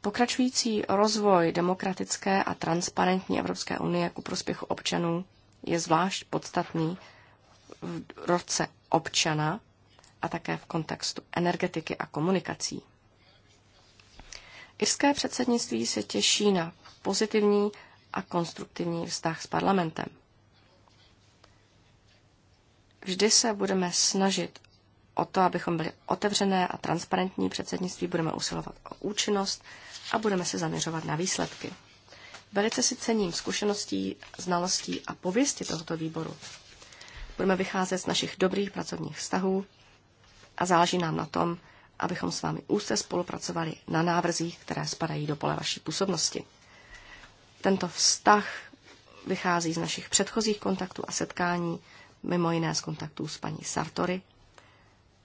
S2: Pokračující rozvoj demokratické a transparentní Evropské unie ku prospěchu občanů je zvlášť podstatný v roce občana, a také v kontextu energetiky a komunikací. Irské předsednictví se těší na pozitivní a konstruktivní vztah s parlamentem. Vždy se budeme snažit o to, abychom byli otevřené a transparentní předsednictví, budeme usilovat o účinnost a budeme se zaměřovat na výsledky. Velice si cením zkušeností, znalostí a pověsti tohoto výboru. Budeme vycházet z našich dobrých pracovních vztahů a záleží nám na tom, abychom s vámi úzce spolupracovali na návrzích, které spadají do pole vaší působnosti. Tento vztah vychází z našich předchozích kontaktů a setkání, mimo jiné z kontaktů s paní Sartory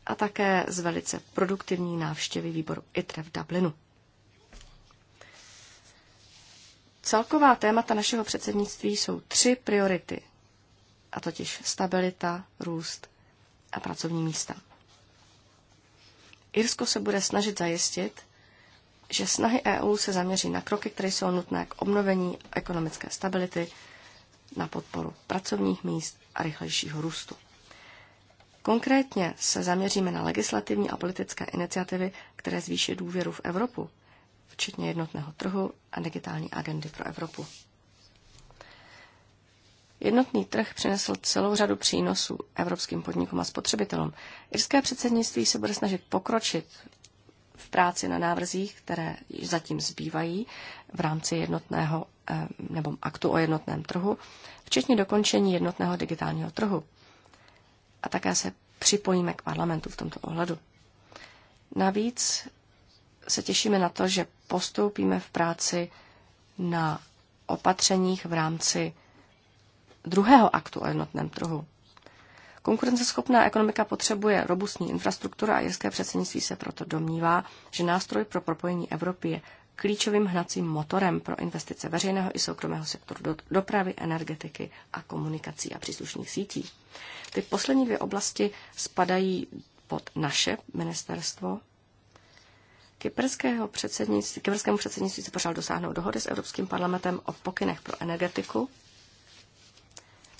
S2: a také z velice produktivní návštěvy výboru ITRE v Dublinu. Celková témata našeho předsednictví jsou tři priority, a totiž stabilita, růst a pracovní místa. Irsko se bude snažit zajistit, že snahy EU se zaměří na kroky, které jsou nutné k obnovení ekonomické stability, na podporu pracovních míst a rychlejšího růstu. Konkrétně se zaměříme na legislativní a politické iniciativy, které zvýší důvěru v Evropu, včetně jednotného trhu a digitální agendy pro Evropu. Jednotný trh přinesl celou řadu přínosů evropským podnikům a spotřebitelům. Irské předsednictví se bude snažit pokročit v práci na návrzích, které zatím zbývají v rámci jednotného eh, nebo aktu o jednotném trhu, včetně dokončení jednotného digitálního trhu. A také se připojíme k parlamentu v tomto ohledu. Navíc se těšíme na to, že postoupíme v práci na opatřeních v rámci druhého aktu o jednotném trhu. Konkurenceschopná ekonomika potřebuje robustní infrastruktura a jirské předsednictví se proto domnívá, že nástroj pro propojení Evropy je klíčovým hnacím motorem pro investice veřejného i soukromého sektoru do dopravy, energetiky a komunikací a příslušných sítí. Ty poslední dvě oblasti spadají pod naše ministerstvo. Kyperského předsednictví, kyperskému předsednictví se pořád dosáhnout dohody s Evropským parlamentem o pokynech pro energetiku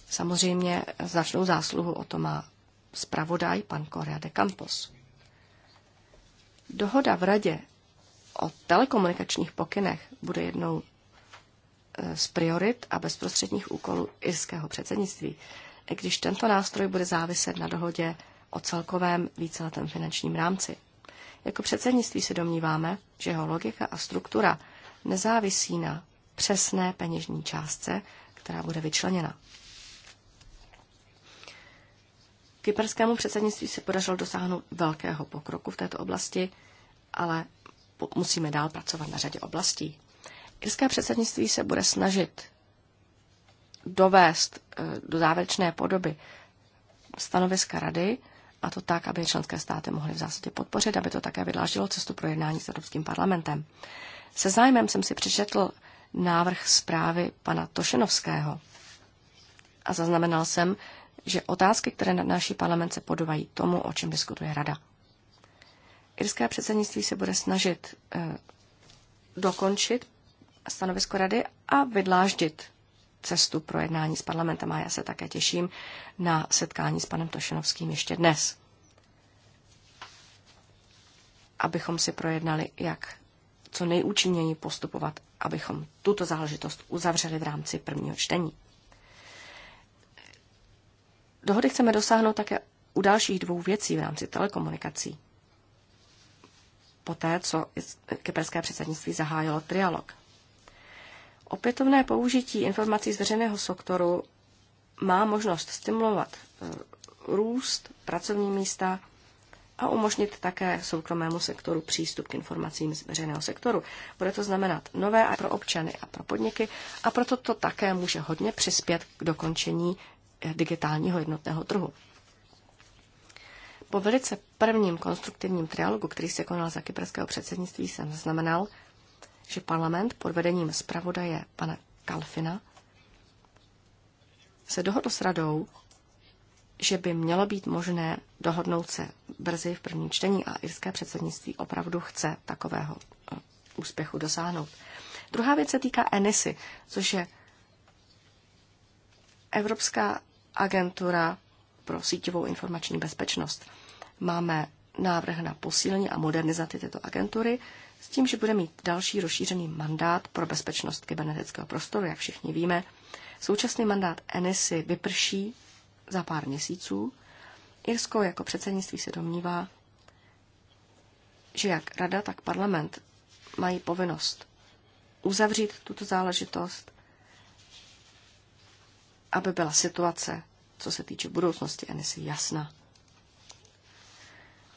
S2: Samozřejmě značnou zásluhu o to má zpravodaj pan Correa de Campos. Dohoda v radě o telekomunikačních pokynech bude jednou eh, z priorit a bezprostředních úkolů irského předsednictví, i když tento nástroj bude záviset na dohodě o celkovém víceletém finančním rámci. Jako předsednictví se domníváme, že jeho logika a struktura nezávisí na přesné peněžní částce, která bude vyčleněna. Kyperskému předsednictví se podařilo dosáhnout velkého pokroku v této oblasti, ale musíme dál pracovat na řadě oblastí. Irské předsednictví se bude snažit dovést eh, do závěrečné podoby stanoviska rady, a to tak, aby členské státy mohly v zásadě podpořit, aby to také vydláždilo cestu pro jednání s Evropským parlamentem. Se zájmem jsem si přečetl návrh zprávy pana Tošenovského a zaznamenal jsem, že otázky, které naší parlament, se podobají tomu, o čem diskutuje rada. Irské předsednictví se bude snažit eh, dokončit stanovisko rady a vydláždit cestu pro jednání s parlamentem a já se také těším na setkání s panem Tošenovským ještě dnes. Abychom si projednali, jak co nejúčinněji postupovat, abychom tuto záležitost uzavřeli v rámci prvního čtení. Dohody chceme dosáhnout také u dalších dvou věcí v rámci telekomunikací. Poté, co kyperské předsednictví zahájilo trialog. Opětovné použití informací z veřejného sektoru má možnost stimulovat eh, růst, pracovní místa a umožnit také soukromému sektoru přístup k informacím z veřejného sektoru. Bude to znamenat nové a pro občany a pro podniky a proto to také může hodně přispět k dokončení digitálního jednotného trhu. Po velice prvním konstruktivním trialogu, který se konal za kyperského předsednictví, jsem zaznamenal, že parlament pod vedením zpravodaje pana Kalfina se dohodl s radou, že by mělo být možné dohodnout se brzy v prvním čtení a irské předsednictví opravdu chce takového eh, úspěchu dosáhnout. Druhá věc se týká ENISy, což je Evropská agentura pro síťovou informační bezpečnost. Máme návrh na posílení a modernizaci této agentury s tím, že bude mít další rozšířený mandát pro bezpečnost kybernetického prostoru, jak všichni víme. Současný mandát ENISY vyprší za pár měsíců. Irsko jako předsednictví se domnívá, že jak rada, tak parlament mají povinnost uzavřít tuto záležitost aby byla situace, co se týče budoucnosti Enisy, jasná.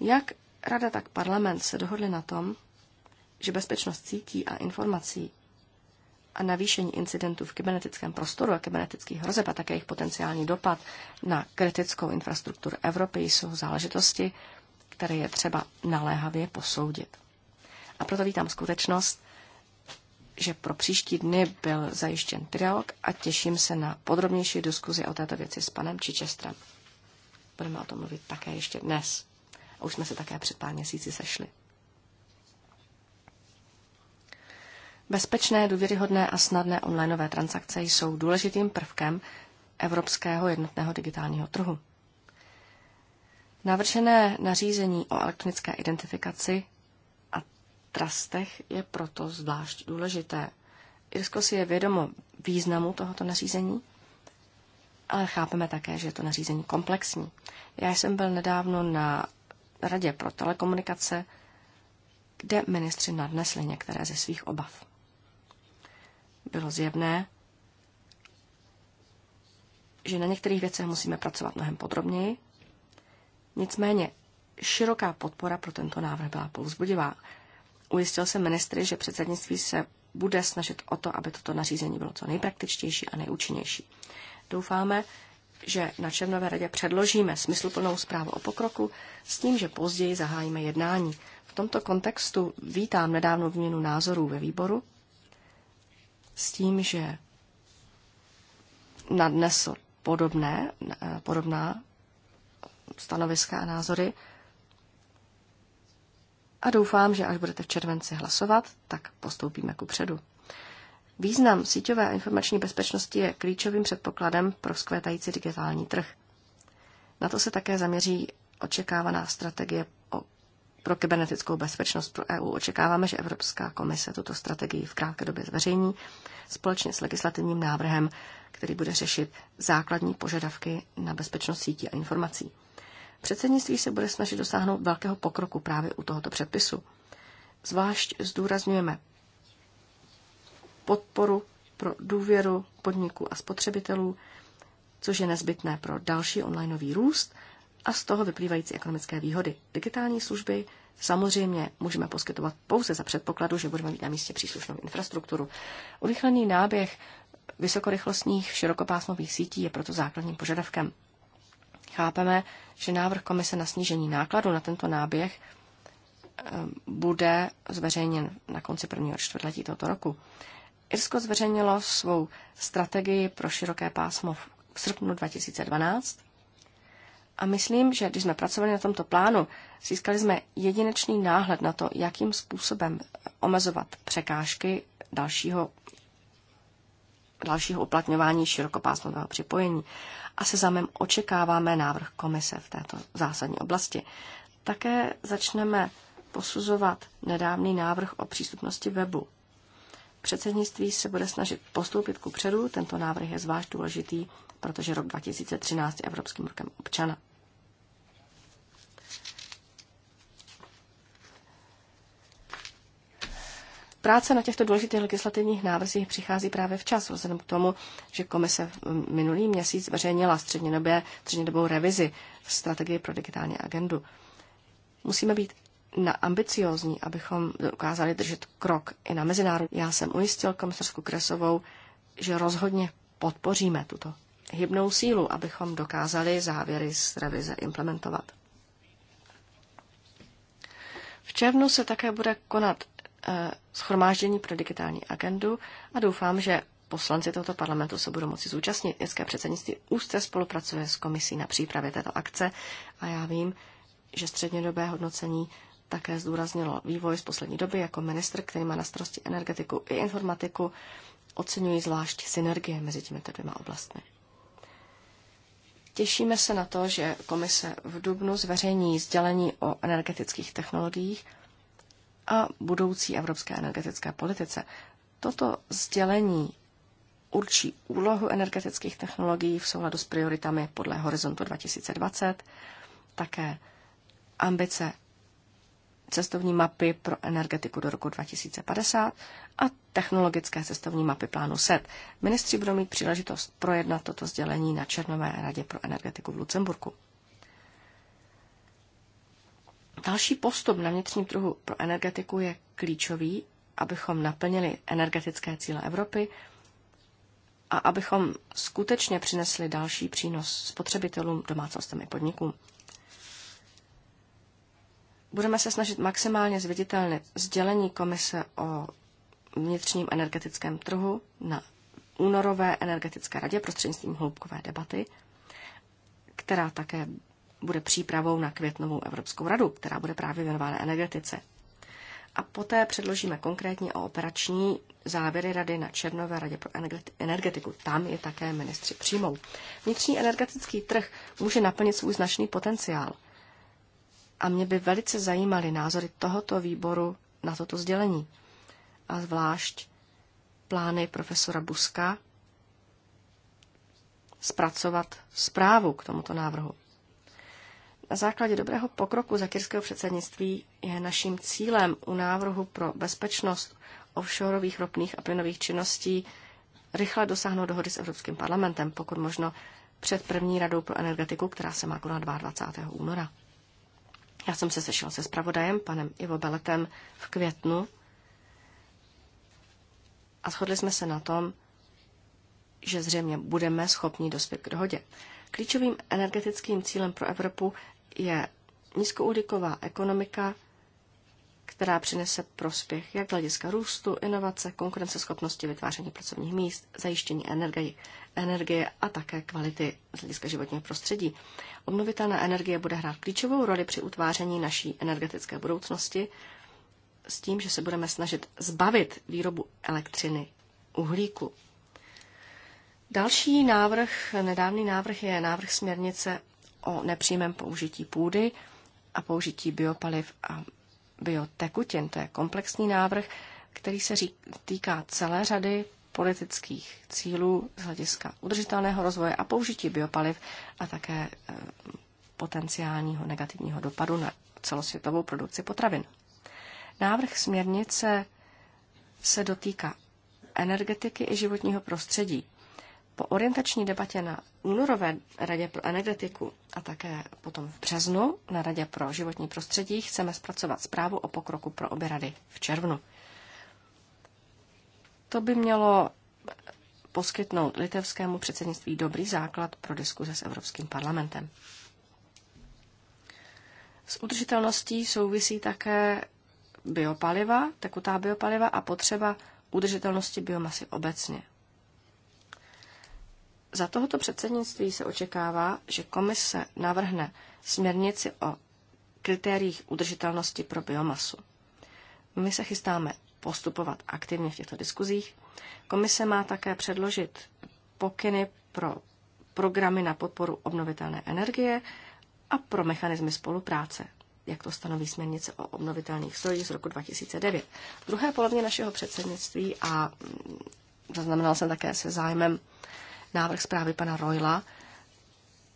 S2: Jak Rada, tak parlament se dohodli na tom, že bezpečnost cítí a informací a navýšení incidentů v kybernetickém prostoru a kybernetických hrozeb a také jejich potenciální dopad na kritickou infrastrukturu Evropy jsou záležitosti, které je třeba naléhavě posoudit. A proto vítám skutečnost, že pro příští dny byl zajištěn trialog a těším se na podrobnější diskuzi o této věci s panem Čičestrem. Budeme o tom mluvit také ještě dnes. A už jsme se také před pár měsíci sešli. Bezpečné, důvěryhodné a snadné onlineové transakce jsou důležitým prvkem evropského jednotného digitálního trhu. Navržené nařízení o elektronické identifikaci trastech je proto zvlášť důležité. Irsko si je vědomo významu tohoto nařízení, ale chápeme také, že je to nařízení komplexní. Já jsem byl nedávno na Radě pro telekomunikace, kde ministři nadnesli některé ze svých obav. Bylo zjevné, že na některých věcech musíme pracovat mnohem podrobněji. Nicméně široká podpora pro tento návrh byla povzbudivá. Ujistil se ministry, že předsednictví se bude snažit o to, aby toto nařízení bylo co nejpraktičtější a nejúčinnější. Doufáme, že na Černové radě předložíme smysluplnou zprávu o pokroku s tím, že později zahájíme jednání. V tomto kontextu vítám nedávnou výměnu názorů ve výboru s tím, že nadnesl podobné, eh, podobná stanoviska a názory a doufám, že až budete v červenci hlasovat, tak postoupíme ku předu. Význam síťové a informační bezpečnosti je klíčovým předpokladem pro skvětající digitální trh. Na to se také zaměří očekávaná strategie pro kybernetickou bezpečnost pro EU. Očekáváme, že Evropská komise tuto strategii v krátké době zveřejní společně s legislativním návrhem, který bude řešit základní požadavky na bezpečnost sítí a informací. Předsednictví se bude snažit dosáhnout velkého pokroku právě u tohoto předpisu. Zvlášť zdůrazňujeme podporu pro důvěru podniků a spotřebitelů, což je nezbytné pro další onlineový růst a z toho vyplývající ekonomické výhody. Digitální služby samozřejmě můžeme poskytovat pouze za předpokladu, že budeme mít na místě příslušnou infrastrukturu. Urychlený náběh vysokorychlostních širokopásmových sítí je proto základním požadavkem. Chápeme, že návrh komise na snížení nákladu na tento náběh eh, bude zveřejněn na konci prvního čtvrtletí tohoto roku. Irsko zveřejnilo svou strategii pro široké pásmo v srpnu 2012 a myslím, že když jsme pracovali na tomto plánu, získali jsme jedinečný náhled na to, jakým způsobem omezovat překážky dalšího dalšího uplatňování širokopásmového připojení a se zámem očekáváme návrh komise v této zásadní oblasti. Také začneme posuzovat nedávný návrh o přístupnosti webu. Předsednictví se bude snažit postoupit ku předu. Tento návrh je zvlášť důležitý, protože rok 2013 je Evropským rokem občana. Práce na těchto důležitých legislativních návrzích přichází právě včas, vzhledem k tomu, že komise v minulý měsíc zveřejnila střednědobě, střednědobou revizi strategie pro digitální agendu. Musíme být na ambiciozní, abychom dokázali držet krok i na mezinárodní. Já jsem ujistil komisařku Kresovou, že rozhodně podpoříme tuto hybnou sílu, abychom dokázali závěry z revize implementovat. V červnu se také bude konat Eh, schromáždění pro digitální agendu a doufám, že poslanci tohoto parlamentu se budou moci zúčastnit. Městské předsednictví úzce spolupracuje s komisí na přípravě této akce a já vím, že střednědobé hodnocení také zdůraznilo vývoj z poslední doby jako ministr, který má na starosti energetiku i informatiku, oceňují zvlášť synergie mezi těmito dvěma oblastmi. Těšíme se na to, že komise v Dubnu zveřejní sdělení o energetických technologiích a budoucí evropské energetické politice. Toto sdělení určí úlohu energetických technologií v souladu s prioritami podle Horizontu 2020, také ambice cestovní mapy pro energetiku do roku 2050 a technologické cestovní mapy plánu SET. Ministři budou mít příležitost projednat toto sdělení na Černové radě pro energetiku v Lucemburku. Další postup na vnitřním trhu pro energetiku je klíčový, abychom naplnili energetické cíle Evropy a abychom skutečně přinesli další přínos spotřebitelům, domácnostem i podnikům. Budeme se snažit maximálně zviditelnit sdělení komise o vnitřním energetickém trhu na únorové energetické radě prostřednictvím hloubkové debaty, která také bude přípravou na květnovou Evropskou radu, která bude právě věnována energetice. A poté předložíme konkrétní a operační závěry rady na Černové radě pro energetiku. Tam je také ministři přijmou. Vnitřní energetický trh může naplnit svůj značný potenciál. A mě by velice zajímaly názory tohoto výboru na toto sdělení. A zvlášť plány profesora Buska zpracovat zprávu k tomuto návrhu. Na základě dobrého pokroku zakirského předsednictví je naším cílem u návrhu pro bezpečnost offshoreových ropných a plynových činností rychle dosáhnout dohody s Evropským parlamentem, pokud možno před první radou pro energetiku, která se má konat 22. února. Já jsem se sešel se zpravodajem, panem Ivo Beletem, v květnu a shodli jsme se na tom, že zřejmě budeme schopni dospět k dohodě. Klíčovým energetickým cílem pro Evropu je nízkouhlíková ekonomika, která přinese prospěch jak hlediska růstu, inovace, konkurenceschopnosti, vytváření pracovních míst, zajištění energie, energie a také kvality z hlediska životního prostředí. Obnovitelná energie bude hrát klíčovou roli při utváření naší energetické budoucnosti s tím, že se budeme snažit zbavit výrobu elektřiny uhlíku. Další návrh, nedávný návrh je návrh směrnice o nepřímém použití půdy a použití biopaliv a biotekutin. To je komplexní návrh, který se týká celé řady politických cílů z hlediska udržitelného rozvoje a použití biopaliv a také eh, potenciálního negativního dopadu na celosvětovou produkci potravin. Návrh směrnice se dotýká energetiky i životního prostředí. Po orientační debatě na únorové radě pro energetiku a také potom v březnu na radě pro životní prostředí chceme zpracovat zprávu o pokroku pro obě rady v červnu. To by mělo poskytnout litevskému předsednictví dobrý základ pro diskuze s Evropským parlamentem. S udržitelností souvisí také biopaliva, tekutá biopaliva a potřeba udržitelnosti biomasy obecně. Za tohoto předsednictví se očekává, že komise navrhne směrnici o kritériích udržitelnosti pro biomasu. My se chystáme postupovat aktivně v těchto diskuzích. Komise má také předložit pokyny pro programy na podporu obnovitelné energie a pro mechanismy spolupráce, jak to stanoví směrnice o obnovitelných zdrojích z roku 2009. V druhé polovině našeho předsednictví a mm, zaznamenal jsem také se zájmem návrh zprávy pana Royla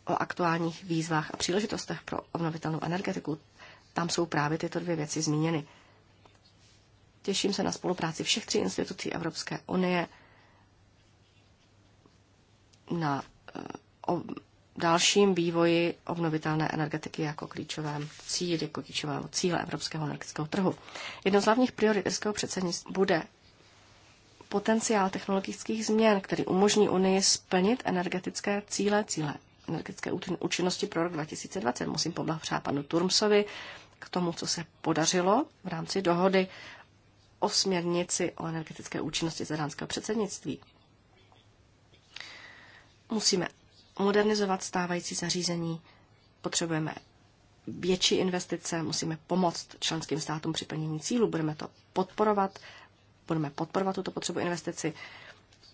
S2: o aktuálních výzvách a příležitostech pro obnovitelnou energetiku. Tam jsou právě tyto dvě věci zmíněny. Těším se na spolupráci všech tří institucí Evropské unie na eh, o dalším vývoji obnovitelné energetiky jako klíčovém cíli, jako klíčového cíle evropského energetického trhu. Jedno z hlavních priorit irského předsednictví bude potenciál technologických změn, který umožní Unii splnit energetické cíle, cíle energetické účinnosti pro rok 2020. Musím poblahopřát panu Turmsovi k tomu, co se podařilo v rámci dohody o směrnici o energetické účinnosti zadánského předsednictví. Musíme modernizovat stávající zařízení, potřebujeme větší investice, musíme pomoct členským státům při plnění cílu, budeme to podporovat budeme podporovat tuto potřebu investici.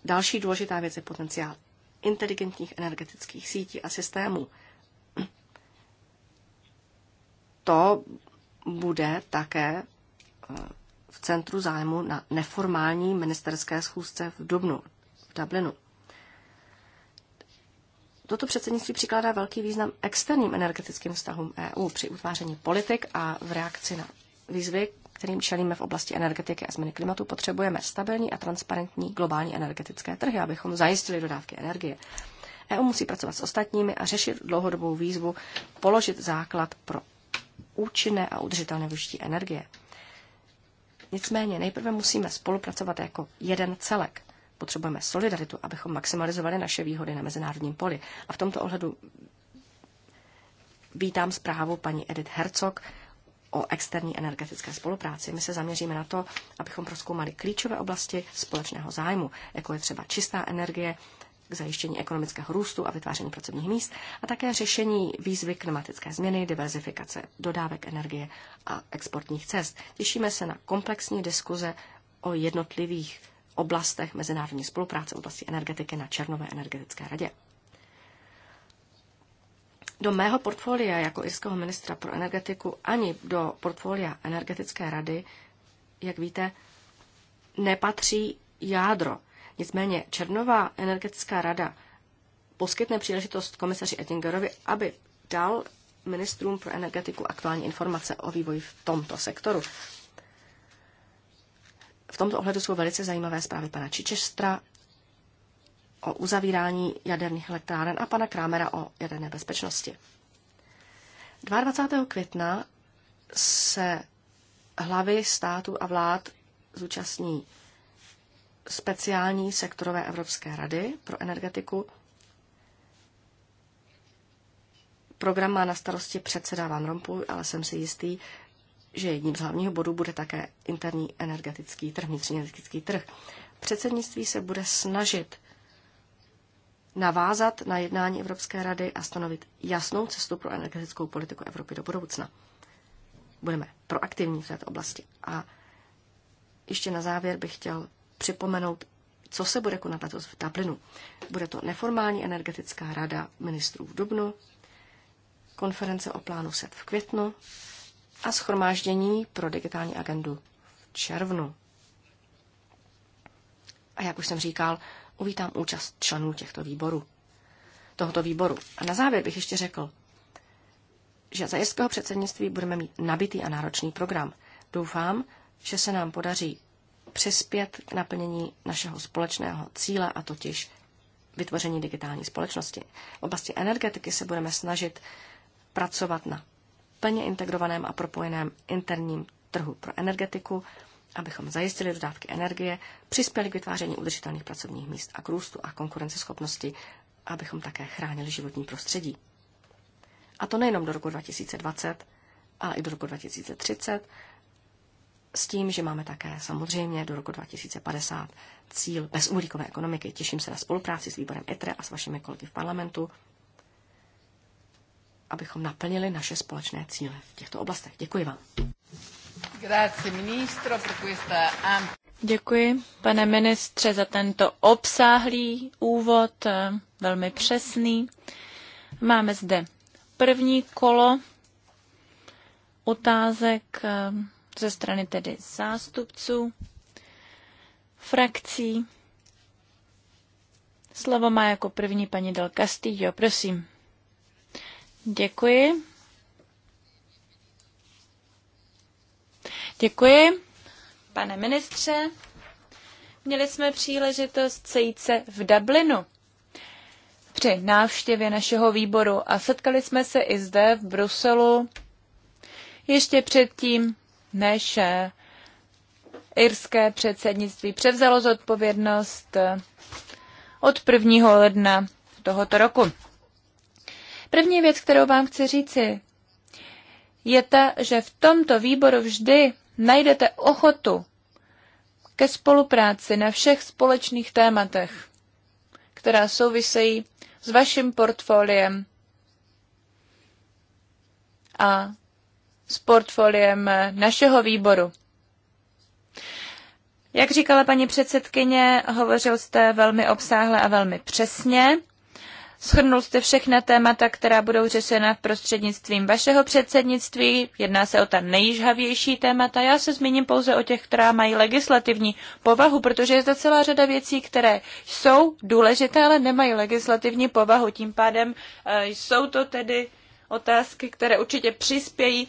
S2: Další důležitá věc je potenciál inteligentních energetických sítí a systémů. To bude také eh, v centru zájmu na neformální ministerské schůzce v Dubnu, v Dublinu. Toto předsednictví přikládá velký význam externím energetickým vztahům EU při utváření politik a v reakci na výzvy, kterým čelíme v oblasti energetiky a změny klimatu, potřebujeme stabilní a transparentní globální energetické trhy, abychom zajistili dodávky energie. EU musí pracovat s ostatními a řešit dlouhodobou výzvu položit základ pro účinné a udržitelné využití energie. Nicméně nejprve musíme spolupracovat jako jeden celek. Potřebujeme solidaritu, abychom maximalizovali naše výhody na mezinárodním poli. A v tomto ohledu vítám zprávu paní Edith Herzog o externí energetické spolupráci. My se zaměříme na to, abychom proskoumali klíčové oblasti společného zájmu, jako je třeba čistá energie, k zajištění ekonomického růstu a vytváření pracovních míst a také řešení výzvy klimatické změny, diverzifikace dodávek energie a exportních cest. Těšíme se na komplexní diskuze o jednotlivých oblastech mezinárodní spolupráce v oblasti energetiky na Černové energetické radě do mého portfolia jako irského ministra pro energetiku ani do portfolia energetické rady, jak víte, nepatří jádro. Nicméně Černová energetická rada poskytne příležitost komisaři Ettingerovi, aby dal ministrům pro energetiku aktuální informace o vývoji v tomto sektoru. V tomto ohledu jsou velice zajímavé zprávy pana Čičestra o uzavírání jaderných elektráren a pana Krámera o jaderné bezpečnosti. 22. května se hlavy států a vlád zúčastní speciální sektorové Evropské rady pro energetiku. Program má na starosti předseda Van Rompuy, ale jsem si jistý, že jedním z hlavního bodů bude také interní energetický trh, vnitřní energetický trh. Předsednictví se bude snažit navázat na jednání Evropské rady a stanovit jasnou cestu pro energetickou politiku Evropy do budoucna. Budeme proaktivní v této oblasti. A ještě na závěr bych chtěl připomenout, co se bude konat letos v Dublinu. Bude to neformální energetická rada ministrů v Dubnu, konference o plánu SET v květnu a schromáždění pro digitální agendu v červnu. A jak už jsem říkal, uvítám účast členů těchto výborů, tohoto výboru. A na závěr bych ještě řekl, že za jeského předsednictví budeme mít nabitý a náročný program. Doufám, že se nám podaří přispět k naplnění našeho společného cíle, a totiž vytvoření digitální společnosti. V oblasti energetiky se budeme snažit pracovat na plně integrovaném a propojeném interním trhu pro energetiku abychom zajistili dodávky energie, přispěli k vytváření udržitelných pracovních míst a k růstu a konkurenceschopnosti, abychom také chránili životní prostředí. A to nejenom do roku 2020, ale i do roku 2030, s tím, že máme také samozřejmě do roku 2050 cíl bezuhlíkové ekonomiky. Těším se na spolupráci s výborem ETRE a s vašimi kolegy v parlamentu, abychom naplnili naše společné cíle v těchto oblastech. Děkuji vám. Děkuji, pane ministře, za tento
S1: obsáhlý úvod, eh, velmi přesný. Máme zde první kolo otázek eh, ze strany tedy zástupců frakcí. Slovo má jako první paní Del Castillo, prosím. Děkuji, Děkuji, pane ministře. Měli jsme příležitost sejít se v Dublinu při návštěvě našeho výboru a setkali jsme se i zde v Bruselu ještě předtím, než eh, irské předsednictví převzalo zodpovědnost eh, od 1. ledna tohoto roku. První věc, kterou vám chci říci, je ta, že v tomto výboru vždy najdete ochotu ke spolupráci na všech společných tématech, která souvisejí s vaším portfoliem a s portfoliem našeho výboru. Jak říkala paní předsedkyně, hovořil jste velmi obsáhle a velmi přesně. Shrnul jste všechna témata, která budou řešena v prostřednictvím vašeho předsednictví. Jedná se o ta nejžhavější témata. Já se zmíním pouze o těch, která mají legislativní povahu, protože je zde celá řada věcí, které jsou důležité, ale nemají legislativní povahu. Tím pádem eh, jsou to tedy otázky, které určitě přispějí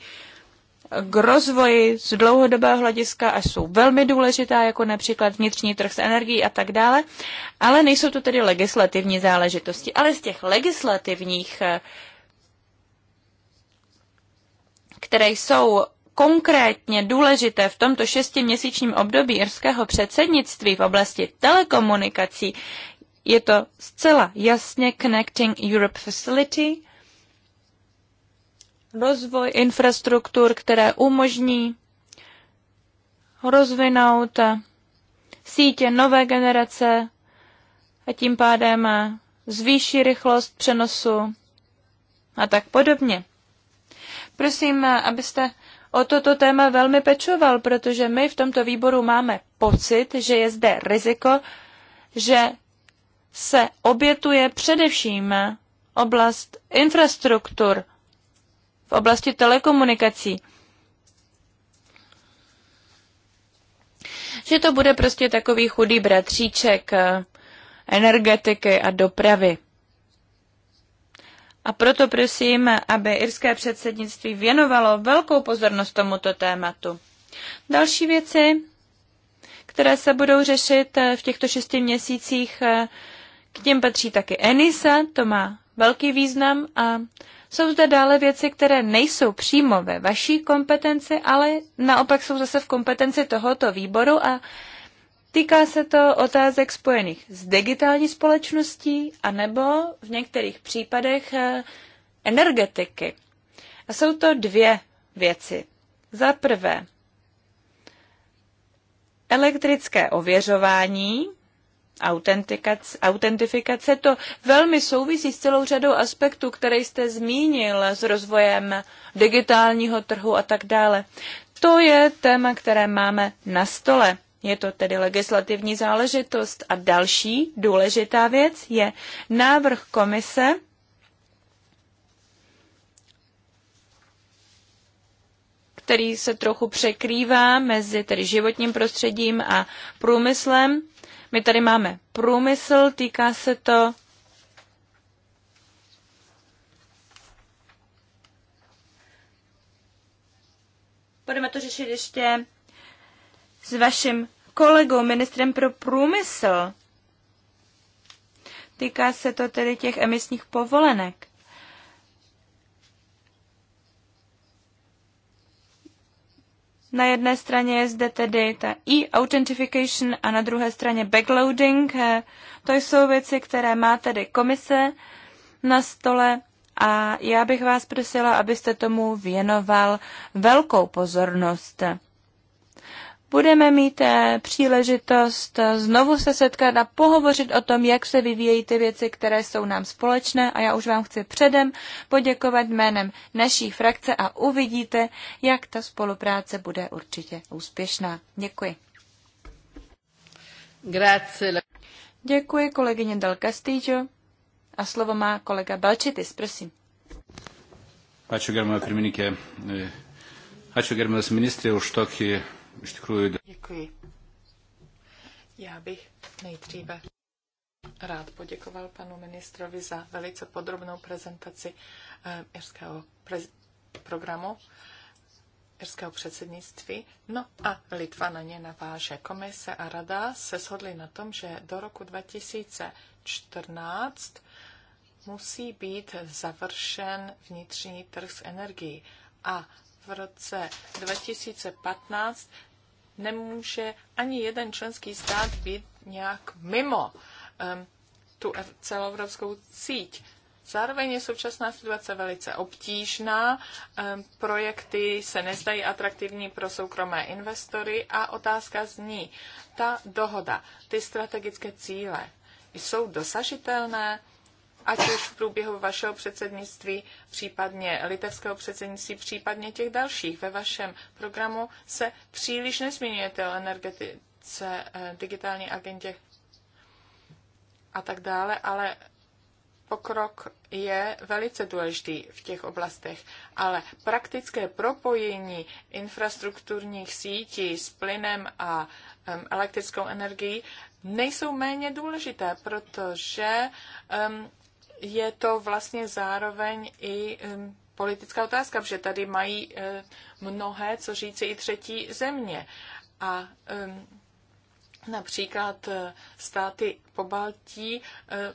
S1: k rozvoji z dlouhodobého hlediska a jsou velmi důležitá, jako například vnitřní trh s energií a tak dále, ale nejsou to tedy legislativní záležitosti. Ale z těch legislativních, eh, které jsou konkrétně důležité v tomto šestiměsíčním období irského předsednictví v oblasti telekomunikací, je to zcela jasně Connecting Europe Facility, rozvoj infrastruktur, které umožní rozvinout sítě nové generace a tím pádem zvýší rychlost přenosu a tak podobně. Prosím, abyste o toto téma velmi pečoval, protože my v tomto výboru máme pocit, že je zde riziko, že se obětuje především oblast infrastruktur v oblasti telekomunikací. Že to bude prostě takový chudý bratříček eh, energetiky a dopravy. A proto prosím, aby irské předsednictví věnovalo velkou pozornost tomuto tématu. Další věci, které se budou řešit eh, v těchto šesti měsících, eh, k těm patří taky Enisa, to má velký význam a jsou zde dále věci, které nejsou přímo ve vaší kompetenci, ale naopak jsou zase v kompetenci tohoto výboru a týká se to otázek spojených s digitální společností anebo v některých případech eh, energetiky. A jsou to dvě věci. Za prvé, elektrické ověřování autentifikace, to velmi souvisí s celou řadou aspektů, které jste zmínil s rozvojem digitálního trhu a tak dále. To je téma, které máme na stole. Je to tedy legislativní záležitost. A další důležitá věc je návrh komise který se trochu překrývá mezi tedy životním prostředím a průmyslem. My tady máme průmysl, týká se to Budeme to řešit ještě s vaším kolegou, ministrem pro průmysl. Týká se to tedy těch emisních povolenek. Na jedné straně je zde tedy ta e-authentification a na druhé straně backloading. Eh, to jsou věci, které má tedy komise na stole a já bych vás prosila, abyste tomu věnoval velkou pozornost budeme mít eh, příležitost eh, znovu se setkat a pohovořit o tom, jak se vyvíjejí ty věci, které jsou nám společné a já už vám chci předem poděkovat jménem naší frakce a uvidíte, jak ta spolupráce bude určitě úspěšná. Děkuji.
S2: Grazie.
S1: Děkuji kolegyně Del Castillo a slovo má kolega Balčitis, prosím.
S4: Ačiū gerbiamą pirmininkę, ačiū gerbiamas ministrė už tokį
S3: Děkuji. Já bych nejdříve rád poděkoval panu ministrovi za velice podrobnou prezentaci eh, irského prez- programu irského předsednictví. No a Litva na ně naváže. Komise a rada se shodly na tom, že do roku 2014 musí být završen vnitřní trh s energií a v roce 2015 nemůže ani jeden členský stát být nějak mimo um, tu celoevropskou síť. Zároveň je současná situace velice obtížná, projekty se nezdají atraktivní pro soukromé investory a otázka zní, ta dohoda, ty strategické cíle jsou dosažitelné, ať už v průběhu vašeho předsednictví, případně litevského předsednictví, případně těch dalších. Ve vašem programu se příliš nezmiňujete o energetice, eh, digitální agentě a tak dále, ale pokrok je velice důležitý v těch oblastech, ale praktické propojení infrastrukturních sítí s plynem a um, elektrickou energií nejsou méně důležité, protože um, je to vlastně zároveň i politická otázka, protože tady mají e, mnohé, co říci i třetí země. A Například e, státy po Baltí e,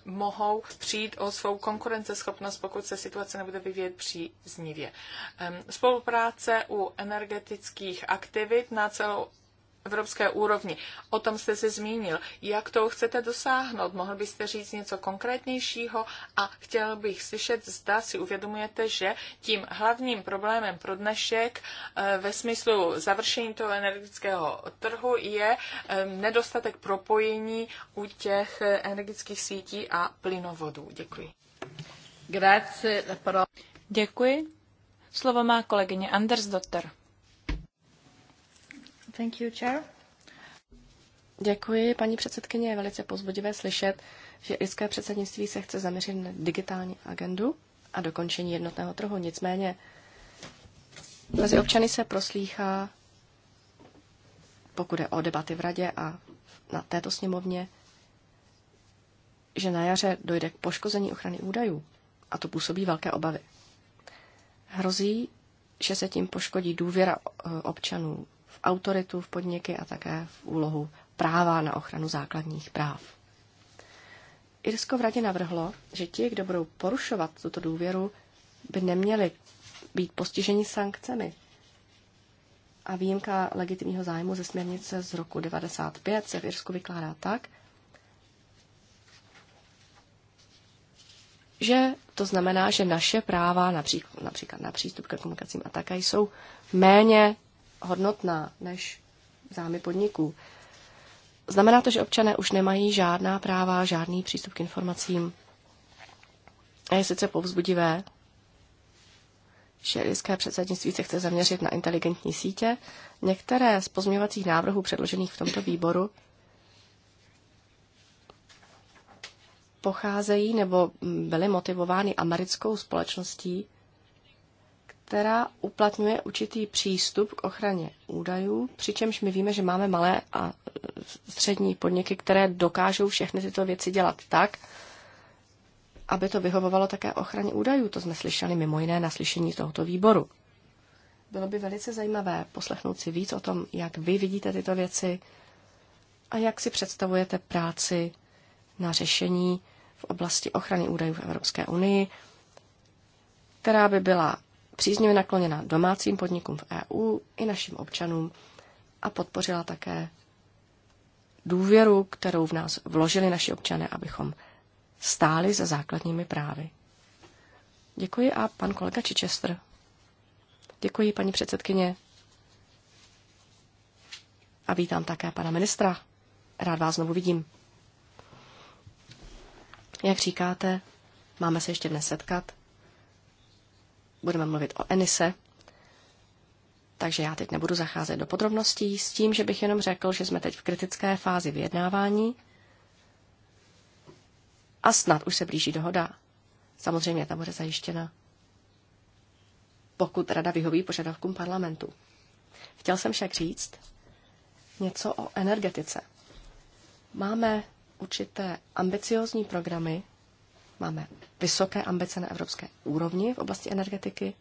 S3: mohou přijít o svou konkurenceschopnost, pokud se situace nebude vyvíjet příznivě. Spolupráce u energetických aktivit na celou evropské úrovni. O tom jste se zmínil. Jak to chcete dosáhnout? Mohl byste říct něco konkrétnějšího a chtěl bych slyšet, zda si uvědomujete, že tím hlavním problémem pro dnešek eh, ve smyslu završení toho energetického trhu je eh, nedostatek propojení u těch eh, energetických sítí a plynovodů. Děkuji. Děkuji. Slovo má kolegyně Anders Dotter.
S2: Thank you, Chair. Děkuji, paní předsedkyně. Je velice pozbudivé slyšet, že irské předsednictví se chce zaměřit na digitální agendu a dokončení jednotného trhu. Nicméně mezi občany se proslýchá, pokud je o debaty v radě a na této sněmovně, že na jaře dojde k poškození ochrany údajů a to působí velké obavy. Hrozí, že se tím poškodí důvěra eh, občanů autoritu v podniky a také v úlohu práva na ochranu základních práv. Irsko v radě navrhlo, že ti, kdo budou porušovat tuto důvěru, by neměli být postiženi sankcemi. A výjimka legitimního zájmu ze směrnice z roku 95 se v Irsku vykládá tak, že to znamená, že naše práva, například, například na přístup ke komunikacím a také, jsou méně hodnotná než zámy podniků. Znamená to, že občané už nemají žádná práva, žádný přístup k informacím. A je sice povzbudivé, že lidské předsednictví se chce zaměřit na inteligentní sítě. Některé z pozměňovacích návrhů předložených v tomto výboru pocházejí nebo byly motivovány americkou společností, která uplatňuje určitý přístup k ochraně údajů, přičemž my víme, že máme malé a e, střední podniky, které dokážou všechny tyto věci dělat tak, aby to vyhovovalo také ochraně údajů. To jsme slyšeli mimo jiné na slyšení tohoto výboru. Bylo by velice zajímavé poslechnout si víc o tom, jak vy vidíte tyto věci a jak si představujete práci na řešení v oblasti ochrany údajů v Evropské unii, která by byla příznivě nakloněna domácím podnikům v EU i našim občanům a podpořila také důvěru, kterou v nás vložili naši občané, abychom stáli za základními právy. Děkuji a pan kolega Chichester. Děkuji, paní předsedkyně. A vítám také pana ministra. Rád vás znovu vidím. Jak říkáte, máme se ještě dnes setkat budeme mluvit o Enise, takže já teď nebudu zacházet do podrobností s tím, že bych jenom řekl, že jsme teď v kritické fázi vyjednávání a snad už se blíží dohoda. Samozřejmě ta bude zajištěna, pokud rada vyhoví požadavkům parlamentu. Chtěl jsem však říct něco o energetice. Máme určité ambiciozní programy Máme vysoké ambice na evropské úrovni v oblasti energetiky.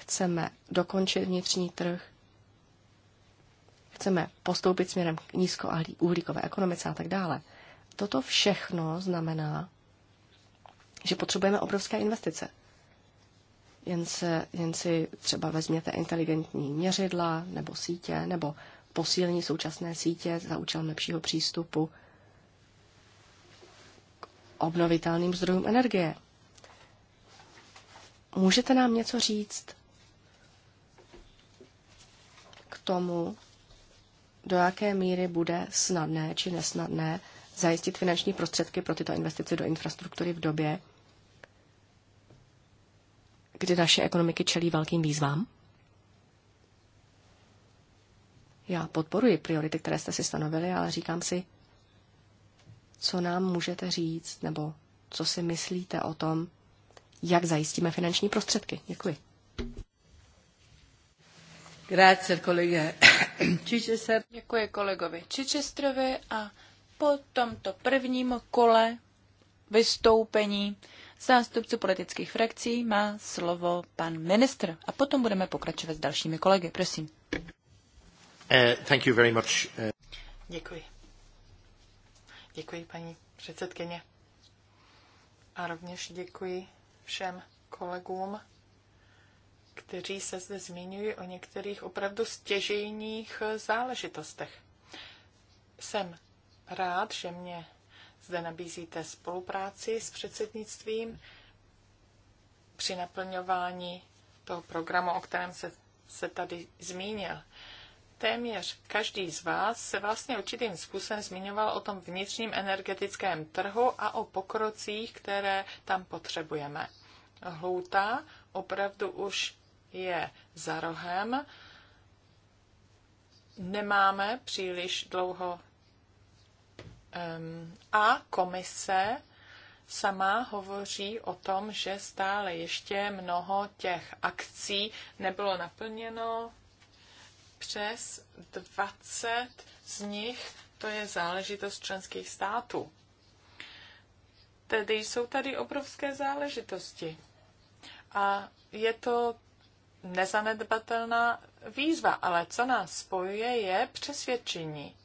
S2: Chceme dokončit vnitřní trh. Chceme postoupit směrem k uhlíkové ekonomice a tak dále. Toto všechno znamená, že potřebujeme obrovské investice. Jen, se, jen si třeba vezměte inteligentní měřidla nebo sítě nebo posílení současné sítě za účelem lepšího přístupu obnovitelným zdrojům energie. Můžete nám něco říct k tomu, do jaké míry bude snadné či nesnadné zajistit finanční prostředky pro tyto investice do infrastruktury v době, kdy naše ekonomiky čelí velkým výzvám? Já podporuji priority, které jste si stanovili, ale říkám si, co nám můžete říct, nebo co si myslíte o tom, jak zajistíme finanční prostředky. Děkuji. Grazie, kolega
S1: Děkuji kolegovi Čičestrovi a po tomto prvním kole vystoupení zástupců politických frakcí má slovo pan ministr a potom budeme pokračovat s dalšími kolegy.
S3: Prosím.
S2: Uh, thank you very much. Uh...
S3: Děkuji. Děkuji, paní předsedkyně. A rovněž děkuji všem kolegům, kteří se zde zmiňují o některých opravdu stěžejních záležitostech. Jsem rád, že mě zde nabízíte spolupráci s předsednictvím při naplňování toho programu, o kterém se, se tady zmínil téměř každý z vás se vlastně určitým způsobem zmiňoval o tom vnitřním energetickém trhu a o pokrocích, které tam potřebujeme. Hluta opravdu už je za rohem. Nemáme příliš dlouho. A komise sama hovoří o tom, že stále ještě mnoho těch akcí nebylo naplněno, přes 20 z nich to je záležitost členských států. Tedy jsou tady obrovské záležitosti. A je to nezanedbatelná výzva, ale co nás spojuje, je přesvědčení,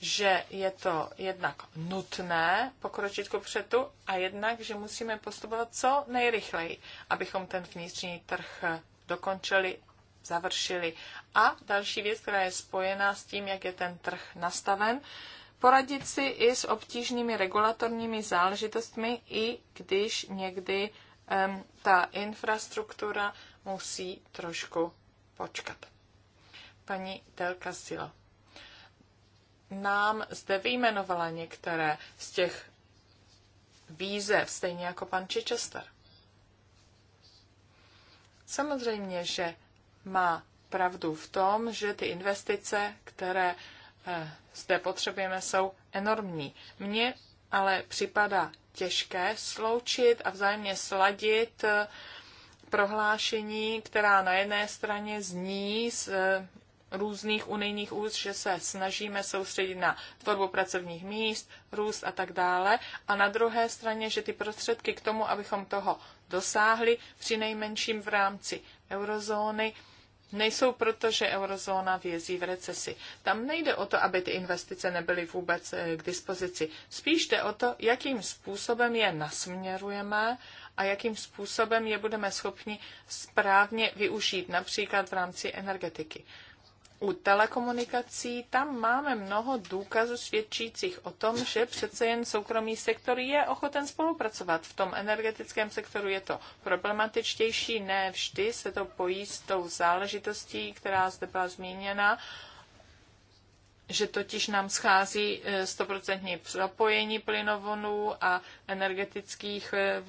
S3: že je to jednak nutné pokročit ku předu a jednak, že musíme postupovat co nejrychleji, abychom ten vnitřní trh dokončili, završili a další věc, která je spojená s tím, jak je ten trh nastaven, poradit si i s obtížnými regulatorními záležitostmi, i když někdy um, ta infrastruktura musí trošku počkat. Paní Telka Silo nám zde vyjmenovala některé z těch výzev, stejně jako pan Chichester. Samozřejmě, že má pravdu v tom, že ty investice, které eh, zde potřebujeme, jsou enormní. Mně ale připadá těžké sloučit a vzájemně sladit eh, prohlášení, která na jedné straně zní z eh, různých unijních úst, že se snažíme soustředit na tvorbu pracovních míst, růst a tak dále. A na druhé straně, že ty prostředky k tomu, abychom toho dosáhli, při nejmenším v rámci eurozóny, Nejsou proto, že eurozóna vězí v recesi. Tam nejde o to, aby ty investice nebyly vůbec eh, k dispozici. Spíš jde o to, jakým způsobem je nasměrujeme a jakým způsobem je budeme schopni správně využít, například v rámci energetiky u telekomunikací, tam máme mnoho důkazů svědčících o tom, že přece jen soukromý sektor je ochoten spolupracovat. V tom energetickém sektoru je to problematičtější, ne vždy se to pojí s tou záležitostí, která zde byla zmíněna, že totiž nám schází 100% e, zapojení plynovonů a energetických e,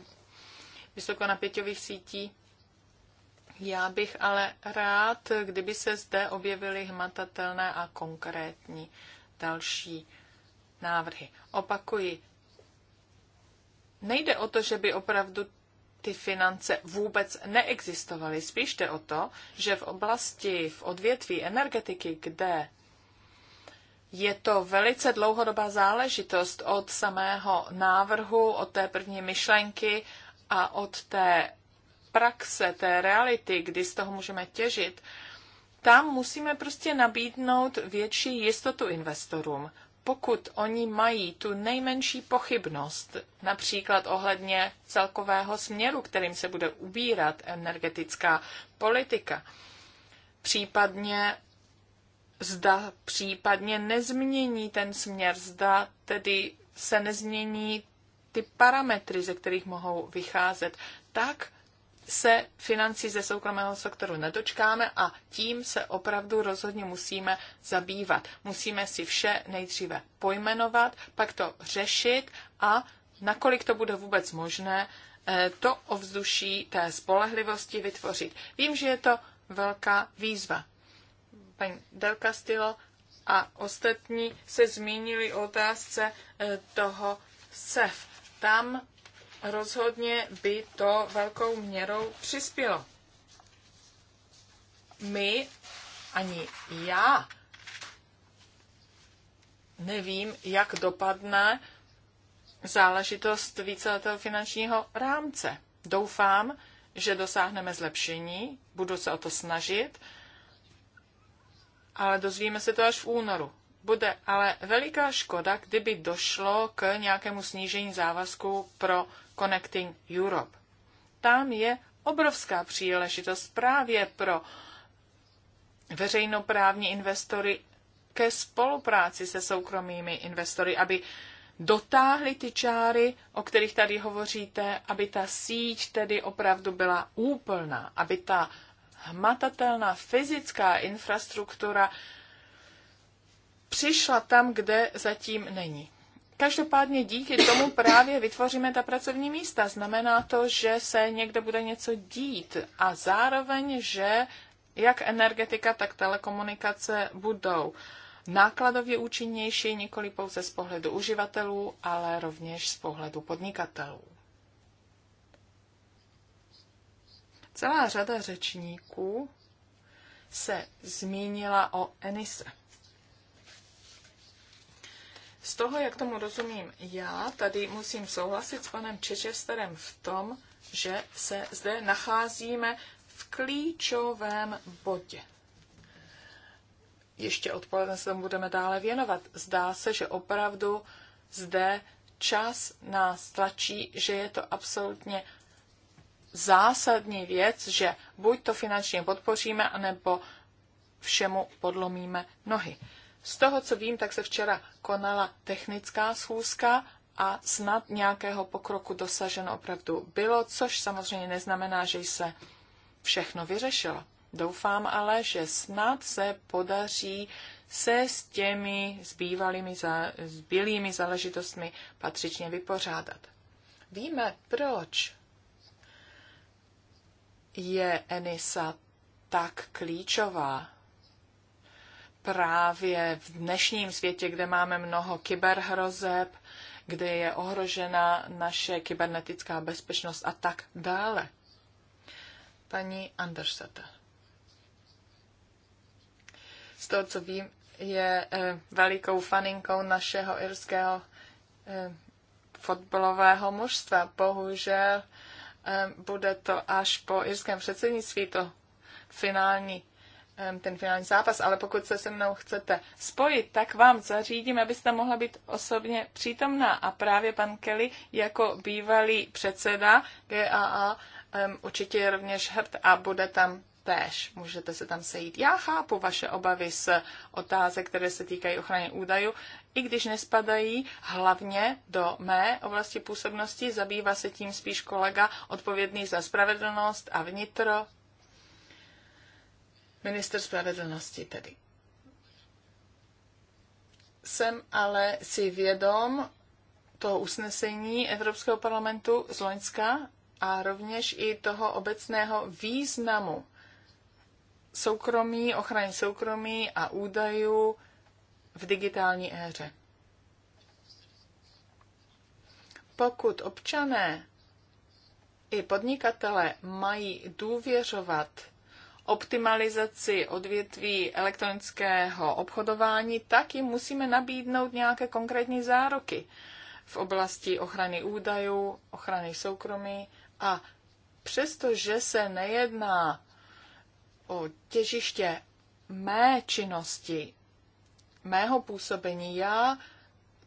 S3: vysokonapěťových sítí já bych ale rád, kdyby se zde objevily hmatatelné a konkrétní další návrhy. Opakuji, nejde o to, že by opravdu ty finance vůbec neexistovaly. Spíš jde o to, že v oblasti, v odvětví energetiky, kde je to velice dlouhodobá záležitost od samého návrhu, od té první myšlenky a od té praxe, té reality, kdy z toho můžeme těžit, tam musíme prostě nabídnout větší jistotu investorům. Pokud oni mají tu nejmenší pochybnost, například ohledně celkového směru, kterým se bude ubírat energetická politika, případně zda případně nezmění ten směr, zda tedy se nezmění ty parametry, ze kterých mohou vycházet, tak se financí ze soukromého sektoru nedočkáme a tím se opravdu rozhodně musíme zabývat. Musíme si vše nejdříve pojmenovat, pak to řešit a nakolik to bude vůbec možné, eh, to ovzduší té spolehlivosti vytvořit. Vím, že je to velká výzva. Paní Del Castillo a ostatní se zmínili o otázce eh, toho SEF. Tam rozhodně by to velkou měrou přispělo. My, ani já, nevím, jak dopadne záležitost víceletého finančního rámce. Doufám, že dosáhneme zlepšení, budu se o to snažit, ale dozvíme se to až v únoru. Bude ale veliká škoda, kdyby došlo k nějakému snížení závazku pro Connecting Europe. Tam je obrovská příležitost právě pro veřejnoprávní investory ke spolupráci se soukromými investory, aby dotáhli ty čáry, o kterých tady hovoříte, aby ta síť tedy opravdu byla úplná, aby ta hmatatelná fyzická infrastruktura přišla tam, kde zatím není. Každopádně díky tomu právě vytvoříme ta pracovní místa. Znamená to, že se někde bude něco dít a zároveň, že jak energetika, tak telekomunikace budou nákladově účinnější, nikoli pouze z pohledu uživatelů, ale rovněž z pohledu podnikatelů. Celá řada řečníků se zmínila o Enise. Z toho, jak tomu rozumím já, tady musím souhlasit s panem Čečesterem v tom, že se zde nacházíme v klíčovém bodě. Ještě odpoledne se tomu budeme dále věnovat. Zdá se, že opravdu zde čas nás tlačí, že je to absolutně zásadní věc, že buď to finančně podpoříme, anebo všemu podlomíme nohy. Z toho, co vím, tak se včera konala technická schůzka a snad nějakého pokroku dosaženo opravdu bylo, což samozřejmě neznamená, že se všechno vyřešilo. Doufám ale, že snad se podaří se s těmi zbývalými, zbylými záležitostmi patřičně vypořádat. Víme, proč je Enisa tak klíčová právě v dnešním světě, kde máme mnoho kyberhrozeb, kde je ohrožena naše kybernetická bezpečnost a tak dále. Paní Andersete. Z toho, co vím, je eh, velikou faninkou našeho irského eh, fotbalového mužstva. Bohužel eh, bude to až po irském předsednictví to finální ten finální zápas, ale pokud se se mnou chcete spojit, tak vám zařídím, abyste mohla být osobně přítomná. A právě pan Kelly jako bývalý předseda GAA um, určitě je rovněž hrd a bude tam též. Můžete se tam sejít. Já chápu vaše obavy z otázek, které se týkají ochrany údajů, i když nespadají hlavně do mé oblasti působnosti, zabývá se tím spíš kolega odpovědný za spravedlnost a vnitro Minister spravedlnosti tedy. Jsem ale si vědom toho usnesení Evropského parlamentu z Loňska a rovněž i toho obecného významu soukromí, ochrany soukromí a údajů v digitální éře. Pokud občané i podnikatele mají důvěřovat optimalizaci odvětví elektronického obchodování, tak jim musíme nabídnout nějaké konkrétní zároky v oblasti ochrany údajů, ochrany soukromí a přestože se nejedná o těžiště mé činnosti, mého působení, já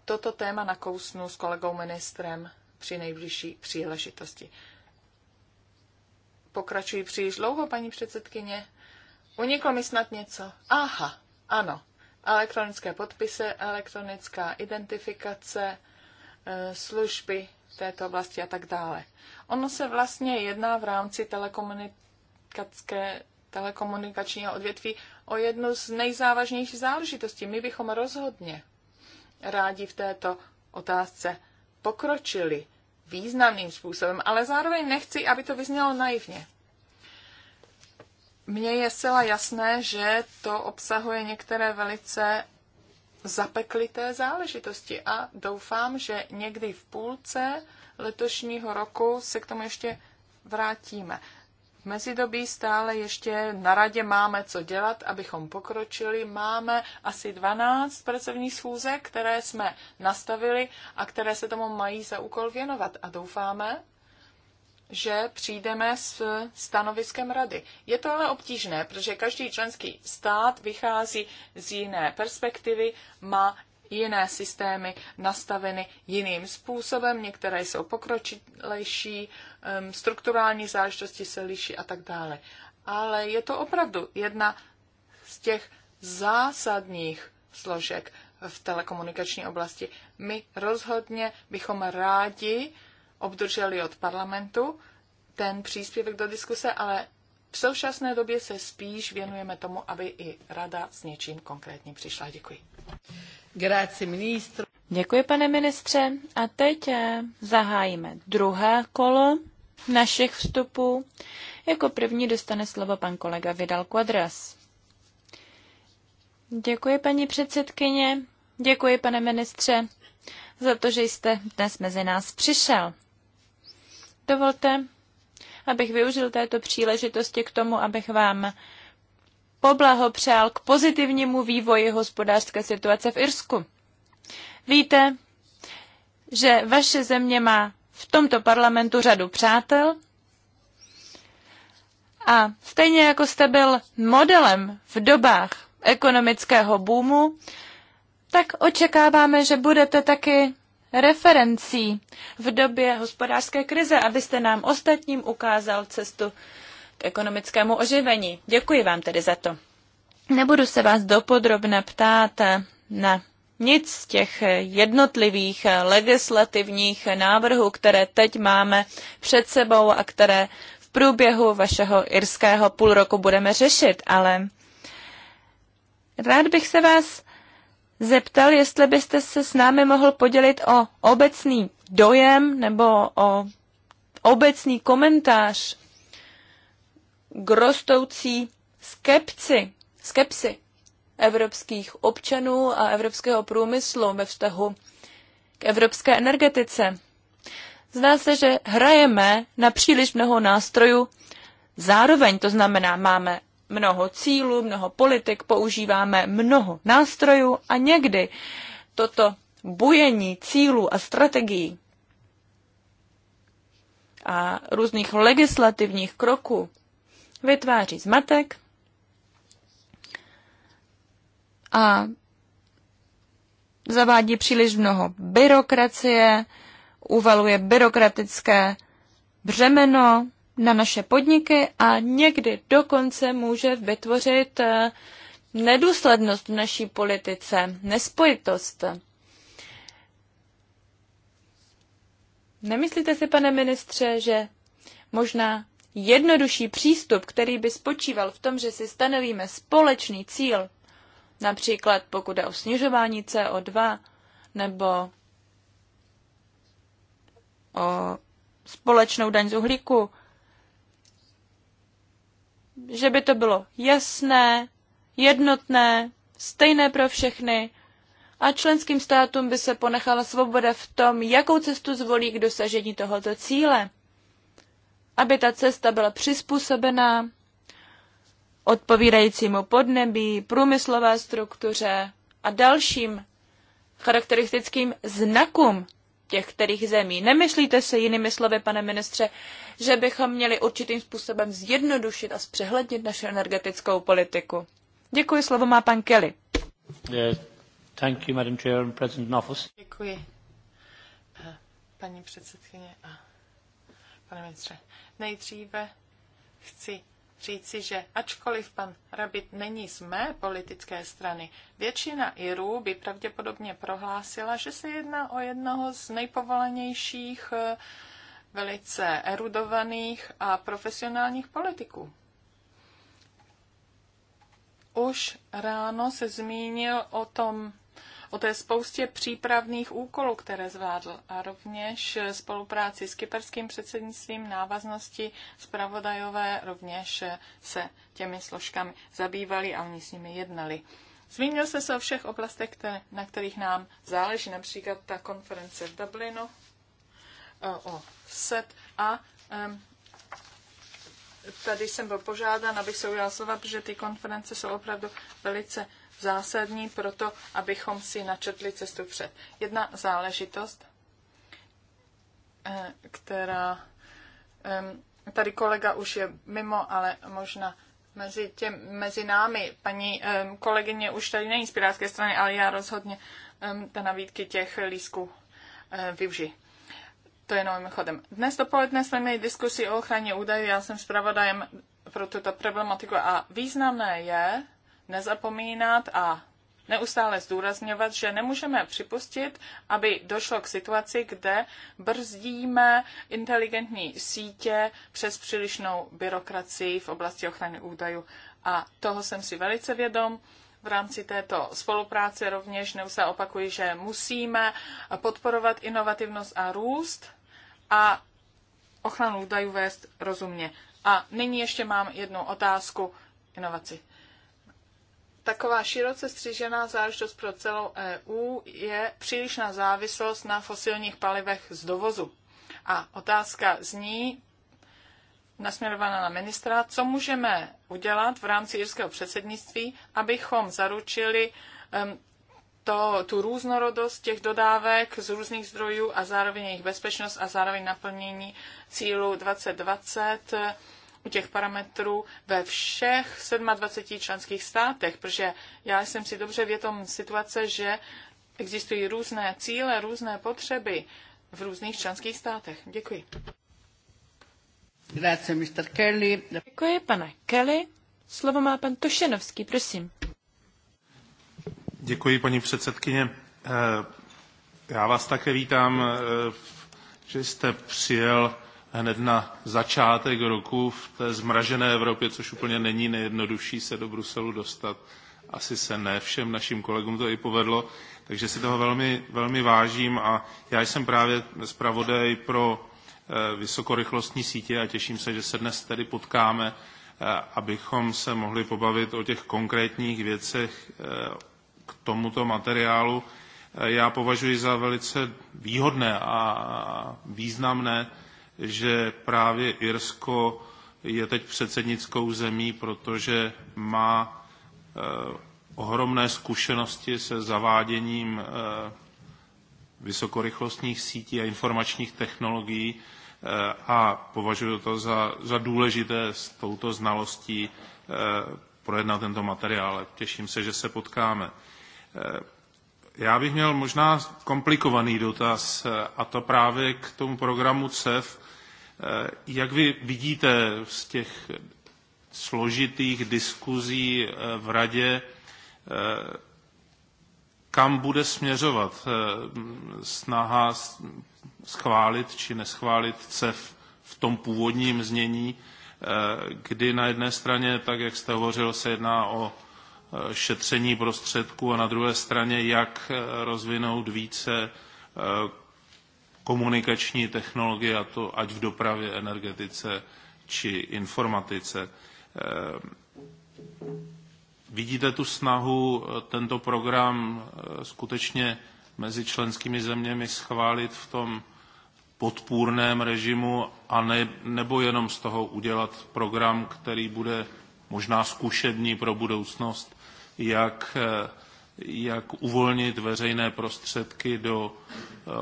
S3: toto téma nakousnu s kolegou ministrem při nejbližší příležitosti pokračují příliš dlouho, paní předsedkyně. Uniklo mi snad něco. Aha, ano. Elektronické podpisy, elektronická identifikace, e, služby této oblasti a tak dále. Ono se vlastně jedná v rámci telekomunikacké, telekomunikačního odvětví o jednu z nejzávažnějších záležitostí. My bychom rozhodně rádi v této otázce pokročili významným způsobem, ale zároveň nechci, aby to vyznělo naivně. Mně je zcela jasné, že to obsahuje některé velice zapeklité záležitosti a doufám, že někdy v půlce letošního roku se k tomu ještě vrátíme. V mezidobí stále ještě na radě máme co dělat, abychom pokročili. Máme asi 12 pracovních schůzek, které jsme nastavili a které se tomu mají za úkol věnovat. A doufáme, že přijdeme s stanoviskem rady. Je to ale obtížné, protože každý členský stát vychází z jiné perspektivy, má jiné systémy nastaveny jiným způsobem, některé jsou pokročilejší, strukturální záležitosti se liší a tak dále. Ale je to opravdu jedna z těch zásadních složek v telekomunikační oblasti. My rozhodně bychom rádi obdrželi od parlamentu ten příspěvek do diskuse, ale v současné době se spíš věnujeme tomu, aby i rada s něčím konkrétním přišla. Děkuji.
S2: Děkuji,
S1: pane ministře. A teď eh, zahájíme druhé kolo našich vstupů. Jako první dostane slovo pan kolega Vidal Quadras. Děkuji, paní předsedkyně. Děkuji, pane ministře, za to, že jste dnes mezi nás přišel. Dovolte, abych využil této příležitosti k tomu, abych vám poblahopřál k pozitivnímu vývoji hospodářské situace v Irsku. Víte, že vaše země má v tomto parlamentu řadu přátel a stejně jako jste byl modelem v dobách ekonomického boomu, tak očekáváme, že budete taky referencí v době hospodářské krize, abyste nám ostatním ukázal cestu k ekonomickému oživení. Děkuji vám tedy za to. Nebudu se vás dopodrobna ptát na nic z těch jednotlivých legislativních návrhů, které teď máme před sebou a které v průběhu vašeho irského půl roku budeme řešit, ale rád bych se vás zeptal, jestli byste se s námi mohl podělit o obecný dojem nebo o obecný komentář k rostoucí skepci, skepsi evropských občanů a evropského průmyslu ve vztahu k evropské energetice. Zdá se, že hrajeme na příliš mnoho nástrojů. Zároveň to znamená, máme mnoho cílů, mnoho politik, používáme mnoho nástrojů a někdy toto bujení cílů a strategií a různých legislativních kroků vytváří zmatek a zavádí příliš mnoho byrokracie, uvaluje byrokratické břemeno na naše podniky a někdy dokonce může vytvořit eh, nedůslednost v naší politice, nespojitost. Nemyslíte si, pane ministře, že možná jednodušší přístup, který by spočíval v tom, že si stanovíme společný cíl, například pokud je o snižování CO2 nebo o společnou daň z uhlíku, že by to bylo jasné, jednotné, stejné pro všechny a členským státům by se ponechala svoboda v tom, jakou cestu zvolí k dosažení tohoto cíle aby ta cesta byla přizpůsobená odpovídajícímu podnebí, průmyslové struktuře a dalším charakteristickým znakům těch kterých zemí. Nemyslíte se jinými slovy, pane ministře, že bychom měli určitým způsobem zjednodušit a zpřehlednit naši energetickou politiku? Děkuji, slovo má pan Kelly. Thank you, Madam Chair and President
S3: Děkuji, eh, paní předsedkyně a pane ministře. Nejdříve chci říci, že ačkoliv pan Rabit není z mé politické strany, většina Irů by pravděpodobně prohlásila, že se jedná o jednoho z nejpovolenějších, eh, velice erudovaných a profesionálních politiků. Už ráno se zmínil o tom o té spoustě přípravných úkolů, které zvládl a rovněž spolupráci s kyperským předsednictvím návaznosti zpravodajové rovněž se těmi složkami zabývali a oni s nimi jednali. Zmínil jsem se o všech oblastech, které, na kterých nám záleží, například ta konference v Dublinu eh, o SET a um, tady jsem byl požádán, abych se ujal slova, protože ty konference jsou opravdu velice zásadní pro to, abychom si načetli cestu před. Jedna záležitost, eh, která eh, tady kolega už je mimo, ale možná mezi, těm, mezi námi. Paní eh, kolegyně už tady není z Pirátské strany, ale já rozhodně ta navídky těch lísků využij. To je novým chodem. Dnes dopoledne jsme měli diskusi o ochraně údajů. Já jsem zpravodajem pro tuto problematiku a významné je, nezapomínat a neustále zdůrazňovat, že nemůžeme připustit, aby došlo k situaci, kde brzdíme inteligentní sítě přes přílišnou byrokracii v oblasti ochrany údajů. A toho jsem si velice vědom. V rámci této spolupráce rovněž neustále opakuji, že musíme podporovat inovativnost a růst a ochranu údajů vést rozumně. A nyní ještě mám jednu otázku inovaci taková široce střižená záležitost pro celou EU je přílišná závislost na fosilních palivech z dovozu. A otázka zní, nasměrovaná na ministra, co můžeme udělat v rámci jirského předsednictví, abychom zaručili to, tu různorodost těch dodávek z různých zdrojů a zároveň jejich bezpečnost a zároveň naplnění cílu 2020 u těch parametrů ve všech 27 členských státech, protože já jsem si dobře vědom situace, že existují různé cíle, různé potřeby v různých členských státech. Děkuji.
S1: Grazie, Mr. Kelly. Děkuji, pane Kelly. Slovo má pan Tošenovský, prosím.
S4: Děkuji, paní předsedkyně. Eh, já vás také vítám, eh, že jste přijel hned na začátek roku v té zmražené Evropě, což úplně není nejjednodušší se do Bruselu dostat. Asi se ne všem našim kolegům to i povedlo, takže si toho velmi, velmi vážím a já jsem právě zpravodaj pro eh, vysokorychlostní sítě a těším se, že se dnes tedy potkáme, eh, abychom se mohli pobavit o těch konkrétních věcech eh, k tomuto materiálu. Já považuji za velice výhodné a významné, že právě Irsko je teď předsednickou zemí, protože má eh, ohromné zkušenosti se zaváděním eh, vysokorychlostních sítí a informačních technologií eh, a považuji to za, za důležité s touto znalostí projednat tento materiál. Těším se, že se potkáme. Já bych měl možná komplikovaný dotaz, a to právě k tomu programu CEF Eh, jak vy vidíte z těch složitých diskuzí eh, v radě, eh, kam bude směřovat snaha schválit či neschválit CEF v tom původním znění, kdy na jedné straně, tak jak jste hovořil, se jedná o šetření prostředků a na druhé straně, jak rozvinout více komunikační technologie, a to ať v dopravě, energetice či informatice. Ehm, vidíte tu snahu eh, tento program eh, skutečně mezi členskými zeměmi schválit v tom podpůrném režimu, a ne, nebo jenom z toho udělat program, který bude možná zkušební pro budoucnost, jak eh, jak uvolnit veřejné prostředky do eh,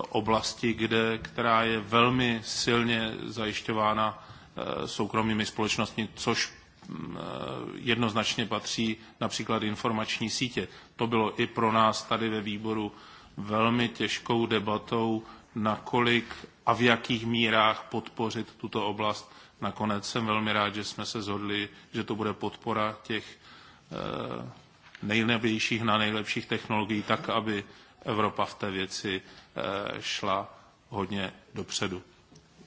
S4: oblasti, kde, která je velmi silně zajišťována eh, soukromými společnostmi, což mm, eh, jednoznačně patří například informační sítě. To bylo i pro nás tady ve výboru velmi těžkou debatou, nakolik a v jakých mírách podpořit tuto oblast. Nakonec jsem velmi rád, že jsme se zhodli, že to bude podpora těch nejnovějších na nejlepších technologií, tak aby Evropa v té věci eh, šla hodně dopředu.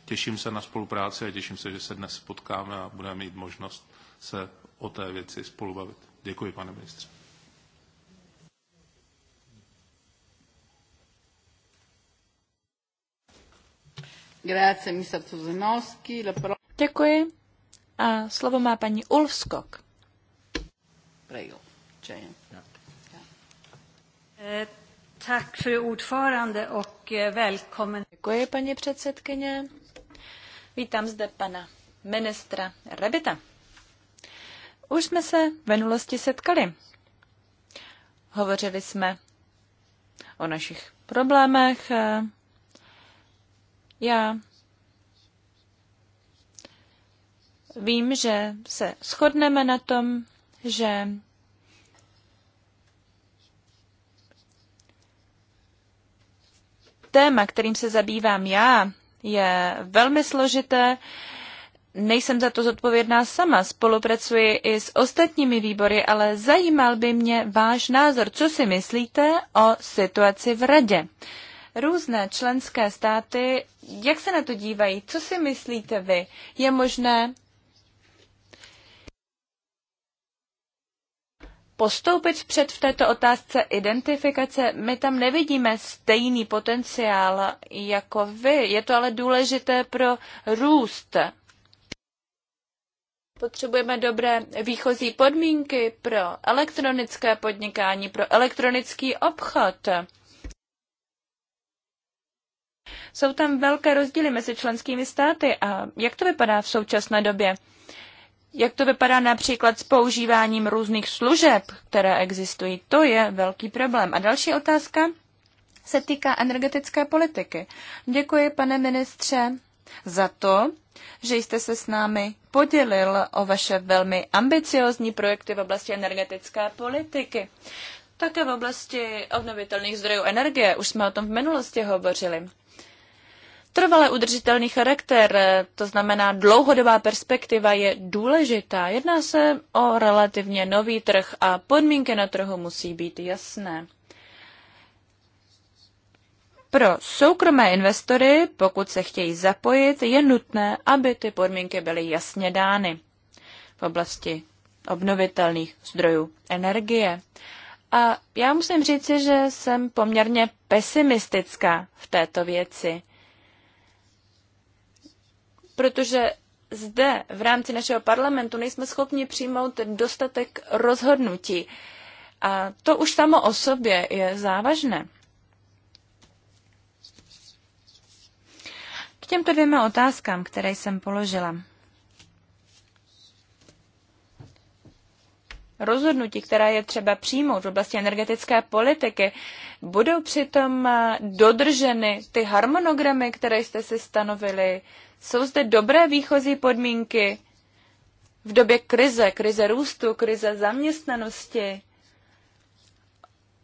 S4: Těším se na spolupráci a těším se, že se dnes potkáme a budeme mít možnost se o té věci spolu bavit. Děkuji, pane ministře.
S3: Děkuji. A slovo má paní Ulfskok. Prejo. Jane. Ja. Ja. Eh,
S1: tack för ordförande och eh, välkommen. Děkuji, paní předsedkyně. Vítám zde pana ministra Rebita. Už jsme se v minulosti setkali. Hovořili jsme o našich problémech. Já vím, že se shodneme na tom, že téma, kterým se zabývám já, je velmi složité. Nejsem za to zodpovědná sama, spolupracuji i s ostatními výbory, ale zajímal by mě váš názor, co si myslíte o situaci v radě. Různé členské státy, jak se na to dívají, co si myslíte vy? Je možné postoupit před v této otázce identifikace. My tam nevidíme stejný potenciál jako vy. Je to ale důležité pro růst. Potřebujeme dobré výchozí podmínky pro elektronické podnikání, pro elektronický obchod. Jsou tam velké rozdíly mezi členskými státy a jak to vypadá v současné době? jak to vypadá například s používáním různých služeb, které existují. To je velký problém. A další otázka se týká energetické politiky. Děkuji, pane ministře, za to, že jste se s námi podělil o vaše velmi ambiciozní projekty v oblasti energetické politiky. Také v oblasti obnovitelných zdrojů energie, už jsme o tom v minulosti hovořili. Trvale udržitelný charakter, eh, to znamená dlouhodobá perspektiva, je důležitá. Jedná se o relativně nový trh a podmínky na trhu musí být jasné. Pro soukromé investory, pokud se chtějí zapojit, je nutné, aby ty podmínky byly jasně dány v oblasti obnovitelných zdrojů energie. A já musím říci, že jsem poměrně pesimistická v této věci protože zde v rámci našeho parlamentu nejsme schopni přijmout dostatek rozhodnutí. A to už samo o sobě je závažné. K těmto dvěma otázkám, které jsem položila. Rozhodnutí, která je třeba přijmout v oblasti energetické politiky, budou přitom dodrženy ty harmonogramy, které jste si stanovili, jsou zde dobré výchozí podmínky v době krize, krize růstu, krize zaměstnanosti,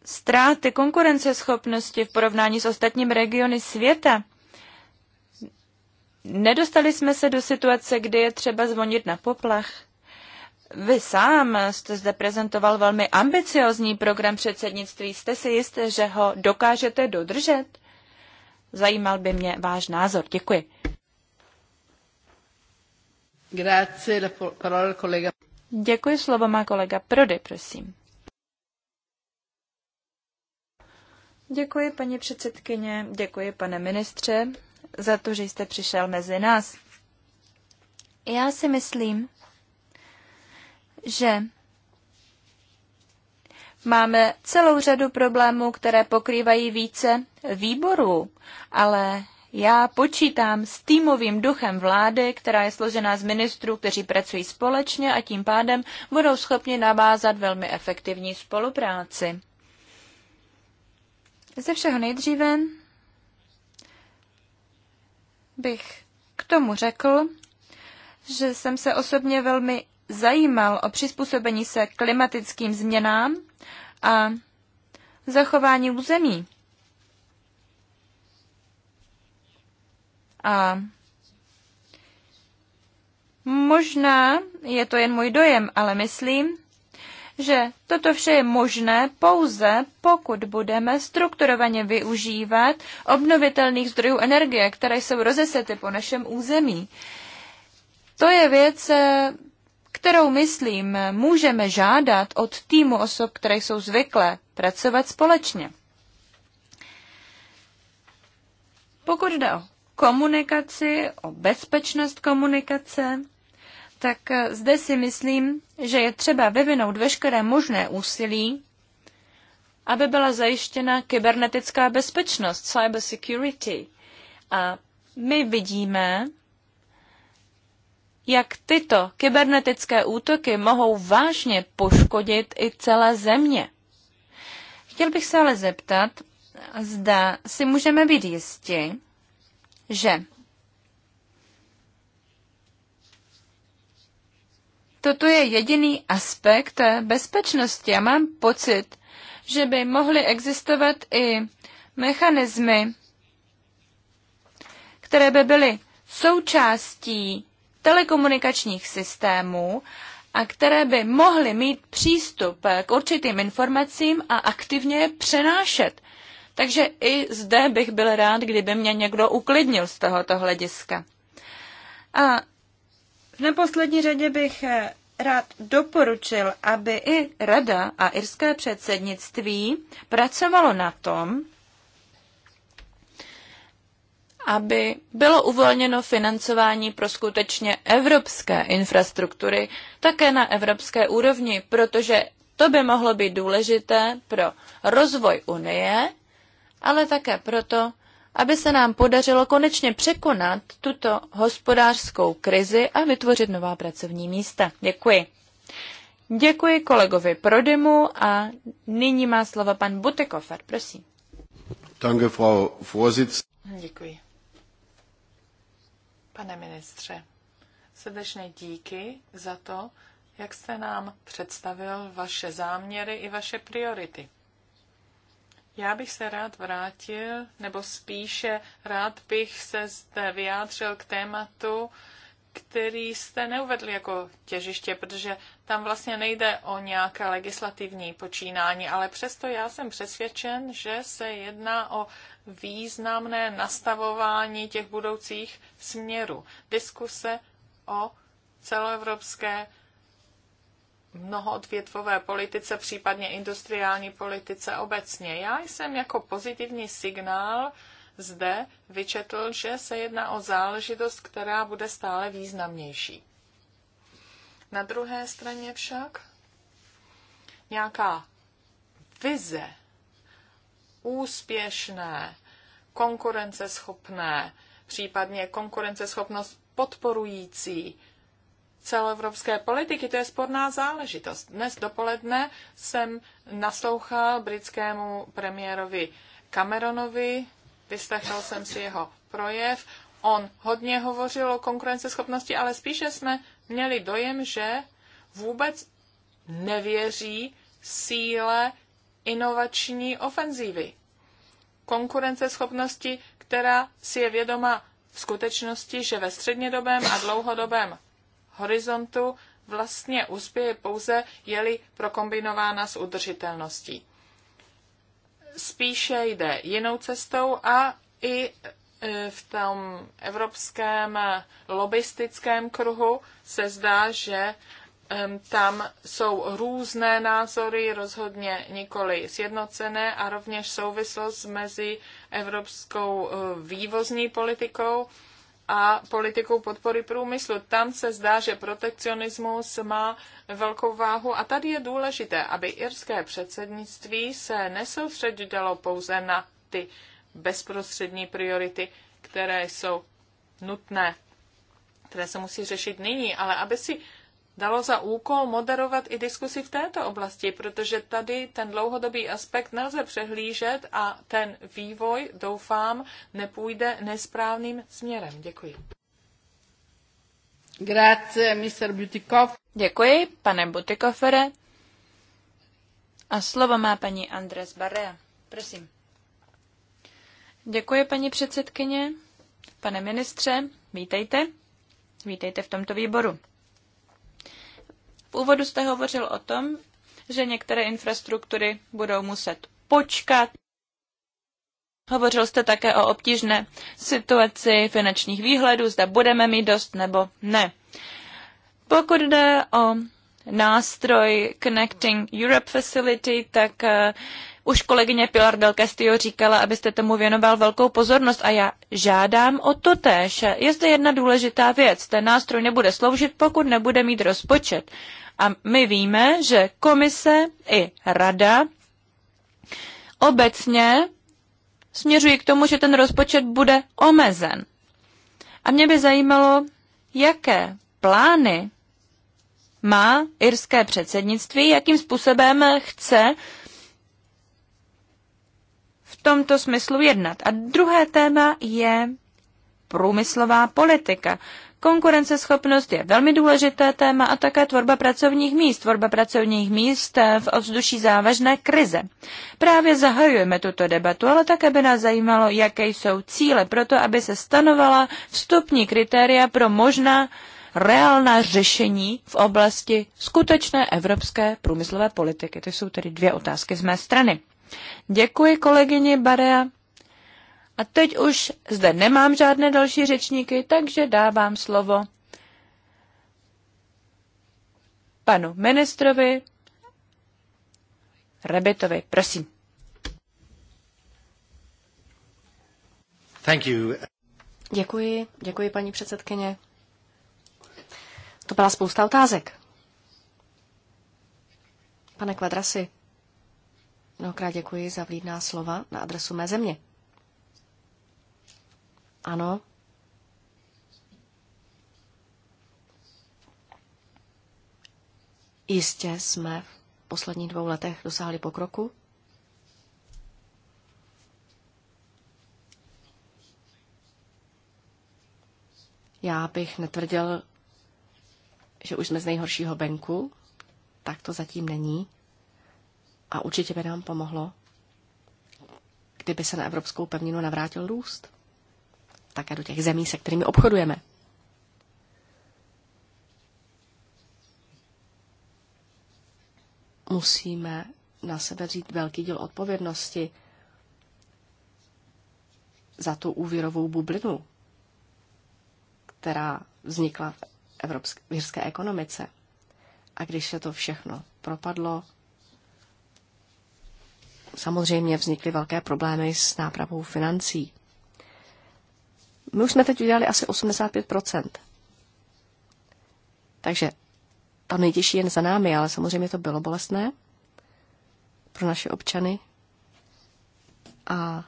S1: ztráty konkurenceschopnosti v porovnání s ostatními regiony světa. Nedostali jsme se do situace, kdy je třeba zvonit na poplach. Vy sám jste zde prezentoval velmi ambiciozní program předsednictví. Jste si jist, že ho dokážete dodržet? Zajímal by mě váš názor. Děkuji. Grazie, parola kolega. Děkuji, slovo má kolega Prody, prosím. Děkuji, paní předsedkyně, děkuji, pane ministře, za to, že jste přišel mezi nás. Já si myslím, že máme celou řadu problémů, které pokrývají více výborů, ale já počítám s týmovým duchem vlády, která je složená z ministrů, kteří pracují společně a tím pádem budou schopni navázat velmi efektivní spolupráci. Ze všeho nejdříve bych k tomu řekl, že jsem se osobně velmi zajímal o přizpůsobení se klimatickým změnám a zachování území. A možná je to jen můj dojem, ale myslím, že toto vše je možné pouze, pokud budeme strukturovaně využívat obnovitelných zdrojů energie, které jsou rozesety po našem území. To je věc, kterou, myslím, můžeme žádat od týmu osob, které jsou zvyklé pracovat společně. Pokud jde o komunikaci, o bezpečnost komunikace, tak zde si myslím, že je třeba vyvinout veškeré možné úsilí, aby byla zajištěna kybernetická bezpečnost, cyber security. A my vidíme, jak tyto kybernetické útoky mohou vážně poškodit i celé země. Chtěl bych se ale zeptat, zda si můžeme být jistí, že toto je jediný aspekt bezpečnosti. Já mám pocit, že by mohly existovat i mechanismy, které by byly součástí telekomunikačních systémů a které by mohly mít přístup k určitým informacím a aktivně je přenášet. Takže i zde bych byl rád, kdyby mě někdo uklidnil z tohoto hlediska. A v neposlední řadě bych eh, rád doporučil, aby i Rada a irské předsednictví pracovalo na tom, aby bylo uvolněno financování pro skutečně evropské infrastruktury také na evropské úrovni, protože to by mohlo být důležité pro rozvoj Unie ale také proto, aby se nám podařilo konečně překonat tuto hospodářskou krizi a vytvořit nová pracovní místa. Děkuji. Děkuji kolegovi Prodymu a nyní má slovo pan Butekofer, prosím. Danke, Frau Vorsitz.
S3: Děkuji. Pane ministře, srdečné díky za to, jak jste nám představil vaše záměry i vaše priority. Já bych se rád vrátil, nebo spíše rád bych se zde vyjádřil k tématu, který jste neuvedli jako těžiště, protože tam vlastně nejde o nějaké legislativní počínání, ale přesto já jsem přesvědčen, že se jedná o významné nastavování těch budoucích směrů. Diskuse o celoevropské mnohoodvětvové politice, případně industriální politice obecně. Já jsem jako pozitivní signál zde vyčetl, že se jedná o záležitost, která bude stále významnější. Na druhé straně však nějaká vize úspěšné, konkurenceschopné, případně konkurenceschopnost podporující celoevropské politiky. To je sporná záležitost. Dnes dopoledne jsem naslouchal britskému premiérovi Cameronovi, vyslechl jsem si jeho projev. On hodně hovořil o konkurenceschopnosti, ale spíše jsme měli dojem, že vůbec nevěří síle inovační ofenzívy. Konkurenceschopnosti, která si je vědoma v skutečnosti, že ve střednědobém a dlouhodobém horizontu vlastně uspěje pouze, je-li prokombinována s udržitelností. Spíše jde jinou cestou a i e, v tom evropském e, lobistickém kruhu se zdá, že e, tam jsou různé názory, rozhodně nikoli sjednocené a rovněž souvislost mezi evropskou vývozní politikou a politikou podpory průmyslu. Tam se zdá, že protekcionismus má velkou váhu a tady je důležité, aby irské předsednictví se nesoustředilo pouze na ty bezprostřední priority, které jsou nutné, které se musí řešit nyní, ale aby si dalo za úkol moderovat i diskusi v této oblasti, protože tady ten dlouhodobý aspekt nelze přehlížet a ten vývoj, doufám, nepůjde nesprávným směrem. Děkuji.
S2: Grazie,
S1: Mr. Butikov. Děkuji, pane Butikofere. A slovo má paní Andres Barrea. Prosím. Děkuji, paní předsedkyně. Pane ministře, vítejte. Vítejte v tomto výboru. V úvodu jste hovořil o tom, že některé infrastruktury budou muset počkat. Hovořil jste také o obtížné situaci finančních výhledů, zda budeme mít dost nebo ne. Pokud jde o nástroj Connecting Europe Facility, tak eh, už kolegyně Pilar del Castillo říkala, abyste tomu věnoval velkou pozornost a já žádám o to též. Je zde jedna důležitá věc. Ten nástroj nebude sloužit, pokud nebude mít rozpočet. A my víme, že komise i rada obecně směřují k tomu, že ten rozpočet bude omezen. A mě by zajímalo, jaké plány má irské předsednictví, jakým způsobem chce tomto smyslu jednat. A druhé téma je průmyslová politika. Konkurenceschopnost je velmi důležité téma a také tvorba pracovních míst. Tvorba pracovních míst v ovzduší závažné krize. Právě zahajujeme tuto debatu, ale také by nás zajímalo, jaké jsou cíle pro to, aby se stanovala vstupní kritéria pro možná reálná řešení v oblasti skutečné evropské průmyslové politiky. To jsou tedy dvě otázky z mé strany. Děkuji kolegyni Barea. A teď už zde nemám žádné další řečníky, takže dávám slovo panu ministrovi
S2: Rebitovi. Prosím. Thank you. Děkuji, děkuji paní předsedkyně. To byla spousta otázek. Pane Kvadrasi, Mnohokrát děkuji za vlídná slova na adresu mé země. Ano. Jistě jsme v posledních dvou letech dosáhli pokroku. Já bych netvrdil, že už jsme z nejhoršího benku, tak to zatím není. A určitě by nám pomohlo, kdyby se na evropskou pevninu navrátil růst. Také do těch zemí, se kterými obchodujeme. Musíme na sebe vzít velký díl odpovědnosti za tu úvěrovou bublinu, která vznikla v evropské, v ekonomice. A když se to všechno propadlo, samozřejmě vznikly velké problémy s nápravou financí. My už jsme teď udělali asi 85 Takže ta nejtěžší jen za námi, ale samozřejmě to bylo bolestné pro naše občany. A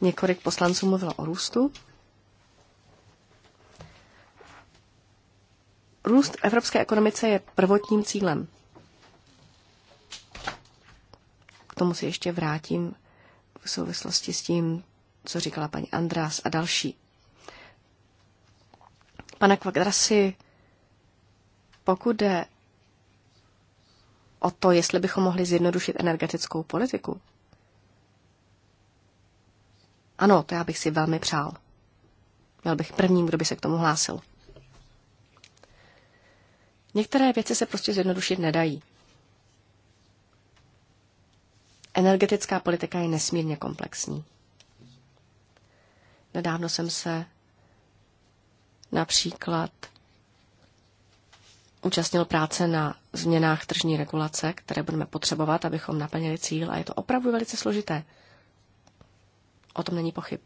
S2: několik poslanců mluvilo o růstu. Růst evropské ekonomice je prvotním cílem. K tomu se ještě vrátím v souvislosti s tím, co říkala paní András a další. Pane Kvadrasi, pokud jde o to, jestli bychom mohli zjednodušit energetickou politiku, ano, to já bych si velmi přál. Měl bych prvním, kdo by se k tomu hlásil. Některé věci se prostě zjednodušit nedají energetická politika je nesmírně komplexní. Nedávno jsem se například účastnil práce na změnách tržní regulace, které budeme potřebovat, abychom naplnili cíl a je to opravdu velice složité. O tom není pochyb.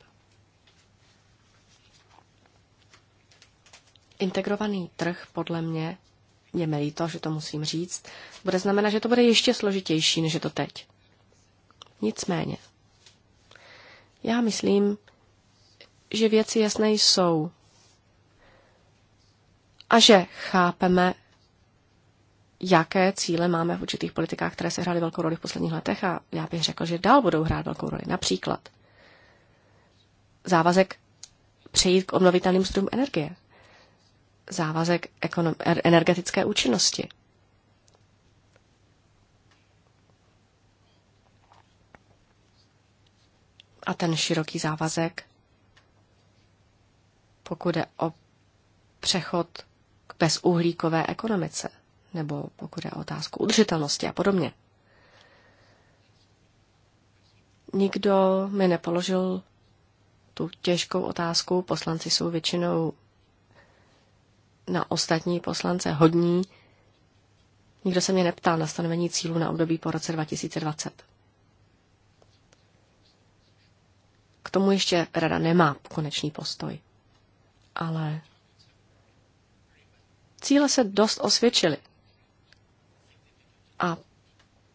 S2: Integrovaný trh podle mě, je mi líto, že to musím říct, bude znamenat, že to bude ještě složitější, než je to teď. Nicméně, já myslím, že věci jasné jsou a že chápeme, jaké cíle máme v určitých politikách, které se hrály velkou roli v posledních letech a já bych řekl, že dál budou hrát velkou roli. Například závazek přejít k obnovitelným zdrojům energie, závazek er- energetické účinnosti, a ten široký závazek, pokud je o přechod k bezuhlíkové ekonomice, nebo pokud je o otázku udržitelnosti a podobně. Nikdo mi nepoložil tu těžkou otázku. Poslanci jsou většinou na ostatní poslance hodní. Nikdo se mě neptal na stanovení cílu na období po roce 2020. K tomu ještě rada nemá konečný postoj. Ale cíle se dost osvědčily a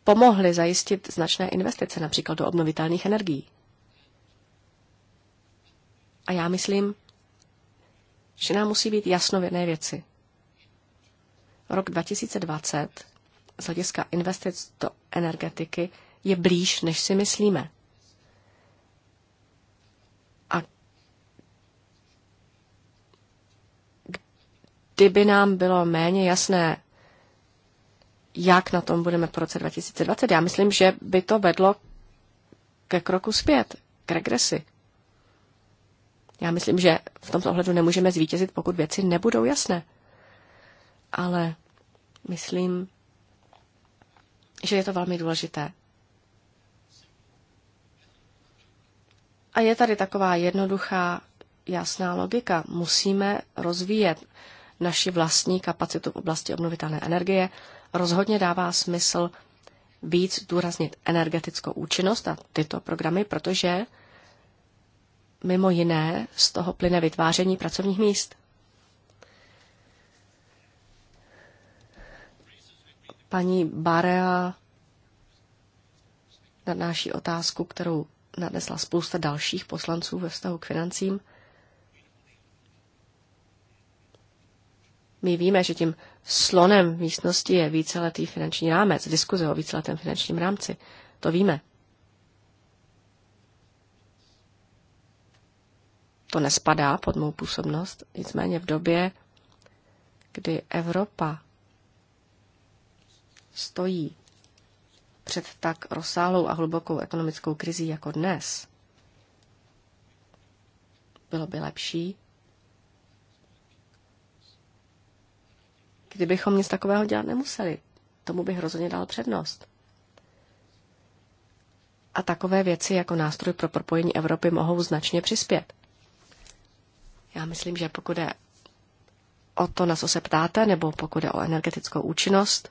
S2: pomohly zajistit značné investice, například do obnovitelných energií. A já myslím, že nám musí být jasno v jedné věci. Rok 2020 z hlediska investic do energetiky je blíž, než si myslíme. kdyby nám bylo méně jasné, jak na tom budeme po roce 2020. Já myslím, že by to vedlo ke kroku zpět, k regresi. Já myslím, že v tomto ohledu nemůžeme zvítězit, pokud věci nebudou jasné. Ale myslím, že je to velmi důležité. A je tady taková jednoduchá, jasná logika. Musíme rozvíjet naši vlastní kapacitu v oblasti obnovitelné energie, rozhodně dává smysl víc důraznit energetickou účinnost a tyto programy, protože mimo jiné z toho plyne vytváření pracovních míst. Paní Barea naší otázku, kterou nadnesla spousta dalších poslanců ve vztahu k financím – My víme, že tím slonem místnosti je víceletý finanční rámec, diskuze o víceletém finančním rámci. To víme. To nespadá pod mou působnost, nicméně v době, kdy Evropa stojí před tak rozsáhlou a hlubokou ekonomickou krizí jako dnes, bylo by lepší, kdybychom nic takového dělat nemuseli. Tomu bych rozhodně dal přednost. A takové věci jako nástroj pro propojení Evropy mohou značně přispět. Já myslím, že pokud je o to, na co se ptáte, nebo pokud je o energetickou účinnost,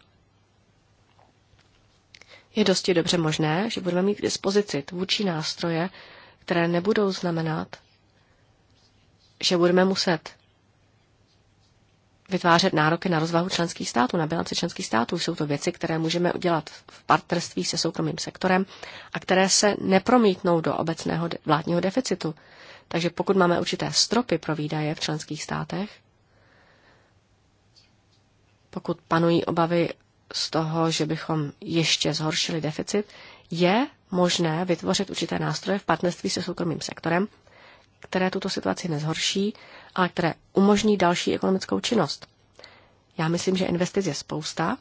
S2: je dosti dobře možné, že budeme mít k dispozici tvůrčí nástroje, které nebudou znamenat, že budeme muset vytvářet nároky na rozvahu členských států, na bilanci členských států. Jsou to věci, které můžeme udělat v partnerství se soukromým sektorem a které se nepromítnou do obecného vládního deficitu. Takže pokud máme určité stropy pro výdaje v členských státech, pokud panují obavy z toho, že bychom ještě zhoršili deficit, je možné vytvořit určité nástroje v partnerství se soukromým sektorem, které tuto situaci nezhorší, ale které umožní další ekonomickou činnost. Já myslím, že investic je spousta.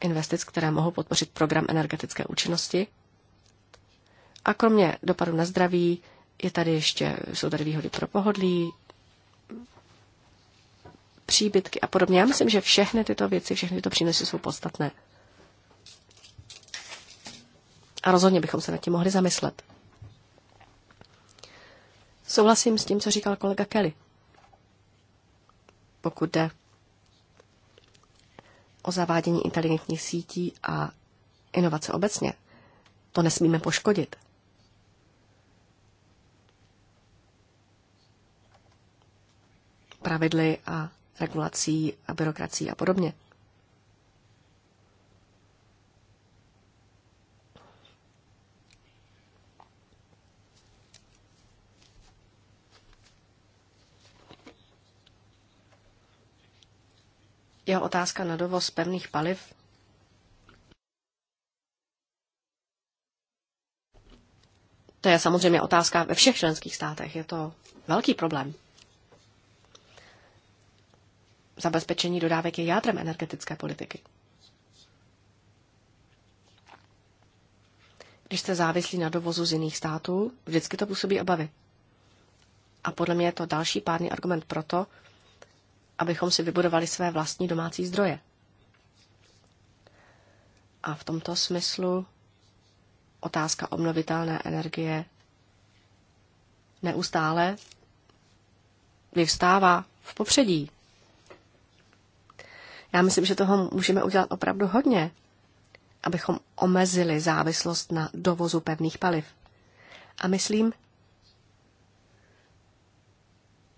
S2: Investic, které mohou podpořit program energetické účinnosti. A kromě dopadu na zdraví je tady ještě, jsou tady výhody pro pohodlí, příbytky a podobně. Já myslím, že všechny tyto věci, všechny tyto přínosy jsou podstatné. A rozhodně bychom se nad tím mohli zamyslet. Souhlasím s tím, co říkal kolega Kelly. Pokud jde o zavádění inteligentních sítí a inovace obecně, to nesmíme poškodit. Pravidly a regulací a byrokracií a podobně. Jeho otázka na dovoz pevných paliv. To je samozřejmě otázka ve všech členských státech. Je to velký problém. Zabezpečení dodávek je jádrem energetické politiky. Když jste závislí na dovozu z jiných států, vždycky to působí obavy. A podle mě je to další pádný argument pro to, abychom si vybudovali své vlastní domácí zdroje. A v tomto smyslu otázka obnovitelné energie neustále vyvstává v popředí. Já myslím, že toho můžeme udělat opravdu hodně, abychom omezili závislost na dovozu pevných paliv. A myslím,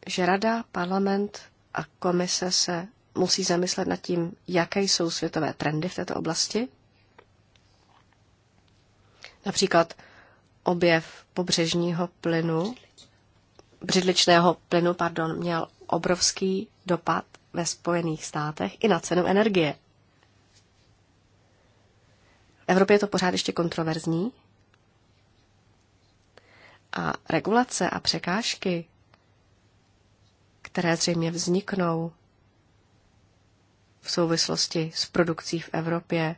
S2: že Rada, parlament a komise se musí zamyslet nad tím, jaké jsou světové trendy v této oblasti. Například objev pobřežního plynu, břidličného plynu, pardon, měl obrovský dopad ve Spojených státech i na cenu energie. V Evropě je to pořád ještě kontroverzní. A regulace a překážky, které zřejmě vzniknou v souvislosti s produkcí v Evropě,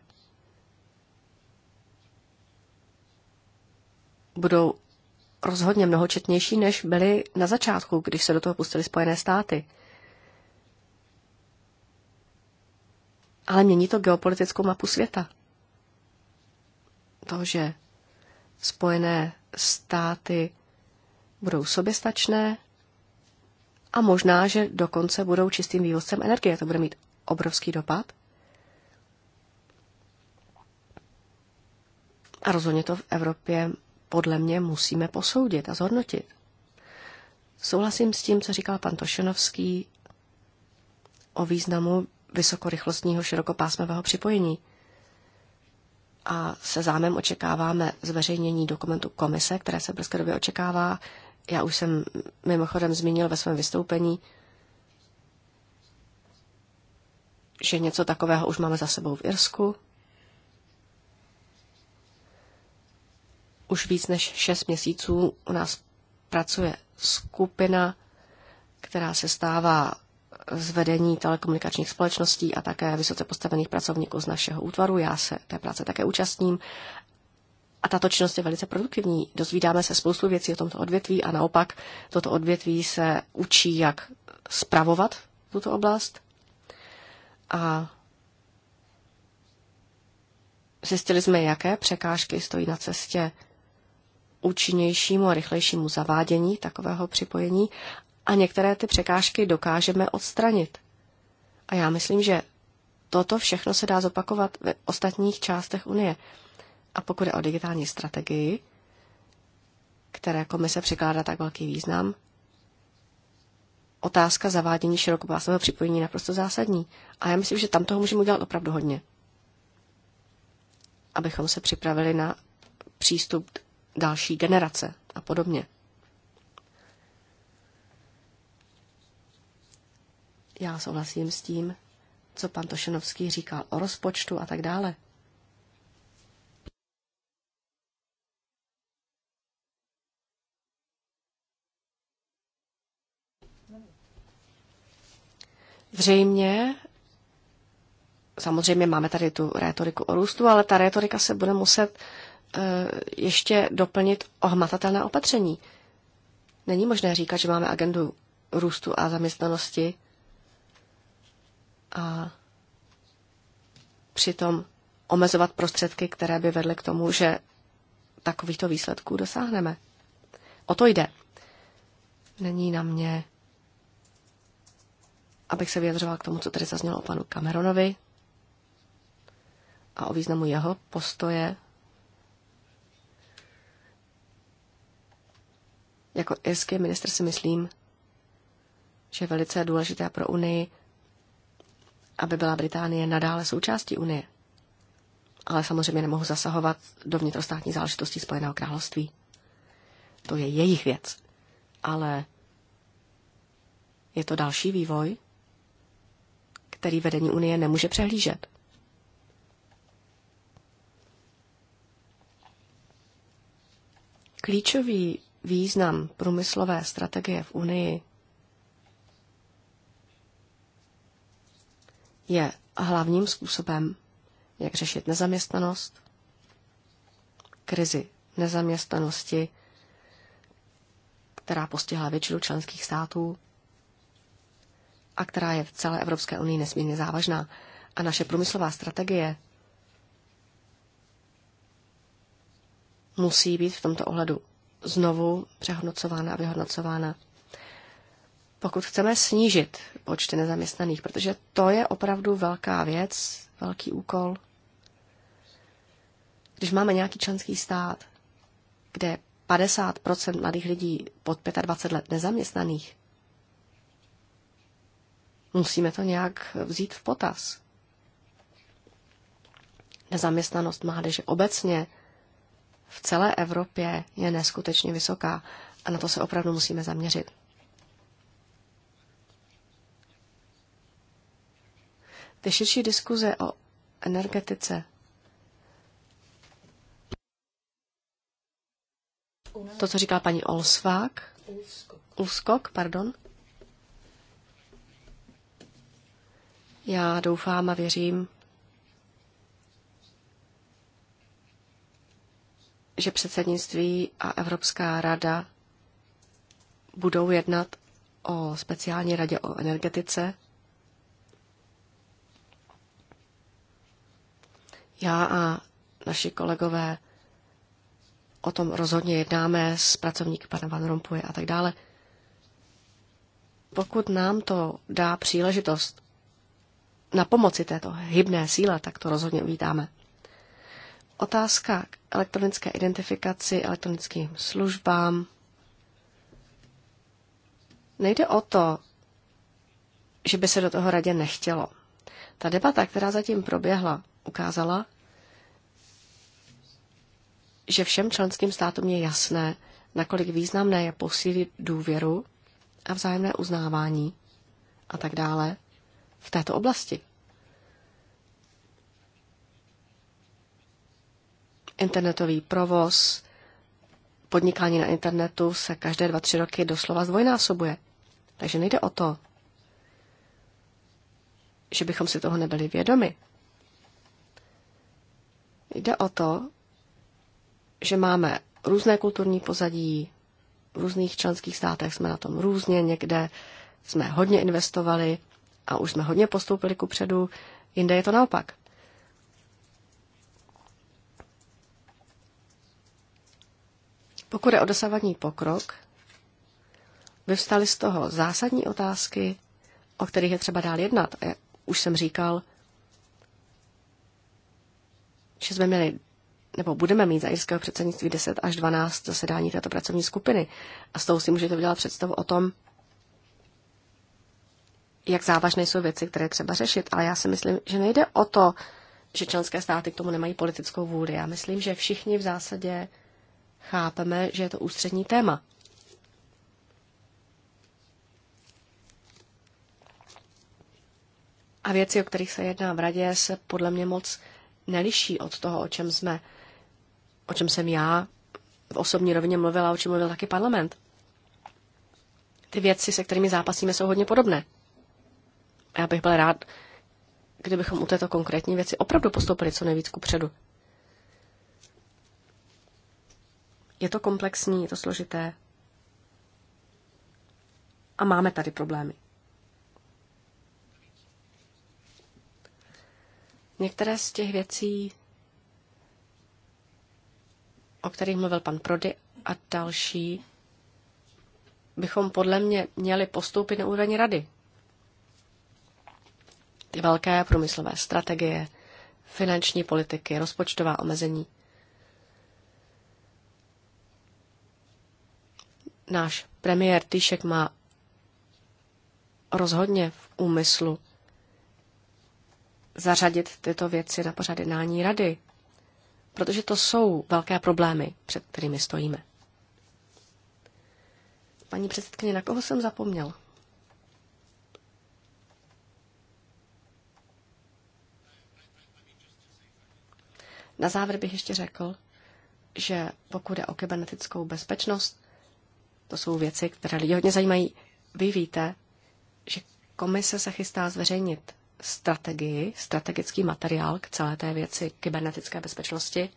S2: budou rozhodně mnohočetnější, než byly na začátku, když se do toho pustili Spojené státy. Ale mění to geopolitickou mapu světa. To, že Spojené státy budou soběstačné, a možná, že dokonce budou čistým vývozcem energie. To bude mít obrovský dopad. A rozhodně to v Evropě podle mě musíme posoudit a zhodnotit. Souhlasím s tím, co říkal pan Tošenovský o významu vysokorychlostního širokopásmového připojení. A se zájmem očekáváme zveřejnění dokumentu komise, které se v brzké době očekává, já už jsem mimochodem zmínil ve svém vystoupení, že něco takového už máme za sebou v Irsku. Už víc než šest měsíců u nás pracuje skupina, která se stává z vedení telekomunikačních společností a také vysoce postavených pracovníků z našeho útvaru. Já se té práce také účastním a tato činnost je velice produktivní. Dozvídáme se spoustu věcí o tomto odvětví a naopak toto odvětví se učí, jak spravovat tuto oblast. A zjistili jsme, jaké překážky stojí na cestě účinnějšímu a rychlejšímu zavádění takového připojení a některé ty překážky dokážeme odstranit. A já myslím, že toto všechno se dá zopakovat ve ostatních částech Unie. A pokud je o digitální strategii, které komise přikládá tak velký význam, otázka zavádění širokopásmového připojení je naprosto zásadní. A já myslím, že tam toho můžeme udělat opravdu hodně. Abychom se připravili na přístup další generace a podobně. Já souhlasím s tím, co pan Tošenovský říkal o rozpočtu a tak dále. v samozřejmě máme tady tu rétoriku o růstu, ale ta rétorika se bude muset eh, ještě doplnit o hmatatelné opatření. Není možné říkat, že máme agendu růstu a zaměstnanosti a přitom omezovat prostředky, které by vedly k tomu, že takovýchto výsledků dosáhneme. O to jde. Není na mě, abych se vyjadřoval k tomu, co tady zaznělo o panu Cameronovi a o významu jeho postoje Jako irský minister si myslím, že je velice důležité pro Unii, aby byla Británie nadále součástí Unie. Ale samozřejmě nemohu zasahovat do vnitrostátní záležitosti Spojeného království. To je jejich věc. Ale je to další vývoj, který vedení Unie nemůže přehlížet. Klíčový význam průmyslové strategie v Unii je hlavním způsobem, jak řešit nezaměstnanost, krizi nezaměstnanosti, která postihla většinu členských států a která je v celé Evropské unii nesmírně závažná. A naše průmyslová strategie musí být v tomto ohledu znovu přehodnocována a vyhodnocována. Pokud chceme snížit počty nezaměstnaných, protože to je opravdu velká věc, velký úkol. Když máme nějaký členský stát, kde 50 mladých lidí pod 25 let nezaměstnaných, Musíme to nějak vzít v potaz. Nezaměstnanost mládeže obecně v celé Evropě je neskutečně vysoká a na to se opravdu musíme zaměřit. Ty širší diskuze o energetice. To, co říkala paní Olsvák, Úskok, pardon, Já doufám a věřím, že předsednictví a Evropská rada budou jednat o speciální radě o energetice. Já a naši kolegové o tom rozhodně jednáme s pracovníky pana Van Rompuy a tak dále. Pokud nám to dá příležitost na pomoci této hybné síle, tak to rozhodně uvítáme. Otázka k elektronické identifikaci, elektronickým službám. Nejde o to, že by se do toho radě nechtělo. Ta debata, která zatím proběhla, ukázala, že všem členským státům je jasné, nakolik významné je posílit důvěru a vzájemné uznávání a tak dále v této oblasti. Internetový provoz, podnikání na internetu se každé dva, tři roky doslova zdvojnásobuje. Takže nejde o to, že bychom si toho nebyli vědomi. Jde o to, že máme různé kulturní pozadí, v různých členských státech jsme na tom různě, někde jsme hodně investovali, a už jsme hodně postoupili ku předu, jinde je to naopak. Pokud je o dosavadní pokrok, vyvstaly z toho zásadní otázky, o kterých je třeba dál jednat. A už jsem říkal, že jsme měli nebo budeme mít za jirského předsednictví 10 až 12 zasedání této pracovní skupiny. A s tou si můžete udělat představu o tom, jak závažné jsou věci, které třeba řešit. Ale já si myslím, že nejde o to, že členské státy k tomu nemají politickou vůli. Já myslím, že všichni v zásadě chápeme, že je to ústřední téma. A věci, o kterých se jedná v radě, se podle mě moc neliší od toho, o čem jsme, o čem jsem já v osobní rovině mluvila, o čem mluvil taky parlament. Ty věci, se kterými zápasíme, jsou hodně podobné. Já bych byl rád, kdybychom u této konkrétní věci opravdu postoupili co nejvíc ku předu. Je to komplexní, je to složité. A máme tady problémy. Některé z těch věcí, o kterých mluvil pan Prody a další, bychom podle mě měli postoupit na úroveň rady ty velké průmyslové strategie, finanční politiky, rozpočtová omezení. Náš premiér Týšek má rozhodně v úmyslu zařadit tyto věci na pořad jednání rady, protože to jsou velké problémy, před kterými stojíme. Paní předsedkyně, na koho jsem zapomněl? Na závěr bych ještě řekl, že pokud je o kybernetickou bezpečnost, to jsou věci, které lidi hodně zajímají. Vy víte, že komise se chystá zveřejnit strategii, strategický materiál k celé té věci kybernetické bezpečnosti.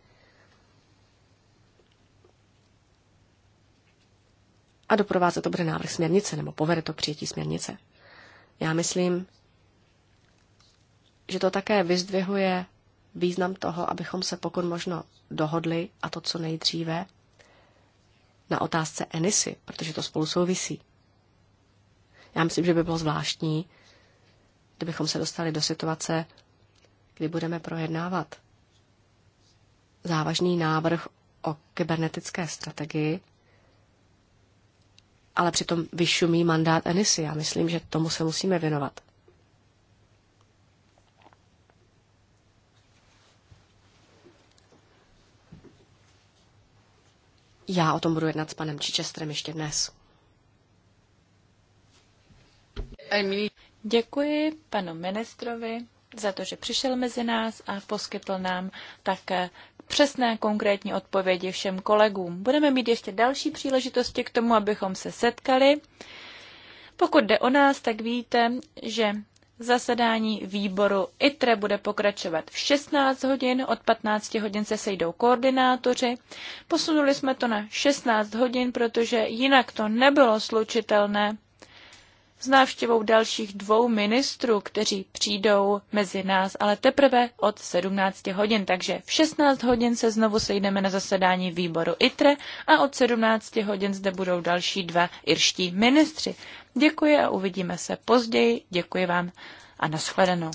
S2: A doprovázet to bude návrh směrnice, nebo povede to přijetí směrnice. Já myslím, že to také vyzdvihuje význam toho, abychom se pokud možno dohodli, a to co nejdříve, na otázce Enisy, protože to spolu souvisí. Já myslím, že by bylo zvláštní, kdybychom se dostali do situace, kdy budeme projednávat závažný návrh o kybernetické strategii, ale přitom vyšumí mandát Enisy. Já myslím, že tomu se musíme věnovat. Já o tom budu jednat s panem Čičestrem ještě dnes.
S1: Děkuji panu ministrovi za to, že přišel mezi nás a poskytl nám také přesné konkrétní odpovědi všem kolegům. Budeme mít ještě další příležitosti k tomu, abychom se setkali. Pokud jde o nás, tak víte, že Zasedání výboru ITRE bude pokračovat v 16 hodin, od 15 hodin se sejdou koordinátoři. Posunuli jsme to na 16 hodin, protože jinak to nebylo slučitelné s návštěvou dalších dvou ministrů, kteří přijdou mezi nás, ale teprve od 17 hodin. Takže v 16 hodin se znovu sejdeme na zasedání výboru ITRE a od 17 hodin zde budou další dva irští ministři. Děkuji a uvidíme se později. Děkuji vám a nashledanou.